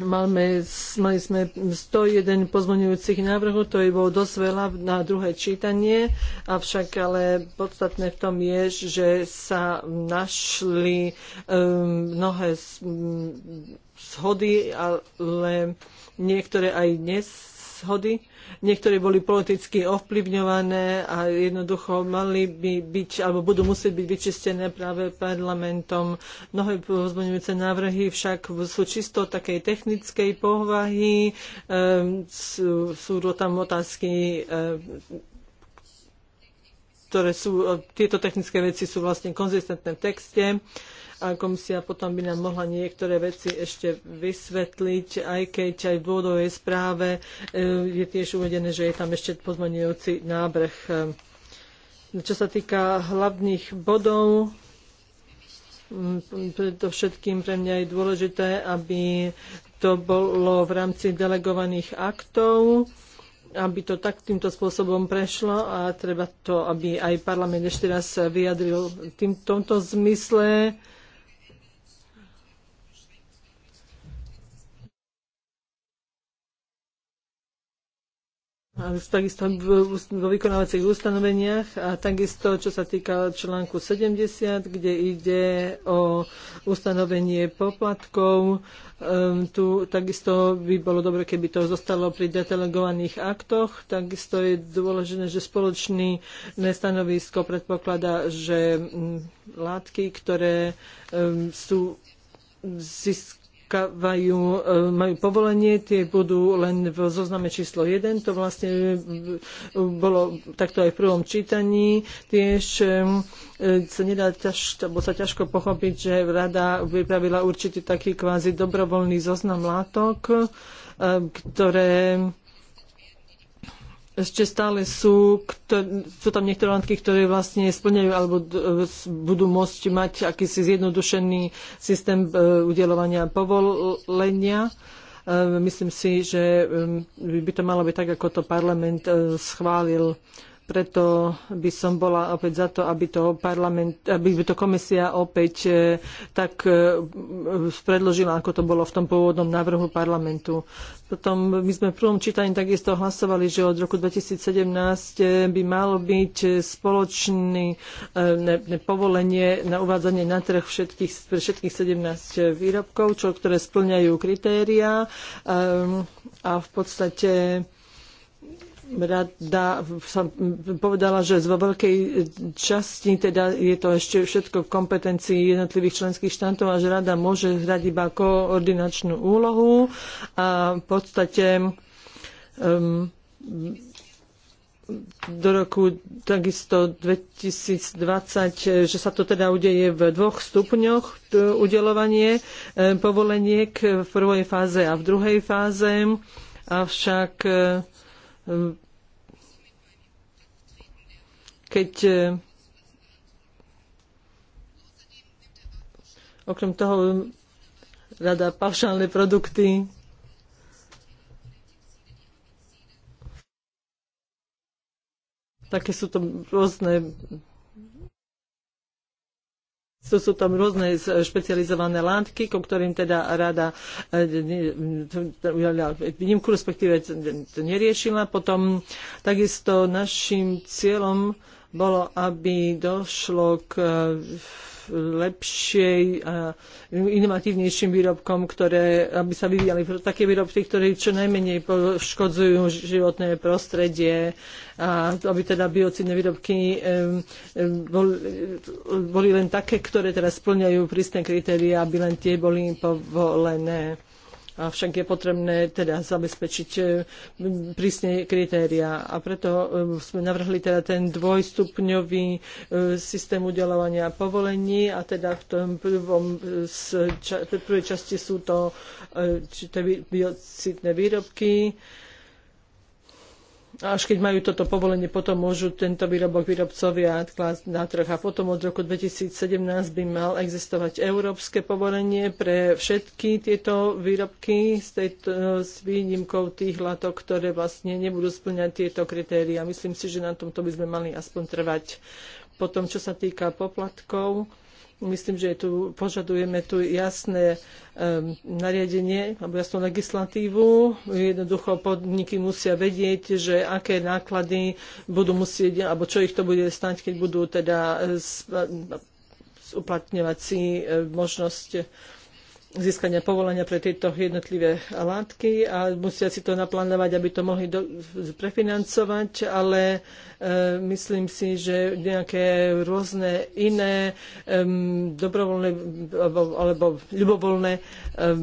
Máme, mali sme 101 pozvoňujúcich návrhov, to je bolo dosť veľa na druhé čítanie, avšak ale podstatné v tom je, že sa našli um, mnohé zhody, mm, ale niektoré aj neshody Niektoré boli politicky ovplyvňované a jednoducho mali by byť, alebo budú musieť byť vyčistené práve parlamentom. Mnohé pozmeňujúce návrhy však sú čisto takej technickej povahy, ehm, sú, sú tam otázky ehm, ktoré sú, e, tieto technické veci sú vlastne konzistentné v texte a komisia potom by nám mohla niektoré veci ešte vysvetliť, aj keď aj v dôvodovej správe e, je tiež uvedené, že je tam ešte pozmenujúci návrh. E, čo sa týka hlavných bodov, predovšetkým pre mňa je dôležité, aby to bolo v rámci delegovaných aktov aby to tak týmto spôsobom prešlo a treba to, aby aj parlament ešte raz vyjadril tým, tomto zmysle takisto vo vykonávacích ustanoveniach a takisto, čo sa týka článku 70, kde ide o ustanovenie poplatkov. Um, tu takisto by bolo dobre, keby to zostalo pri detelegovaných aktoch. Takisto je dôležité, že spoločný stanovisko predpokladá, že um, látky, ktoré um, sú zisk získavajú, e, majú povolenie, tie budú len v zozname číslo 1. To vlastne e, bolo takto aj v prvom čítaní. Tiež e, sa nedá ťaž, sa ťažko pochopiť, že rada vypravila určitý taký kvázi dobrovoľný zoznam látok, ktoré ešte stále sú, sú tam niektoré látky, ktoré vlastne splňajú alebo budú môcť mať akýsi zjednodušený systém e, udelovania povolenia. E, myslím si, že e, by to malo byť tak, ako to parlament schválil preto by som bola opäť za to, aby to, parlament, aby to komisia opäť e, tak e, predložila, ako to bolo v tom pôvodnom návrhu parlamentu. Potom my sme v prvom čítaní takisto hlasovali, že od roku 2017 e, by malo byť spoločné povolenie na uvádzanie na trh všetkých, všetkých 17 výrobkov, čo, ktoré splňajú kritériá ehm, a v podstate rada som povedala, že vo veľkej časti teda je to ešte všetko v kompetencii jednotlivých členských štátov a že rada môže hrať iba koordinačnú úlohu a v podstate um, do roku takisto 2020, že sa to teda udeje v dvoch stupňoch udelovanie ehm, povoleniek v prvej fáze a v druhej fáze. Avšak ehm, keď e, okrem toho e, rada paušálne produkty také sú to rôzne sú, sú tam rôzne špecializované látky, ko ktorým teda rada e, výnimku, respektíve to neriešila. Potom takisto našim cieľom bolo, aby došlo k lepšej a inovatívnejším výrobkom, ktoré, aby sa vyvíjali také výrobky, ktoré čo najmenej poškodzujú životné prostredie a aby teda biocidné výrobky boli, boli len také, ktoré teraz splňajú prísne kritéria, aby len tie boli povolené. Avšak je potrebné teda zabezpečiť e, prísne kritéria. A preto e, sme navrhli teda ten dvojstupňový e, systém udelovania povolení a teda v tom prvom, z, ča, prvej časti sú to to biocidné výrobky, až keď majú toto povolenie, potom môžu tento výrobok výrobcovia klásť na trh. A potom od roku 2017 by mal existovať európske povolenie pre všetky tieto výrobky s, tejto, s výnimkou tých látok, ktoré vlastne nebudú splňať tieto kritéria. Myslím si, že na tomto by sme mali aspoň trvať. Potom, čo sa týka poplatkov, Myslím, že tu požadujeme tu jasné um, nariadenie alebo jasnú legislatívu. Jednoducho podniky musia vedieť, že aké náklady budú musieť, alebo čo ich to bude stať, keď budú teda eh, uplatňovať si eh, možnosť získania povolenia pre tieto jednotlivé látky a musia si to naplánovať, aby to mohli do, prefinancovať, ale e, myslím si, že nejaké rôzne iné e, dobrovoľné alebo, alebo ľubovoľné e,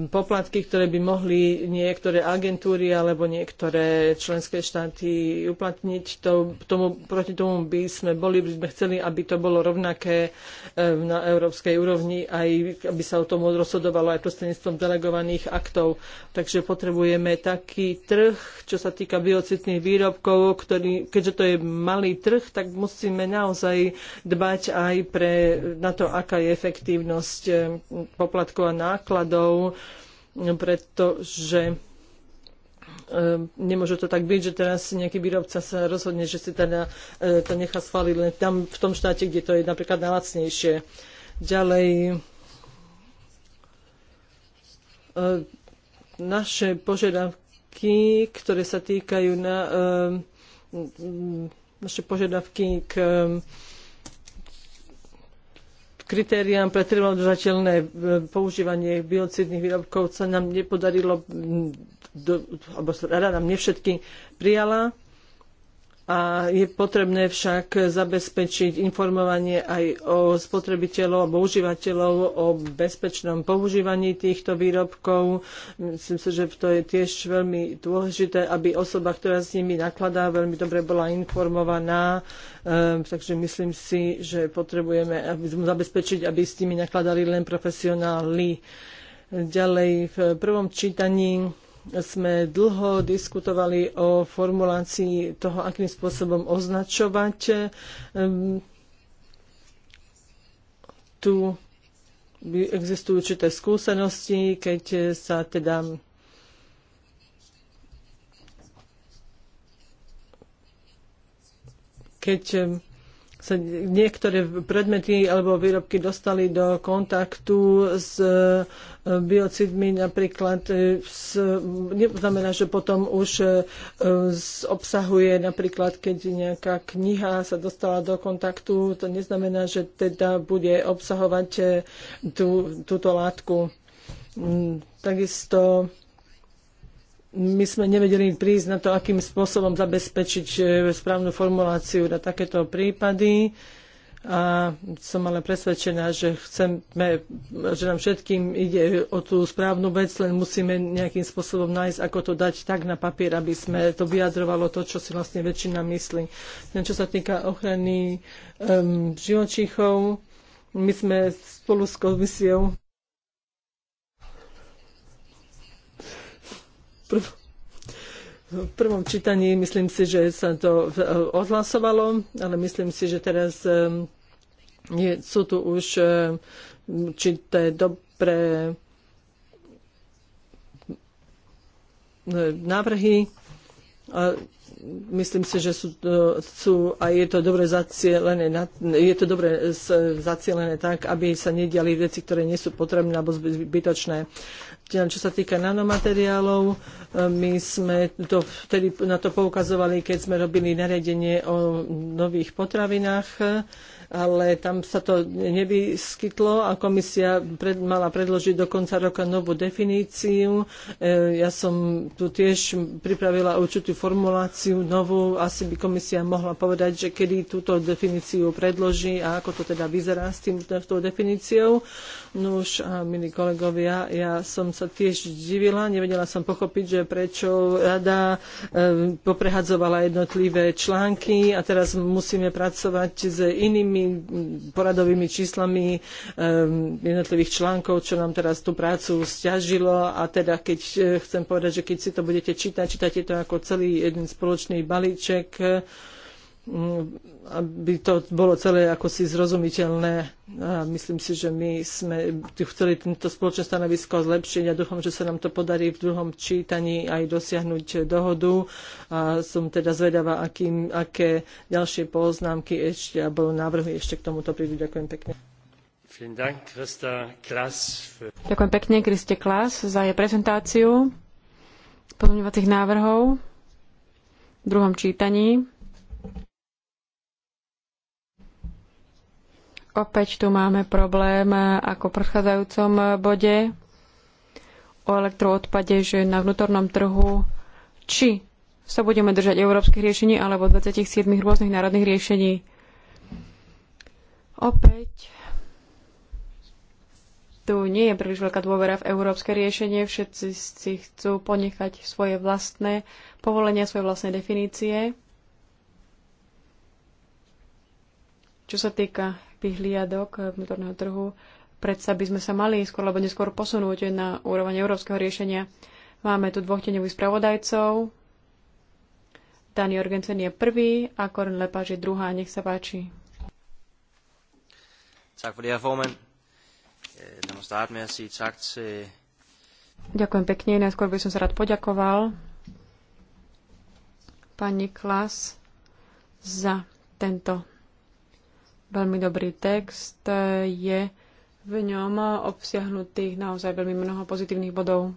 poplatky, ktoré by mohli niektoré agentúry alebo niektoré členské štáty uplatniť, to, tomu, proti tomu by sme boli, by sme chceli, aby to bolo rovnaké e, na európskej úrovni, aj aby sa o tom rozhodovalo aj prostredníctvom delegovaných aktov. Takže potrebujeme taký trh, čo sa týka biocitných výrobkov, ktorý, keďže to je malý trh, tak musíme naozaj dbať aj pre, na to, aká je efektívnosť eh, poplatkov a nákladov, pretože eh, nemôže to tak byť, že teraz nejaký výrobca sa rozhodne, že si teda eh, to nechá schváliť len tam v tom štáte, kde to je napríklad najlacnejšie. Ďalej E, naše požiadavky, ktoré sa týkajú na e, naše požiadavky k kritériám pre trvalo e, používanie biocidných výrobkov sa nám nepodarilo, do, alebo rada nám nevšetky prijala a je potrebné však zabezpečiť informovanie aj o spotrebiteľov alebo užívateľov o bezpečnom používaní týchto výrobkov. Myslím si, že to je tiež veľmi dôležité, aby osoba, ktorá s nimi nakladá, veľmi dobre bola informovaná. Ehm, takže myslím si, že potrebujeme aby zabezpečiť, aby s nimi nakladali len profesionáli. Ďalej v prvom čítaní sme dlho diskutovali o formulácii toho, akým spôsobom označovať tu existujú určité skúsenosti, keď sa teda keď sa niektoré predmety alebo výrobky dostali do kontaktu s e, biocidmi napríklad e, s, neznamená, že potom už e, obsahuje napríklad, keď nejaká kniha sa dostala do kontaktu, to neznamená, že teda bude obsahovať tú, túto látku. Mm, takisto my sme nevedeli prísť na to, akým spôsobom zabezpečiť e, správnu formuláciu na takéto prípady. A som ale presvedčená, že chceme, že nám všetkým ide o tú správnu vec, len musíme nejakým spôsobom nájsť, ako to dať tak na papier, aby sme to vyjadrovalo to, čo si vlastne väčšina myslí. Čo sa týka ochrany um, živočíchov, my sme spolu s komisiou prv- v prvom čítaní myslím si, že sa to eh, odhlasovalo, ale myslím si, že teraz eh, je, sú tu už určité eh, dobré návrhy. A myslím si, že sú, e, sú a je to dobre zacielené, na, je to dobre zacielené tak, aby sa nediali veci, ktoré nie sú potrebné alebo zbytočné. Čo sa týka nanomateriálov, e, my sme to vtedy na to poukazovali, keď sme robili nariadenie o nových potravinách ale tam sa to nevyskytlo a komisia pred, mala predložiť do konca roka novú definíciu. E, ja som tu tiež pripravila určitú formuláciu novú. Asi by komisia mohla povedať, že kedy túto definíciu predloží a ako to teda vyzerá s, tým, s tou definíciou. No už, milí kolegovia, ja som sa tiež divila, nevedela som pochopiť, že prečo rada e, poprehadzovala jednotlivé články a teraz musíme pracovať s inými poradovými číslami e, jednotlivých článkov, čo nám teraz tú prácu stiažilo a teda keď e, chcem povedať, že keď si to budete čítať, čítate to ako celý jeden spoločný balíček, aby to bolo celé ako si zrozumiteľné. A myslím si, že my sme chceli tento spoločné stanovisko zlepšiť a dúfam, že sa nám to podarí v druhom čítaní aj dosiahnuť dohodu. A som teda zvedavá, aký, aké ďalšie poznámky ešte alebo návrhy ešte k tomuto prídu. Ďakujem pekne. Ďakujem pekne, Kriste Klas, za jej prezentáciu pozmeňovacích návrhov v druhom čítaní. Opäť tu máme problém eh, ako v predchádzajúcom eh, bode o elektroodpade, že na vnútornom trhu, či sa budeme držať európskych riešení alebo 27 rôznych národných riešení. Opäť tu nie je príliš veľká dôvera v európske riešenie. Všetci si chcú ponechať svoje vlastné povolenia, svoje vlastné definície. Čo sa týka vyhliadok vnútorného trhu, predsa by sme sa mali skôr alebo neskôr posunúť na úroveň európskeho riešenia. Máme tu dvoch teňových spravodajcov. Dani Jorgensen je prvý a Korin Lepáž je druhá. Nech sa páči. Tak for det her, formand. Eh, lad mig starte med at sige tak til... Ďakujem pekne. Najskôr by som sa rád poďakoval pani Klas za tento veľmi dobrý text. Je v ňom obsiahnutých naozaj veľmi mnoho pozitívnych bodov.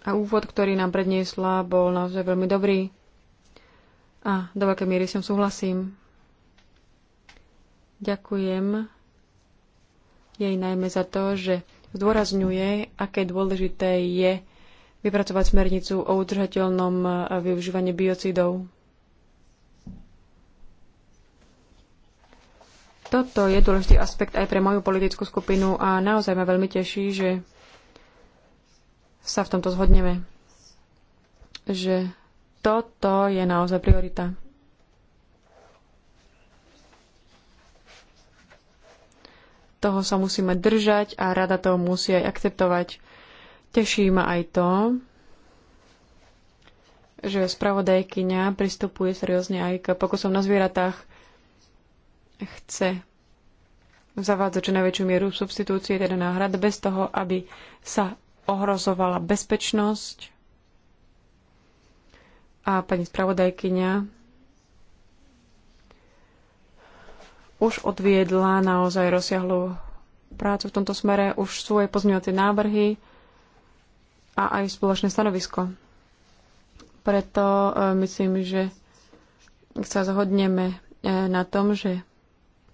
A úvod, ktorý nám predniesla, bol naozaj veľmi dobrý. A do veľkej miery som súhlasím. Ďakujem jej najmä za to, že zdôrazňuje, aké dôležité je vypracovať smernicu o udržateľnom využívaní biocidov. Toto je dôležitý aspekt aj pre moju politickú skupinu a naozaj ma veľmi teší, že sa v tomto zhodneme. Že toto je naozaj priorita. Toho sa musíme držať a rada to musí aj akceptovať. Teší ma aj to, že spravodajkyňa pristupuje seriózne aj k pokusom na zvieratách chce zavádzať čo najväčšiu mieru substitúcie, teda náhrad, bez toho, aby sa ohrozovala bezpečnosť. A pani spravodajkyňa už odviedla naozaj rozsiahlu prácu v tomto smere, už svoje pozmeňovacie návrhy a aj spoločné stanovisko. Preto e, myslím, že sa zhodneme e, na tom, že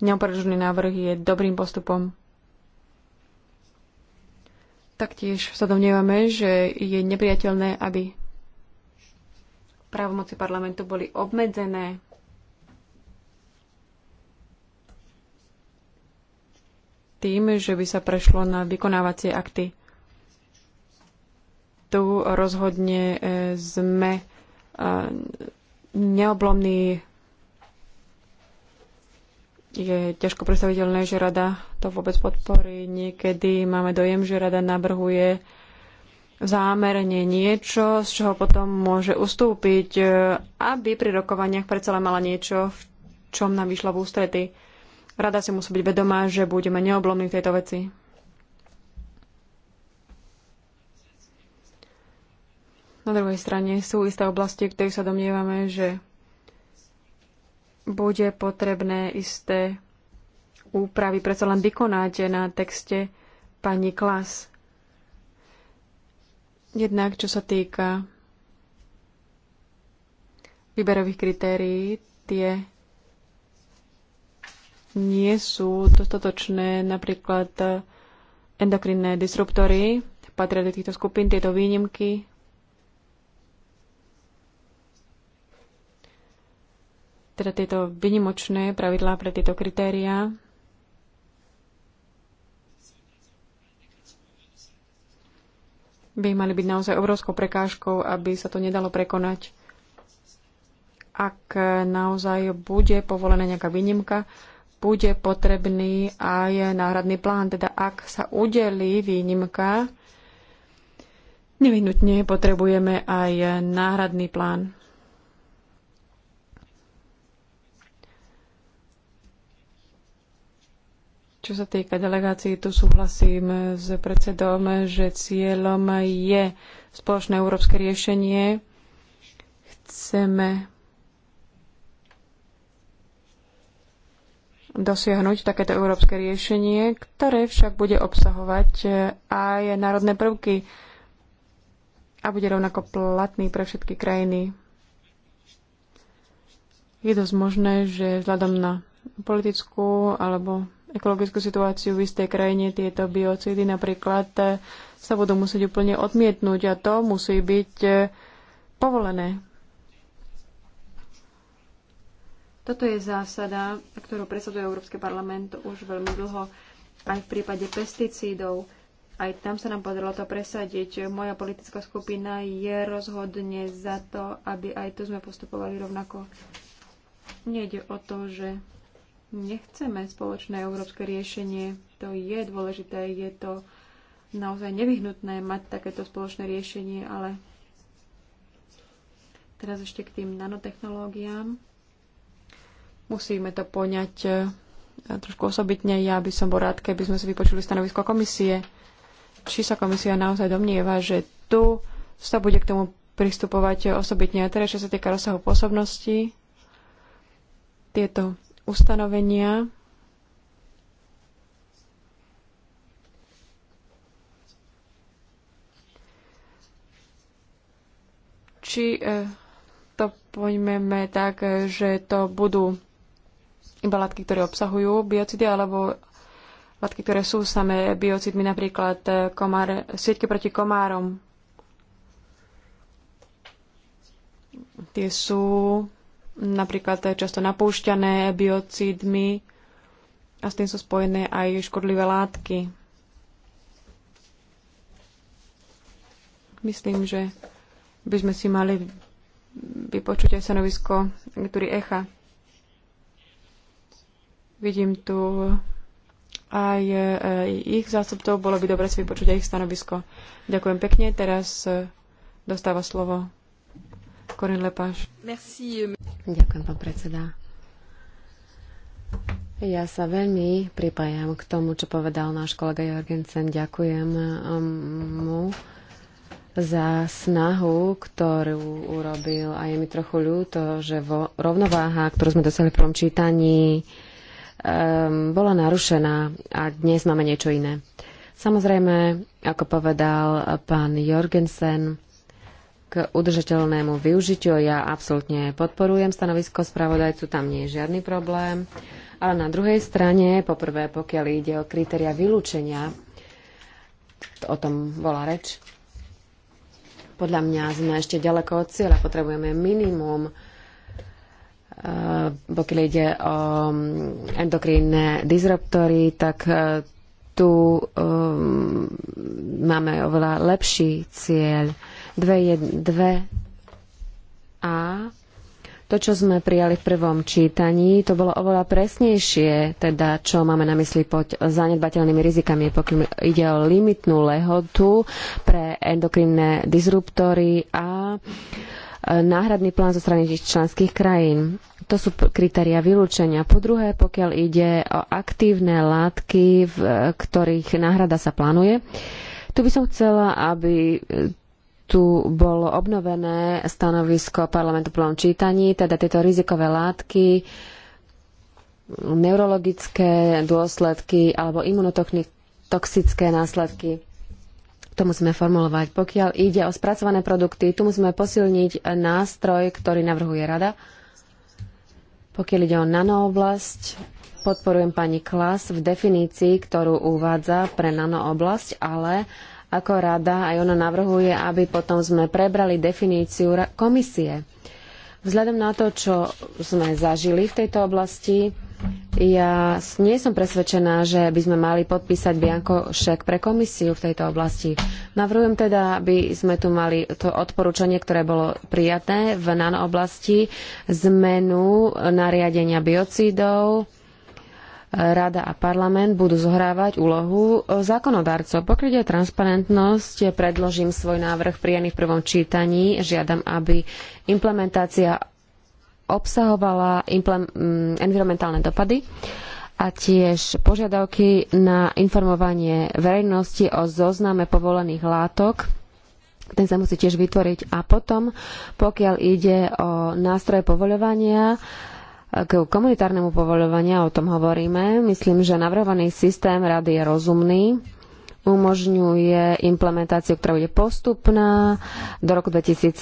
Neopražený návrh je dobrým postupom. Taktiež sa domnievame, že je nepriateľné, aby právomoci parlamentu boli obmedzené tým, že by sa prešlo na vykonávacie akty. Tu rozhodne e, sme e, neoblomní je ťažko predstaviteľné, že rada to vôbec podporí. Niekedy máme dojem, že rada navrhuje zámerne niečo, z čoho potom môže ustúpiť, e, aby pri rokovaniach predsa len mala niečo, v čom nám vyšla v ústrety. Rada si musí byť vedomá, že budeme neoblomní v tejto veci. Na druhej strane sú isté oblasti, v ktorých sa domnievame, že bude potrebné isté úpravy Preto len vykonáte na texte pani Klas. Jednak, čo sa týka výberových kritérií, tie nie sú dostatočné. Napríklad endokrinné disruptory patria do týchto skupín, tieto výnimky teda tieto vynimočné pravidlá pre tieto kritériá. by mali byť naozaj obrovskou prekážkou, aby sa to nedalo prekonať. Ak naozaj bude povolená nejaká výnimka, bude potrebný aj náhradný plán. Teda ak sa udelí výnimka, nevyhnutne potrebujeme aj náhradný plán. Čo sa týka delegácií, tu súhlasím s predsedom, že cieľom je spoločné európske riešenie. Chceme dosiahnuť takéto európske riešenie, ktoré však bude obsahovať aj národné prvky a bude rovnako platný pre všetky krajiny. Je dosť možné, že vzhľadom na politickú alebo ekologickú situáciu v istej krajine, tieto biocídy napríklad eh, sa budú musieť úplne odmietnúť a to musí byť eh, povolené. Toto je zásada, ktorú presaduje Európsky parlament už veľmi dlho, aj v prípade pesticídov. Aj tam sa nám podarilo to presadiť. Moja politická skupina je rozhodne za to, aby aj tu sme postupovali rovnako. Nejde o to, že nechceme spoločné európske riešenie. To je dôležité, je to naozaj nevyhnutné mať takéto spoločné riešenie, ale teraz ešte k tým nanotechnológiám. Musíme to poňať eh, trošku osobitne. Ja by som bol rád, keby sme si vypočuli stanovisko komisie. Či sa komisia naozaj domnieva, že tu sa bude k tomu pristupovať osobitne. A teraz, čo sa týka rozsahu pôsobnosti, tieto ustanovenia či e, to pojmeme tak, že to budú iba látky, ktoré obsahujú biocidy, alebo látky, ktoré sú samé biocidmi, napríklad e, komár, sieťky proti komárom. Tie sú napríklad často napúšťané biocídmi a s tým sú spojené aj škodlivé látky. Myslím, že by sme si mali vypočuť aj stanovisko agentúry ECHA. Vidím tu aj e, ich zástupcov, bolo by dobre si vypočuť aj ich stanovisko. Ďakujem pekne, teraz e, dostáva slovo Corinne Lepage. Merci. Ďakujem, pán predseda. Ja sa veľmi pripájam k tomu, čo povedal náš kolega Jorgensen. Ďakujem um, mu za snahu, ktorú urobil. A je mi trochu ľúto, že vo, rovnováha, ktorú sme dosiahli v prvom čítaní, um, bola narušená a dnes máme niečo iné. Samozrejme, ako povedal pán Jorgensen, k udržateľnému využitiu. Ja absolútne podporujem stanovisko spravodajcu, tam nie je žiadny problém. Ale na druhej strane, poprvé, pokiaľ ide o kritéria vylúčenia, o tom bola reč, podľa mňa sme ešte ďaleko od cieľa, potrebujeme minimum e, pokiaľ ide o mm, endokrínne disruptory, tak e, tu um, máme oveľa lepší cieľ. 2.1.2a. To, čo sme prijali v prvom čítaní, to bolo oveľa presnejšie, teda čo máme na mysli pod zanedbateľnými rizikami, pokiaľ ide o limitnú lehotu pre endokrinné disruptory a e, náhradný plán zo strany členských krajín. To sú kritéria vylúčenia. Po druhé, pokiaľ ide o aktívne látky, v e, ktorých náhrada sa plánuje, tu by som chcela, aby e, tu bolo obnovené stanovisko parlamentu v plnom čítaní, teda tieto rizikové látky, neurologické dôsledky alebo imunotoxické následky. To musíme formulovať. Pokiaľ ide o spracované produkty, tu musíme posilniť nástroj, ktorý navrhuje rada. Pokiaľ ide o nanooblasť, podporujem pani Klas v definícii, ktorú uvádza pre nanooblasť, ale uh, ako rada, aj ona navrhuje, aby potom sme prebrali definíciu komisie. Vzhľadom na to, čo sme zažili v tejto oblasti, ja nie som presvedčená, že by sme mali podpísať Bianko šek pre komisiu v tejto oblasti. Navrhujem teda, aby sme tu mali to odporúčanie, ktoré bolo prijaté v nanooblasti, zmenu nariadenia biocídov, Rada a parlament budú zohrávať úlohu e, zákonodarcov. Pokiaľ je transparentnosť, predložím svoj návrh prijaný v prvom čítaní. Žiadam, aby implementácia obsahovala implem, mm, environmentálne dopady a tiež požiadavky na informovanie verejnosti o zozname povolených látok. Ten sa musí tiež vytvoriť. A potom, pokiaľ ide o nástroje povoľovania, k komunitárnemu a o tom hovoríme. Myslím, že navrhovaný systém rady je rozumný, umožňuje implementáciu, ktorá bude postupná do roku 2017.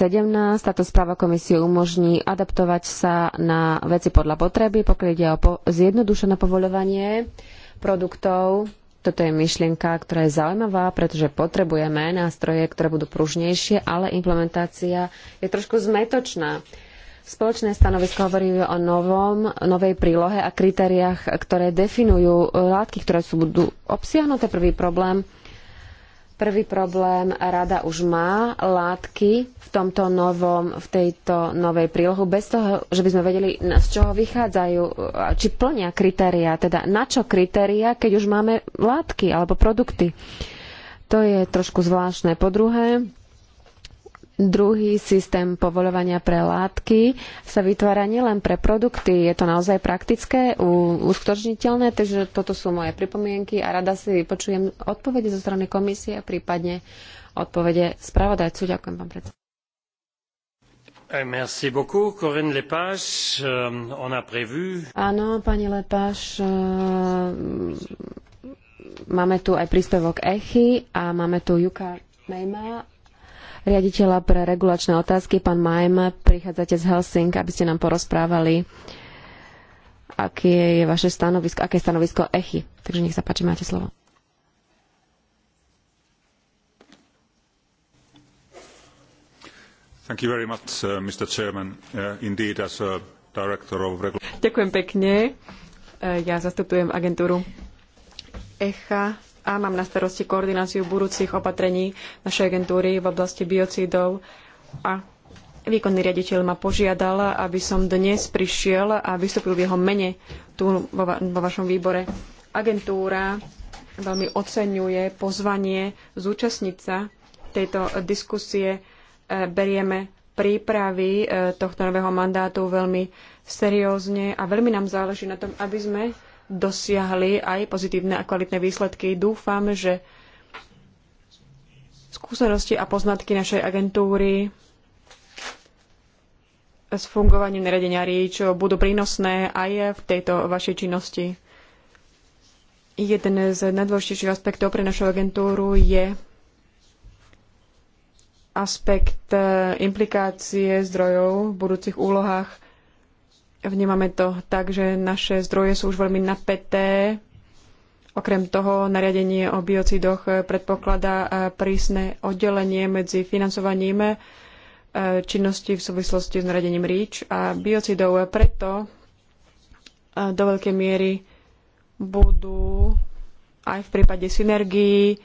Táto správa komisie umožní adaptovať sa na veci podľa potreby, pokiaľ ide o po- zjednodušené povoľovanie produktov. Toto je myšlienka, ktorá je zaujímavá, pretože potrebujeme nástroje, ktoré budú pružnejšie, ale implementácia je trošku zmetočná. Spoločné stanovisko hovorí o novom, novej prílohe a kritériách, ktoré definujú látky, ktoré sú budú obsiahnuté. Prvý problém, prvý problém rada už má látky v tomto novom, v tejto novej prílohu, bez toho, že by sme vedeli, z čoho vychádzajú, či plnia kritéria, teda na čo kritéria, keď už máme látky alebo produkty. To je trošku zvláštne. Po druhé, Druhý systém povoľovania pre látky sa vytvára nielen pre produkty, je to naozaj praktické, uskutočniteľné, takže toto sú moje pripomienky a rada si vypočujem odpovede zo strany komisie a prípadne odpovede spravodajcu. Ďakujem, pán predseda. Eh, merci beaucoup, Corinne Lepage. Euh, on a prévu... Áno, pani Lepage, euh, máme tu aj príspevok Echy a máme tu Juka Mejma riaditeľa pre regulačné otázky, pán Majm. Prichádzate z Helsing, aby ste nám porozprávali, aké je vaše stanovisko, aké je stanovisko Echy. Takže nech sa páči, máte slovo. Much, uh, uh, indeed, of... Ďakujem pekne. Uh, ja zastupujem agentúru ECHA a mám na starosti koordináciu budúcich opatrení našej agentúry v oblasti biocídov a výkonný riaditeľ ma požiadal, aby som dnes prišiel a vystúpil v jeho mene tu vo, vo vašom výbore. Agentúra veľmi oceňuje pozvanie zúčastniť sa tejto diskusie. E, berieme prípravy e, tohto nového mandátu veľmi seriózne a veľmi nám záleží na tom, aby sme dosiahli aj pozitívne a kvalitné výsledky. Dúfam, že skúsenosti a poznatky našej agentúry s fungovaním naredenia REACH budú prínosné aj v tejto vašej činnosti. Jeden z najdôležitejších aspektov pre našu agentúru je aspekt eh, implikácie zdrojov v budúcich úlohách Vnímame to tak, že naše zdroje sú už veľmi napäté. Okrem toho nariadenie o biocidoch predpokladá e, prísne oddelenie medzi financovaním e, činnosti v súvislosti s nariadením ríč a biocidov. Preto e, do veľkej miery budú aj v prípade synergií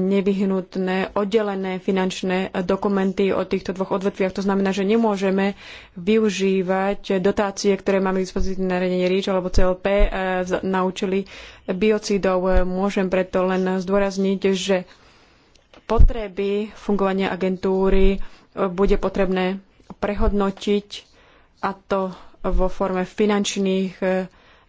nevyhnutné oddelené finančné dokumenty o týchto dvoch odvetviach. To znamená, že nemôžeme využívať dotácie, ktoré máme k dispozícii na riadenie REACH alebo CLP eh, na účely biocidov. Môžem preto len zdôrazniť, že potreby fungovania agentúry eh, bude potrebné prehodnotiť a to vo forme finančných eh,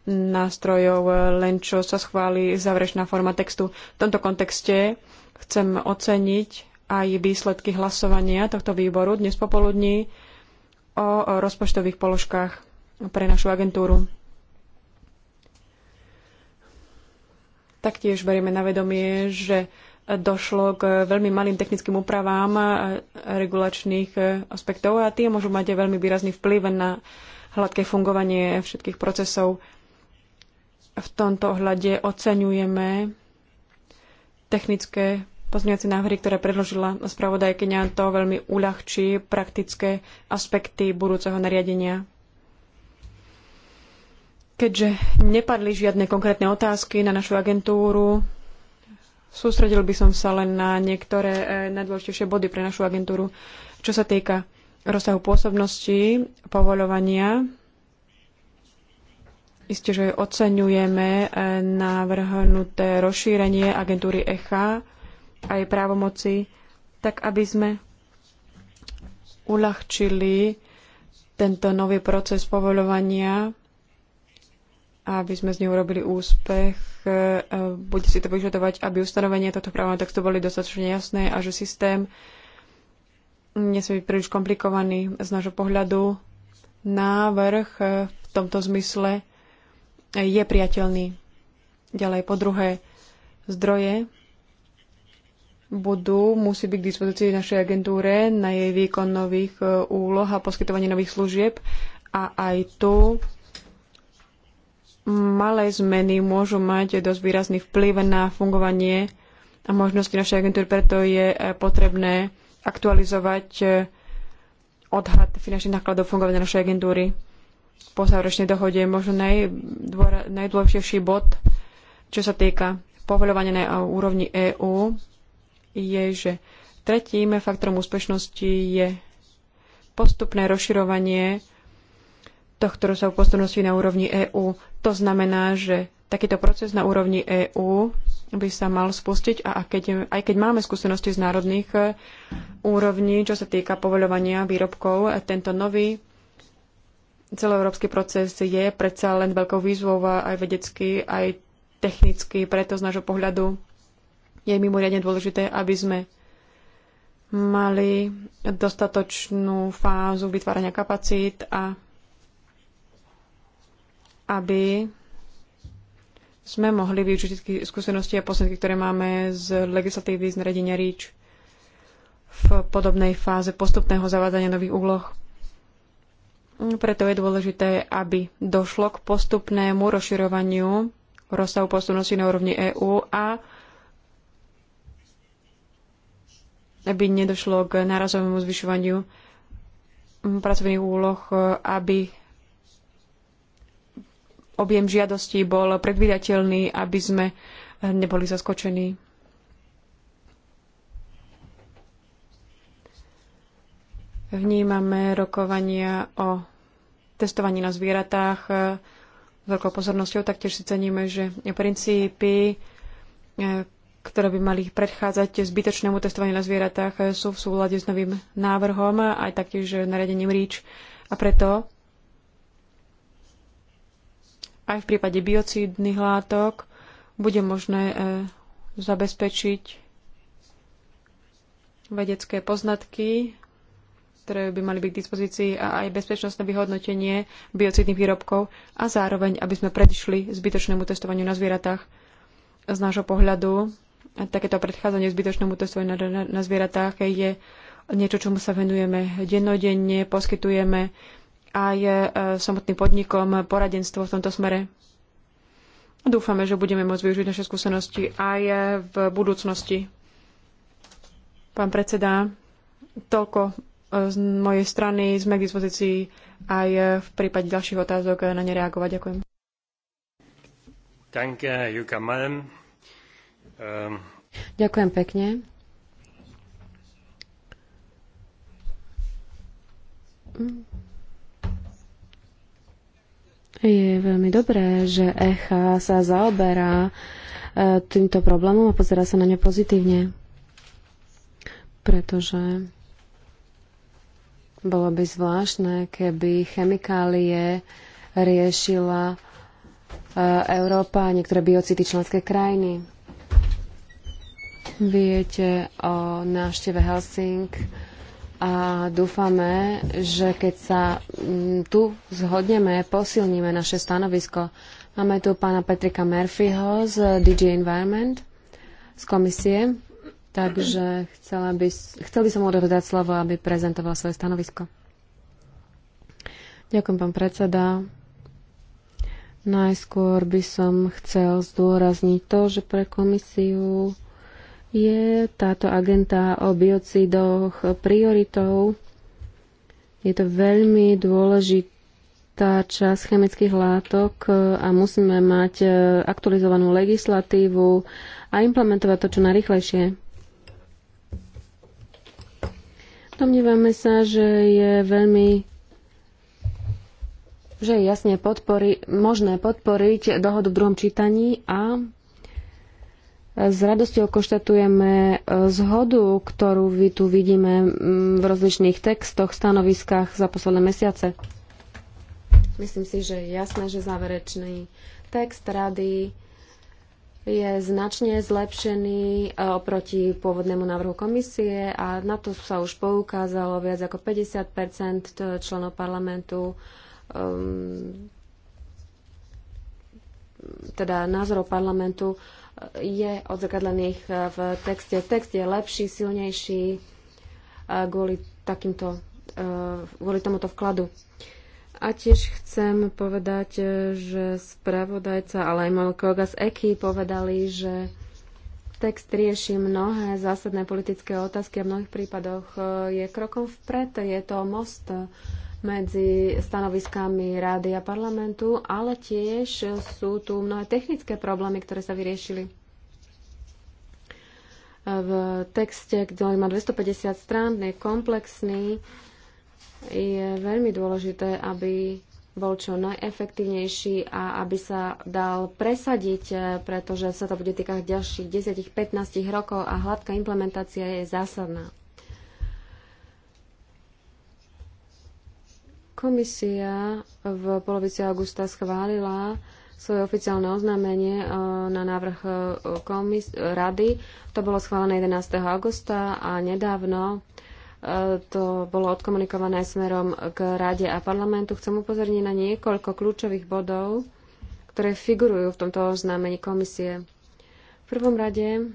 nástrojov, len čo sa schváli záverečná forma textu. V tomto kontexte chcem oceniť aj výsledky hlasovania tohto výboru dnes popoludní o rozpočtových položkách pre našu agentúru. Taktiež berieme na vedomie, že došlo k veľmi malým technickým úpravám regulačných aspektov a tie môžu mať aj veľmi výrazný vplyv na hladké fungovanie všetkých procesov. V tomto ohľade oceňujeme technické pozmeňovacie návrhy, ktoré predložila spravodajkyňa. To veľmi uľahčí praktické aspekty budúceho nariadenia. Keďže nepadli žiadne konkrétne otázky na našu agentúru, sústredil by som sa len na niektoré eh, najdôležitejšie body pre našu agentúru. Čo sa týka rozsahu pôsobnosti, povoľovania Isté, že oceňujeme e, navrhnuté rozšírenie agentúry ECHA a jej právomoci, tak aby sme uľahčili tento nový proces povoľovania a aby sme z neho urobili úspech. E, e, bude si to vyžadovať, aby ustanovenia tohto právneho textu boli dostatočne jasné a že systém nesmie byť príliš komplikovaný z nášho pohľadu. Návrh v tomto zmysle je priateľný. Ďalej po druhé, zdroje budú, musí byť k dispozícii našej agentúre na jej výkon nových e, úloh a poskytovanie nových služieb. A aj tu malé zmeny môžu mať dosť výrazný vplyv na fungovanie a možnosti našej agentúry, preto je e, potrebné aktualizovať e, odhad finančných nákladov fungovania našej agentúry po záverečnej dohode možno najdôležitejší bod, čo sa týka povoľovania na úrovni EÚ, je, že tretím faktorom úspešnosti je postupné rozširovanie tohto rozsahu postupnosti na úrovni EÚ. To znamená, že takýto proces na úrovni EÚ by sa mal spustiť a keď, aj keď máme skúsenosti z národných e, úrovní, čo sa týka povoľovania výrobkov, tento nový celoeurópsky proces je predsa len veľkou výzvou aj vedecky, aj technicky, preto z nášho pohľadu je mimoriadne dôležité, aby sme mali dostatočnú fázu vytvárania kapacít a aby sme mohli využiť skúsenosti a posledky, ktoré máme z legislatívy z nariadenia REACH v podobnej fáze postupného zavádzania nových úloh preto je dôležité, aby došlo k postupnému rozširovaniu rozsahu posunosti na úrovni EÚ a aby nedošlo k nárazovému zvyšovaniu mm, pracovných úloh, aby objem žiadostí bol predvídateľný, aby sme neboli zaskočení. Vnímame rokovania o testovaní na zvieratách e, s veľkou pozornosťou. Taktiež si ceníme, že princípy, e, ktoré by mali predchádzať zbytočnému testovaniu na zvieratách, e, sú v súlade s novým návrhom a aj taktiež nariadením REACH. A preto aj v prípade biocídnych látok bude možné zabezpečiť vedecké poznatky ktoré by mali byť k dispozícii a aj bezpečnostné vyhodnotenie biocidných výrobkov a zároveň, aby sme predišli zbytočnému testovaniu na zvieratách. Z nášho pohľadu takéto predchádzanie zbytočnému testovaniu na, na, na zvieratách je niečo, čomu sa venujeme dennodenne, poskytujeme aj e, samotným podnikom poradenstvo v tomto smere. Dúfame, že budeme môcť využiť naše skúsenosti aj e, v budúcnosti. Pán predseda, toľko z mojej strany sme k dispozícii aj v prípade ďalších otázok na ne reagovať. Ďakujem. Ähm, Ďakujem pekne. Je veľmi dobré, že ECHA sa zaoberá e, týmto problémom a pozera sa na ne pozitívne. Pretože bolo by zvláštne, keby chemikálie riešila e, Európa a niektoré biocity členské krajiny. Viete o návšteve Helsing a dúfame, že keď sa tu zhodneme, posilníme naše stanovisko. Máme tu pána Petrika Murphyho z DG Environment z komisie. Takže chcela by, chcel by som odovzdať slovo, aby prezentoval svoje stanovisko. Ďakujem, pán predseda. Najskôr by som chcel zdôrazniť to, že pre komisiu je táto agenta o biocidoch prioritou. Je to veľmi dôležitá časť chemických látok a musíme mať eh, aktualizovanú legislatívu a implementovať to čo najrychlejšie. domnívame sa, že je veľmi že je jasne podpori, možné podporiť dohodu v druhom čítaní a s radosťou konštatujeme e, zhodu, ktorú vy tu vidíme v rozličných textoch, stanoviskách za posledné mesiace. Myslím si, že je jasné, že záverečný text rady je značne zlepšený eh, oproti pôvodnému návrhu komisie a na to sa už poukázalo viac ako 50 členov parlamentu um, teda názorov parlamentu eh, je odzakadlených eh, v texte. Text je lepší, silnejší kvôli takýmto, kvôli tomuto vkladu. A tiež chcem povedať, e, že spravodajca, ale aj môj kolega z EKI povedali, že text rieši mnohé zásadné politické otázky a v mnohých prípadoch e, je krokom vpred. Je to most medzi stanoviskami rády a parlamentu, ale tiež sú tu mnohé technické problémy, ktoré sa vyriešili. E, v texte, ktorý má 250 strán, je komplexný, je veľmi dôležité, aby bol čo najefektívnejší a aby sa dal presadiť, eh, pretože sa to bude týkať ďalších 10-15 rokov a hladká implementácia je zásadná. Komisia v polovici augusta schválila svoje oficiálne oznámenie eh, na návrh eh, komis- rady. To bolo schválené 11. augusta a nedávno to bolo odkomunikované smerom k Rade a parlamentu. Chcem upozorniť na niekoľko kľúčových bodov, ktoré figurujú v tomto oznámení komisie. V prvom rade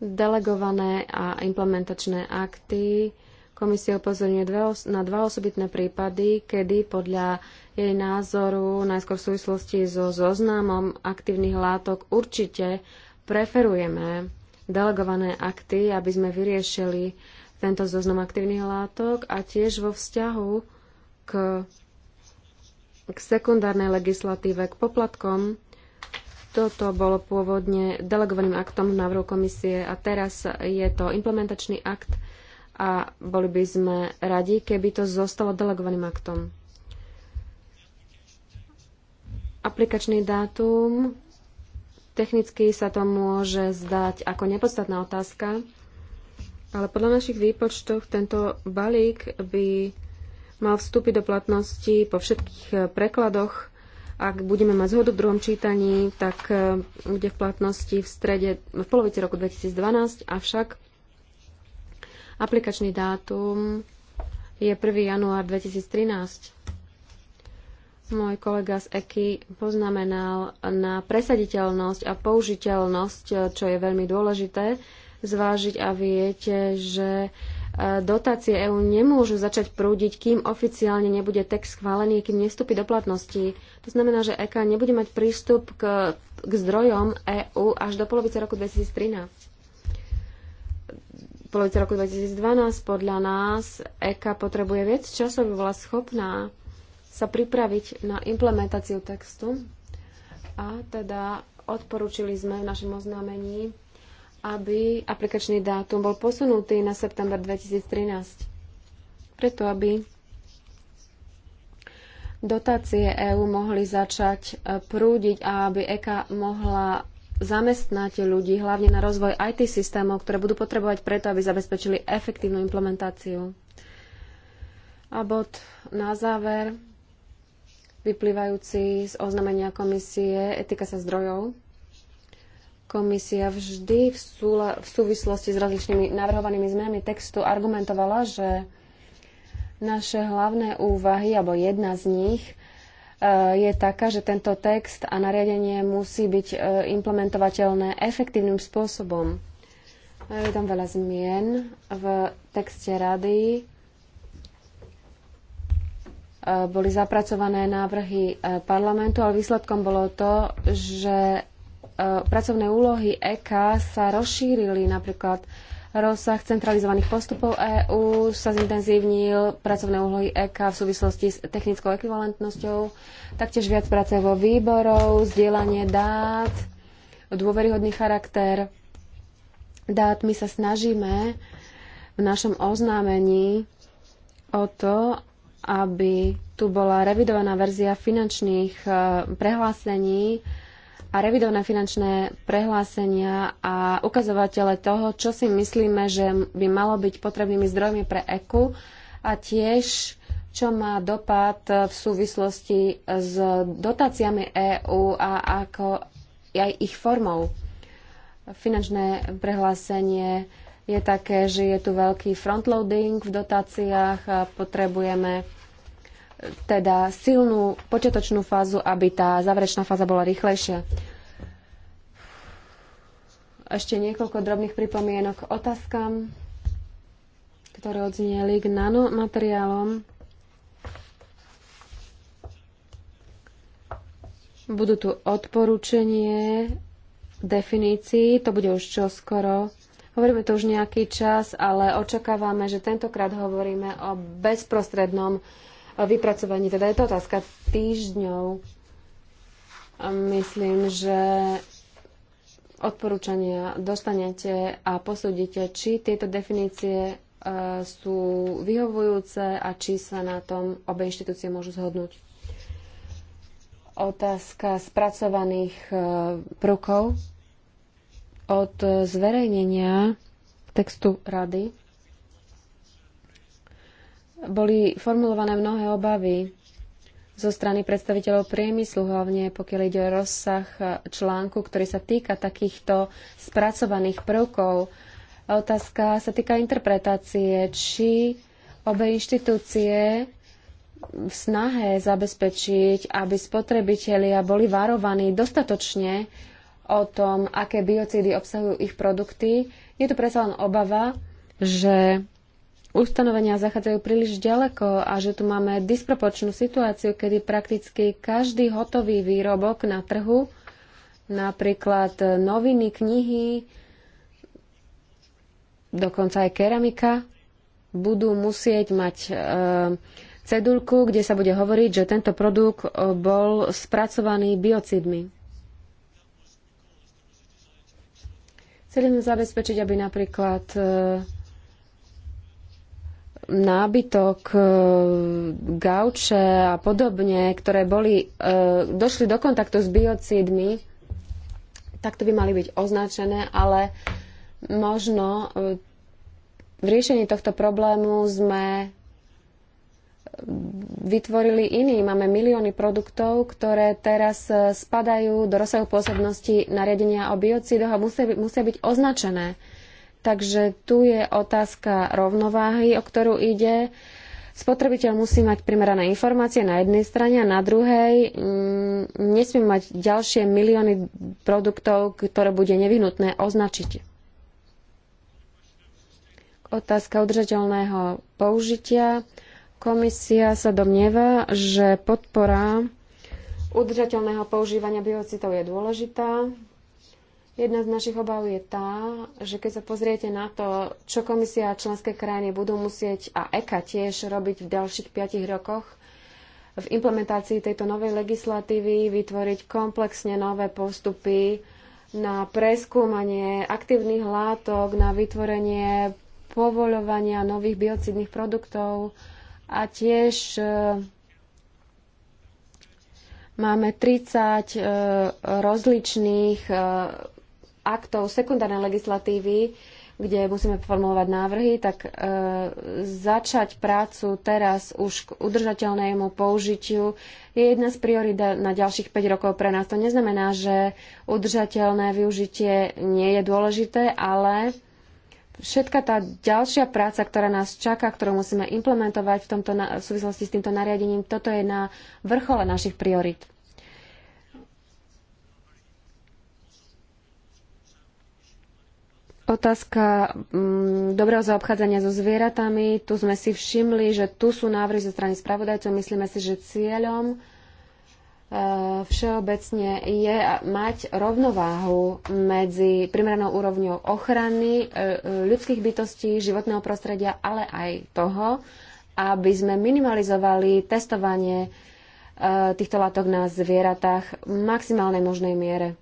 delegované a implementačné akty. Komisia upozorňuje na dva osobitné prípady, kedy podľa jej názoru najskôr v súvislosti so zoznamom aktívnych látok určite preferujeme delegované akty, aby sme vyriešili tento zoznam aktívnych látok a tiež vo vzťahu k, k sekundárnej legislatíve, k poplatkom. Toto bolo pôvodne delegovaným aktom v návrhu komisie a teraz je to implementačný akt a boli by sme radi, keby to zostalo delegovaným aktom. Aplikačný dátum Technicky sa to môže zdať ako nepodstatná otázka, ale podľa našich výpočtov tento balík by mal vstúpiť do platnosti po všetkých eh, prekladoch. Ak budeme mať zhodu v druhom čítaní, tak eh, bude v platnosti v strede, v polovici roku 2012, avšak aplikačný dátum je 1. január 2013 môj kolega z EKI poznamenal na presaditeľnosť a použiteľnosť, čo je veľmi dôležité zvážiť a viete, že e, dotácie EÚ nemôžu začať prúdiť, kým oficiálne nebude text schválený, kým nestúpi do platnosti. To znamená, že EK nebude mať prístup k, k zdrojom EÚ až do polovice roku 2013. Polovice roku 2012 podľa nás EK potrebuje viac času, aby bola schopná sa pripraviť na implementáciu textu a teda odporúčili sme v našom oznámení, aby aplikačný dátum bol posunutý na september 2013. Preto, aby dotácie EÚ mohli začať e, prúdiť a aby EKA mohla zamestnať ľudí hlavne na rozvoj IT systémov, ktoré budú potrebovať preto, aby zabezpečili efektívnu implementáciu. A bod na záver vyplývajúci z oznámenia komisie etika sa zdrojov. Komisia vždy v, súla, v súvislosti s rozličnými navrhovanými zmenami textu argumentovala, že naše hlavné úvahy, alebo jedna z nich, e, je taká, že tento text a nariadenie musí byť e, implementovateľné efektívnym spôsobom. E, je tam veľa zmien v texte rady, Eh, boli zapracované návrhy eh, parlamentu, ale výsledkom bolo to, že eh, pracovné úlohy EK sa rozšírili napríklad rozsah centralizovaných postupov EÚ sa zintenzívnil pracovné úlohy EK v súvislosti s technickou ekvivalentnosťou, taktiež viac práce vo výborov, zdieľanie dát, dôveryhodný charakter dát. My sa snažíme v našom oznámení o to, aby tu bola revidovaná verzia finančných eh, prehlásení a revidované finančné prehlásenia a ukazovatele toho, čo si myslíme, že by malo byť potrebnými zdrojmi pre EKU a tiež čo má dopad eh, v súvislosti s dotáciami EÚ a ako aj ich formou. Finančné prehlásenie je také, že je tu veľký frontloading v dotáciách a potrebujeme e, teda silnú počiatočnú fázu, aby tá záverečná fáza bola rýchlejšia. Ešte niekoľko drobných pripomienok k otázkam, ktoré odznieli k nanomateriálom. Budú tu odporúčenie definícií, to bude už čoskoro. skoro Hovoríme to už nejaký čas, ale očakávame, že tentokrát hovoríme o bezprostrednom eh, vypracovaní. Teda je to otázka týždňov. Myslím, že odporúčania dostanete a posúdite, či tieto definície eh, sú vyhovujúce a či sa na tom obe inštitúcie môžu zhodnúť. Otázka spracovaných eh, prvkov od zverejnenia textu rady boli formulované mnohé obavy zo strany predstaviteľov priemyslu, hlavne pokiaľ ide o rozsah článku, ktorý sa týka takýchto spracovaných prvkov. A otázka sa týka interpretácie, či obe inštitúcie v snahe zabezpečiť, aby spotrebitelia boli varovaní dostatočne o tom, aké biocídy obsahujú ich produkty, je tu predsa len obava, že ustanovenia zachádzajú príliš ďaleko a že tu máme disproporčnú situáciu, kedy prakticky každý hotový výrobok na trhu, napríklad noviny, knihy, dokonca aj keramika, budú musieť mať e, cedulku, kde sa bude hovoriť, že tento produkt e, bol spracovaný biocidmi. Chceli sme zabezpečiť, aby napríklad e, nábytok, e, gauče a podobne, ktoré boli, e, došli do kontaktu s biocídmi, tak to by mali byť označené, ale možno v riešení tohto problému sme vytvorili iní. Máme milióny produktov, ktoré teraz e, spadajú do rozsahu pôsobnosti nariadenia o biocidoch a musia, musia byť označené. Takže tu je otázka rovnováhy, o ktorú ide. Spotrebiteľ musí mať primerané informácie na jednej strane a na druhej mm, nesmie mať ďalšie milióny produktov, ktoré bude nevyhnutné označiť otázka udržateľného použitia. Komisia sa domnieva, že podpora udržateľného používania biocitov je dôležitá. Jedna z našich obav je tá, že keď sa pozriete na to, čo komisia a členské krajiny budú musieť a EKA tiež robiť v ďalších 5 rokoch, v implementácii tejto novej legislatívy vytvoriť komplexne nové postupy na preskúmanie aktívnych látok, na vytvorenie povoľovania nových biocidných produktov, a tiež e, máme 30 e, rozličných e, aktov sekundárnej legislatívy, kde musíme formulovať návrhy, tak e, začať prácu teraz už k udržateľnému použitiu je jedna z priorit na ďalších 5 rokov pre nás. To neznamená, že udržateľné využitie nie je dôležité, ale všetka tá ďalšia práca, ktorá nás čaká, ktorú musíme implementovať v, tomto, v súvislosti s týmto nariadením, toto je na vrchole našich priorit. Otázka mm, dobrého zaobchádzania so zvieratami. Tu sme si všimli, že tu sú návrhy zo strany spravodajcov. Myslíme si, že cieľom Eh, všeobecne je mať rovnováhu medzi primeranou úrovňou ochrany eh, ľudských bytostí, životného prostredia, ale aj toho, aby sme minimalizovali testovanie eh, týchto látok na zvieratách v maximálnej možnej miere.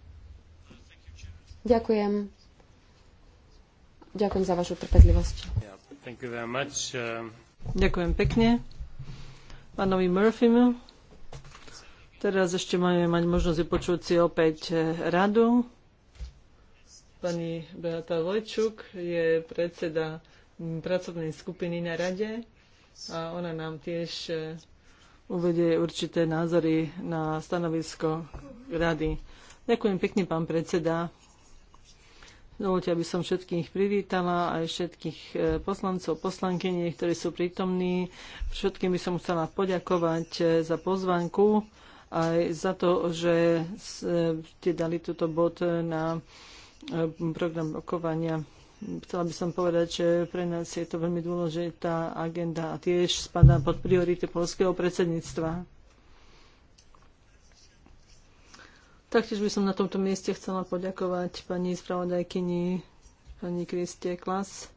Ďakujem. Ďakujem za vašu trpezlivosť. Ďakujem pekne. Pánovi Murphymu. Teraz ešte máme mať možnosť vypočuť si opäť eh, radu. Pani Beata Vojčuk je predseda pracovnej skupiny na rade a ona nám tiež eh, uvedie určité názory na stanovisko rady. Ďakujem pekne, pán predseda. Dovolte, aby som všetkých privítala aj všetkých eh, poslancov, poslankyni, ktorí sú prítomní. Všetkým by som chcela poďakovať za pozvanku aj za to, že ste dali túto bod na e, program rokovania. Chcela by som povedať, že pre nás je to veľmi dôležitá agenda a tiež spadá pod priority polského predsedníctva. Taktiež by som na tomto mieste chcela poďakovať pani spravodajkyni, pani Kriste Klas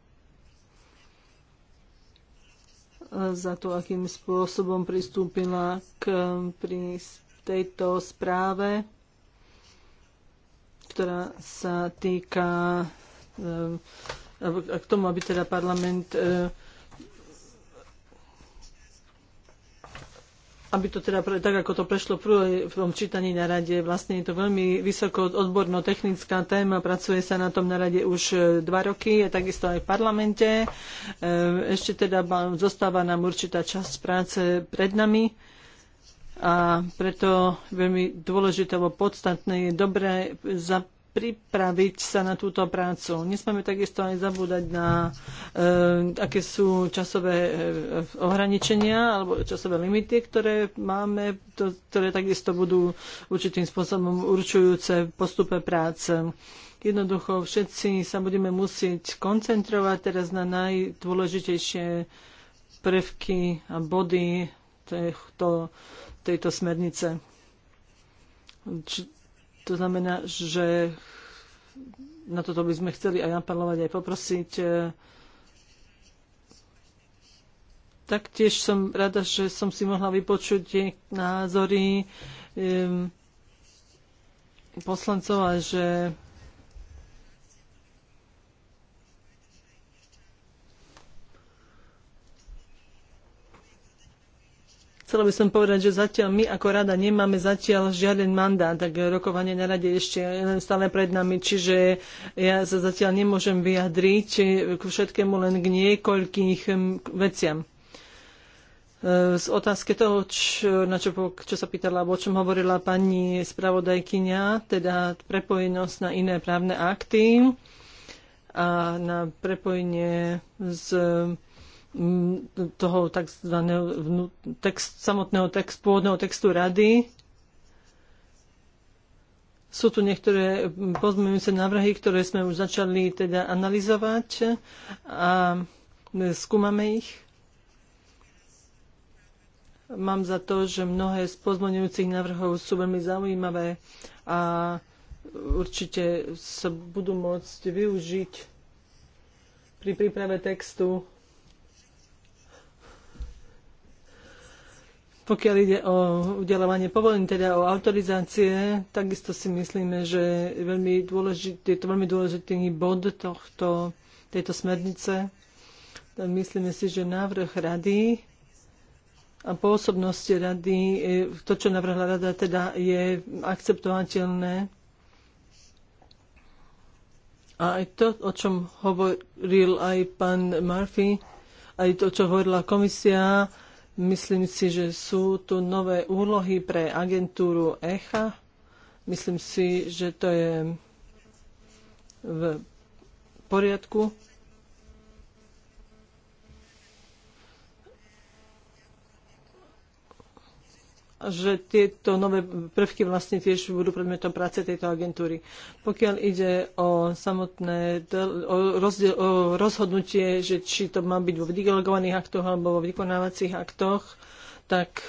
za to, akým spôsobom pristúpila k, prísť tejto správe, ktorá sa týka e, k tomu, aby teda parlament e, aby to teda, tak ako to prešlo v tom čítaní na rade, vlastne je to veľmi vysoko odborno-technická téma, pracuje sa na tom na rade už e, dva roky, a takisto aj v parlamente. Ešte teda zostáva nám určitá časť práce pred nami a preto veľmi dôležité alebo podstatné je dobre za pripraviť sa na túto prácu. Nesmieme takisto aj zabúdať na e, aké sú časové e, ohraničenia alebo časové limity, ktoré máme, to, ktoré takisto budú určitým spôsobom určujúce postupe práce. Jednoducho všetci sa budeme musieť koncentrovať teraz na najdôležitejšie prvky a body tohto tejto smernice. Či, to znamená, že na toto by sme chceli aj napadlovať, aj poprosiť. Taktiež som rada, že som si mohla vypočuť názory poslancov a že chcela by som povedať, že zatiaľ my ako rada nemáme zatiaľ žiaden mandát, tak rokovanie na rade ešte len stále pred nami, čiže ja sa zatiaľ nemôžem vyjadriť k všetkému len k niekoľkých veciam e, z otázke toho, čo, na čo, čo sa pýtala, alebo o čom hovorila pani spravodajkyňa, teda prepojenosť na iné právne akty a na prepojenie s toho tzv. Text, samotného text, pôvodného textu rady. Sú tu niektoré pozmeňujúce návrhy, ktoré sme už začali teda analyzovať a skúmame ich. Mám za to, že mnohé z pozmeňujúcich návrhov sú veľmi zaujímavé a určite sa budú môcť využiť pri príprave textu Pokiaľ ide o udelovanie povolení, teda o autorizácie, takisto si myslíme, že veľmi dôležitý, je to veľmi dôležitý bod tohto, tejto smernice. Myslíme si, že návrh rady a pôsobnosti rady, to, čo navrhla rada, teda je akceptovateľné. A aj to, o čom hovoril aj pán Murphy, aj to, čo hovorila komisia, Myslím si, že sú tu nové úlohy pre agentúru ECHA. Myslím si, že to je v poriadku že tieto nové prvky vlastne tiež budú predmetom práce tejto agentúry. Pokiaľ ide o samotné o, rozdiel, o rozhodnutie, že či to má byť vo vydelegovaných aktoch alebo vo vykonávacích aktoch, tak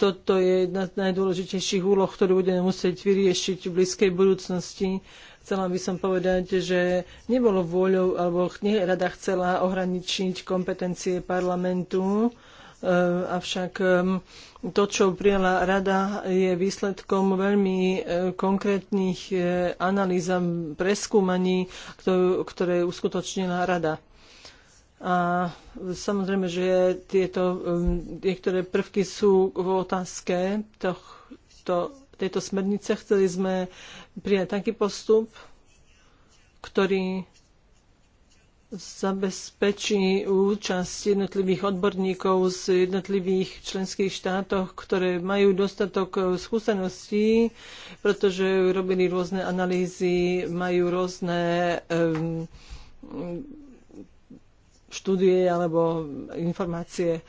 toto je jedna z najdôležitejších úloh, ktorú budeme musieť vyriešiť v blízkej budúcnosti. Chcela by som povedať, že nebolo vôľou, alebo nie rada chcela ohraničiť kompetencie parlamentu, E, avšak to, čo prijala rada, je výsledkom veľmi e, konkrétnych e, analýz a preskúmaní, ktoré uskutočnila rada. A samozrejme, že tieto niektoré prvky sú v otázke tohto, tejto smernice. Chceli sme prijať taký postup, ktorý zabezpečí účasť jednotlivých odborníkov z jednotlivých členských štátoch, ktoré majú dostatok e, skúseností, pretože robili rôzne analýzy, majú rôzne štúdie alebo informácie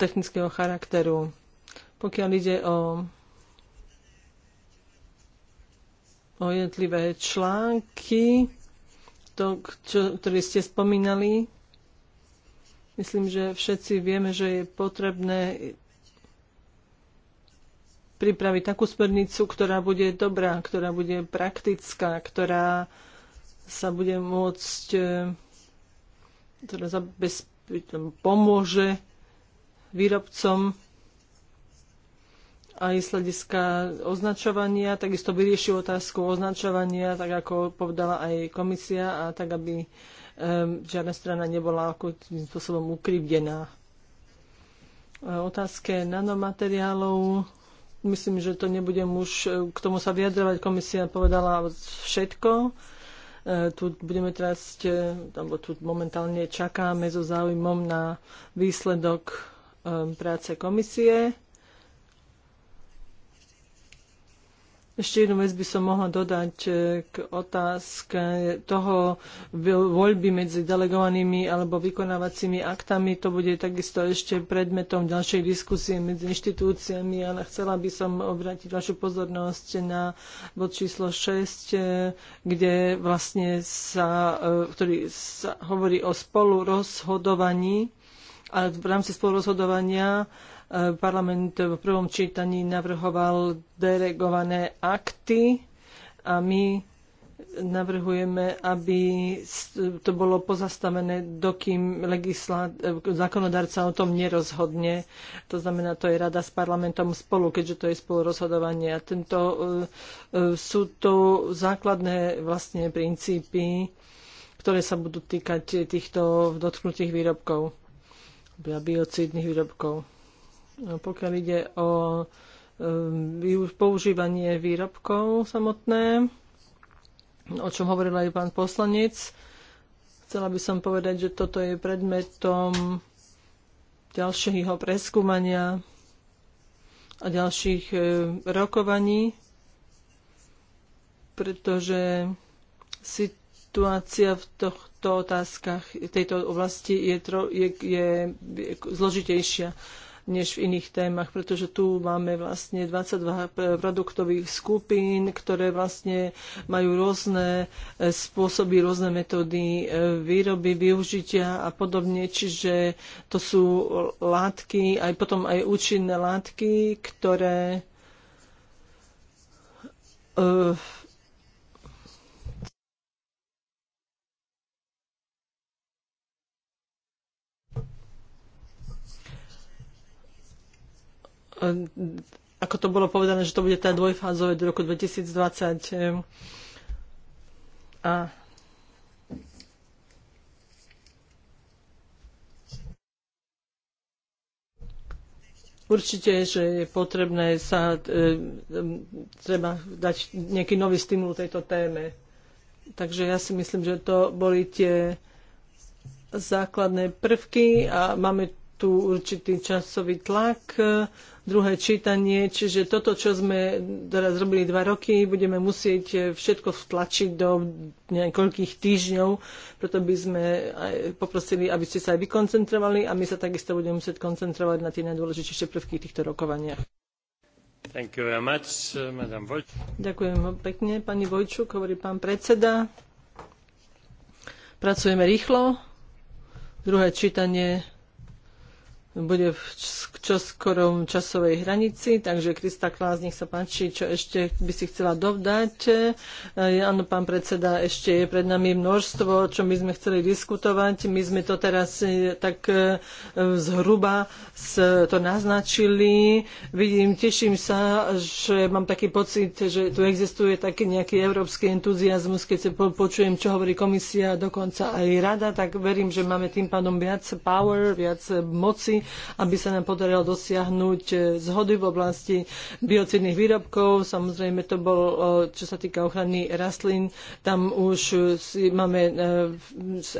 technického charakteru. Pokiaľ ide o o jednotlivé články, to, čo, ktorý ste spomínali. Myslím, že všetci vieme, že je potrebné pripraviť takú smernicu, ktorá bude dobrá, ktorá bude praktická, ktorá sa bude môcť, e, ktorá zabezpe- pomôže výrobcom aj z hľadiska označovania, takisto vyrieši otázku označovania, tak ako povedala aj komisia, a tak, aby um, žiadna strana nebola ako tým spôsobom ukrivdená. E, otázke nanomateriálov. Myslím, že to nebudem už e, k tomu sa vyjadrovať. Komisia povedala všetko. E, tu budeme teraz, alebo tu momentálne čakáme so záujmom na výsledok práce komisie. Ešte jednu vec by som mohla dodať eh, k otázke toho voľby medzi delegovanými alebo vykonávacími aktami. To bude takisto ešte predmetom ďalšej diskusie medzi inštitúciami, ale chcela by som obrátiť vašu pozornosť na bod číslo 6, eh, kde vlastne sa, eh, ktorý sa hovorí o spolurozhodovaní a v rámci spolurozhodovania Eh, parlament v prvom čítaní navrhoval deregované akty a my navrhujeme, aby to bolo pozastavené, dokým legislá... Eh, zákonodárca o tom nerozhodne. To znamená, to je rada s parlamentom spolu, keďže to je spolurozhodovanie. A tento, eh, sú to základné vlastne princípy, ktoré sa budú týkať týchto dotknutých výrobkov, biocídnych výrobkov pokiaľ ide o e, používanie výrobkov samotné, o čom hovoril aj pán poslanec. Chcela by som povedať, že toto je predmetom ďalšieho preskúmania a ďalších e, rokovaní, pretože situácia v tohto otázkach, v tejto oblasti je, tro, je, je zložitejšia než v iných témach, pretože tu máme vlastne 22 eh, produktových skupín, ktoré vlastne majú rôzne eh, spôsoby, rôzne metódy eh, výroby, využitia a podobne, čiže to sú látky, aj potom aj účinné látky, ktoré uh, ako to bolo povedané, že to bude teda dvojfázové do roku 2020. Ehm, a Určite, že je potrebné sa, e, treba dať nejaký nový stimul tejto téme. Takže ja si myslím, že to boli tie základné prvky a máme tu určitý časový tlak. E, druhé čítanie, čiže toto, čo sme teraz robili dva roky, budeme musieť e, všetko vtlačiť do niekoľkých týždňov, preto by sme aj poprosili, aby ste sa aj vykoncentrovali a my sa takisto budeme musieť koncentrovať na tie najdôležitejšie prvky týchto rokovaniach. Much, uh, Ďakujem pekne, pani Vojčuk, hovorí pán predseda. Pracujeme rýchlo. Druhé čítanie bude v čoskorom časovej hranici, takže Krista Klás, nech sa páči, čo ešte by si chcela dodať. E, áno, pán predseda, ešte je pred nami množstvo, čo my sme chceli diskutovať. My sme to teraz e, tak e, zhruba to naznačili. Vidím, teším sa, že mám taký pocit, že tu existuje taký nejaký európsky entuziasmus, keď sa počujem, čo hovorí komisia, dokonca aj rada, tak verím, že máme tým pádom viac power, viac moci aby sa nám podarilo dosiahnuť e, zhody v oblasti biocidných výrobkov. Samozrejme to bolo, e, čo sa týka ochrany rastlín, tam už e, máme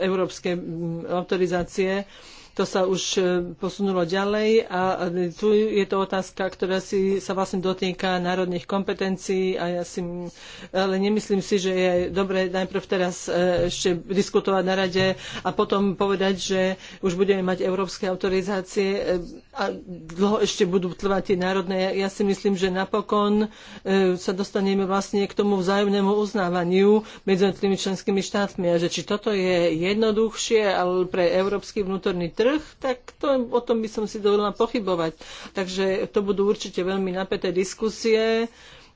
európske autorizácie to sa už e, posunulo ďalej a tu je to otázka, ktorá si sa vlastne dotýka národných kompetencií a ja si, ale nemyslím si, že je dobre najprv teraz e, ešte diskutovať na rade a potom povedať, že už budeme mať európske autorizácie e, a dlho ešte budú trvať tie národné. Ja si myslím, že napokon e, sa dostaneme vlastne k tomu vzájomnému uznávaniu medzi tými členskými štátmi a že či toto je jednoduchšie ale pre európsky vnútorný trh, tak to, o tom by som si dovolila pochybovať. Takže to budú určite veľmi napäté diskusie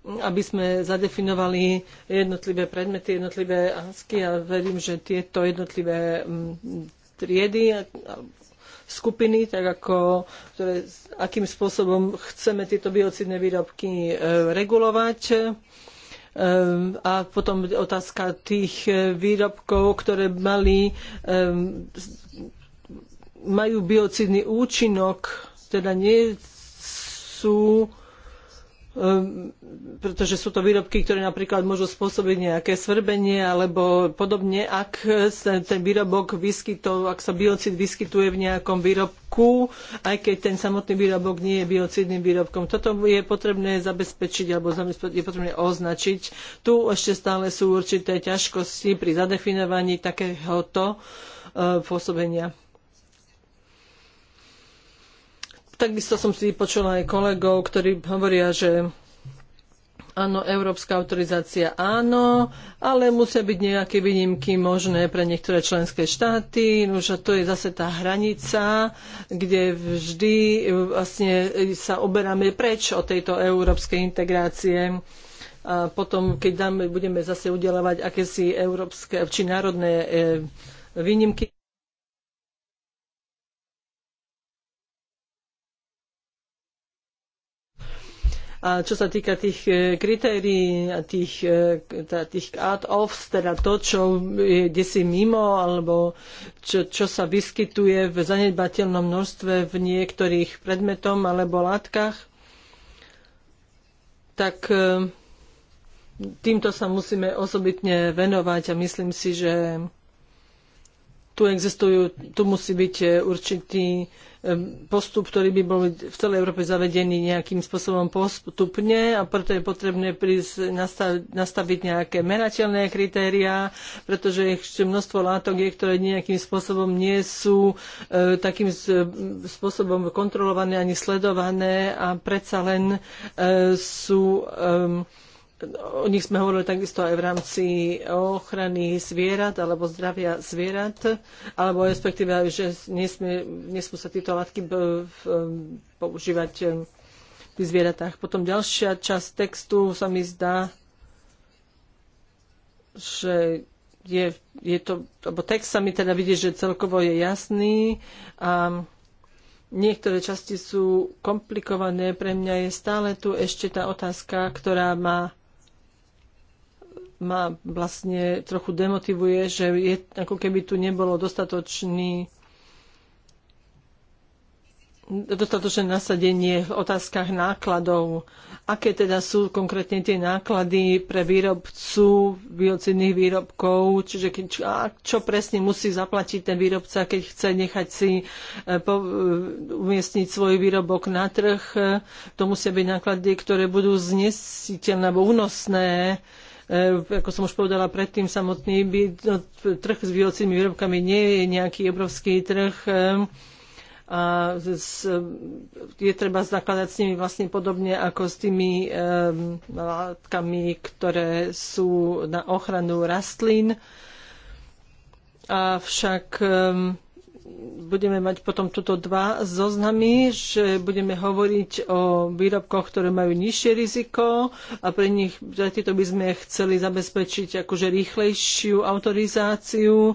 aby sme zadefinovali jednotlivé predmety, jednotlivé asky a verím, že tieto jednotlivé mm, triedy skupiny, tak ako ktoré, akým spôsobom chceme tieto biocidné výrobky e, regulovať e, a potom otázka tých e, výrobkov, ktoré mali, majú biocidný účinok, teda nie sú Ehm, pretože sú to výrobky, ktoré napríklad môžu spôsobiť nejaké svrbenie alebo podobne, ak sa ten výrobok vyskytol, ak sa biocid vyskytuje v nejakom výrobku, aj keď ten samotný výrobok nie je biocidným výrobkom. Toto je potrebné zabezpečiť alebo je potrebné označiť. Tu ešte stále sú určité ťažkosti pri zadefinovaní takéhoto ehm, pôsobenia. Takisto som si vypočula aj kolegov, ktorí hovoria, že áno, európska autorizácia áno, ale musia byť nejaké výnimky možné pre niektoré členské štáty. No, že to je zase tá hranica, kde vždy e, vlastne e, sa oberáme preč od tejto európskej integrácie. A potom, keď dáme, budeme zase udelovať akési európske či národné e, výnimky, A čo sa týka tých e, kritérií a tých, e, tých add offs teda to, čo je desi mimo, alebo čo, čo sa vyskytuje v zanedbateľnom množstve v niektorých predmetom alebo látkach, tak e, týmto sa musíme osobitne venovať a myslím si, že tu existujú, tu musí byť e, určitý e, postup, ktorý by bol v celej Európe zavedený nejakým spôsobom postupne a preto je potrebné prísť, nastaviť nejaké merateľné kritériá, pretože ešte množstvo látok je, ktoré nejakým spôsobom nie sú e, takým spôsobom kontrolované ani sledované a predsa len e, sú e, o nich sme hovorili takisto aj v rámci ochrany zvierat alebo zdravia zvierat, alebo respektíve, že nesmie, nesmú sa tieto látky e, e, používať e, pri zvieratách. Potom ďalšia časť textu sa mi zdá, že je, je to, alebo text sa mi teda vidí, že celkovo je jasný a niektoré časti sú komplikované. Pre mňa je stále tu ešte tá otázka, ktorá ma ma vlastne trochu demotivuje, že je, ako keby tu nebolo dostatočný dostatočné nasadenie v otázkach nákladov. Aké teda sú konkrétne tie náklady pre výrobcu biocidných výrobkov, čiže keď, čo presne musí zaplatiť ten výrobca, keď chce nechať si e, po, e, umiestniť svoj výrobok na trh. To musia byť náklady, ktoré budú znesiteľné alebo únosné E, ako som už povedala predtým, samotný by, no, trh s biocídnymi výrobkami nie je nejaký obrovský trh e, a z, je treba zakladať s nimi vlastne podobne ako s tými um, látkami, ktoré sú na ochranu rastlín. Avšak um, budeme mať potom tuto dva zoznamy, že budeme hovoriť o výrobkoch, ktoré majú nižšie riziko a pre nich, pre tieto by sme chceli zabezpečiť akože rýchlejšiu autorizáciu. E,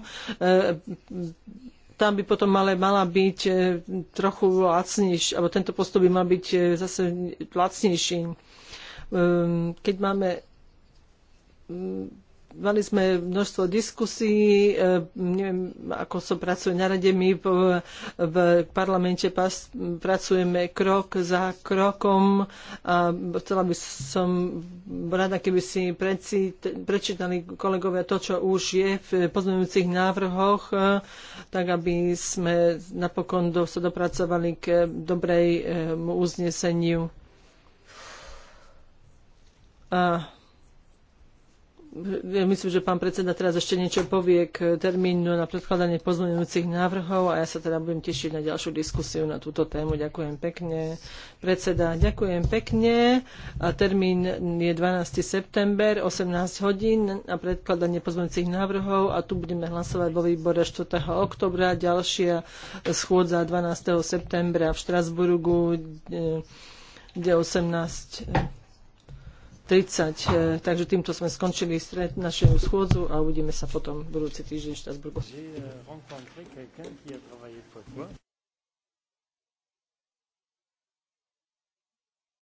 tam by potom ale mala byť e, trochu lacnejšia, alebo tento postup by mal byť e, zase lacnejší. Keď máme mali sme množstvo diskusí, e, neviem, ako sa pracuje na rade, my v, v parlamente pas, pracujeme krok za krokom a chcela by som rada, keby si preci, prečítali kolegovia to, čo už je v pozmeňujúcich návrhoch, e, tak aby sme napokon do, sa dopracovali k dobrej e, uzneseniu. A ja myslím, že pán predseda teraz ešte niečo povie k termínu na predkladanie pozmeňujúcich návrhov a ja sa teda budem tešiť na ďalšiu diskusiu na túto tému. Ďakujem pekne. Predseda, ďakujem pekne. A termín je 12. september, 18 hodín na predkladanie pozmeňujúcich návrhov a tu budeme hlasovať vo výbore 4. oktobra. Ďalšia schôdza 12. septembra v Štrasburgu, e, kde 18 E, takže týmto sme skončili stred našu schôdzu a uvidíme sa potom budúci týždeň v Štrasburgu.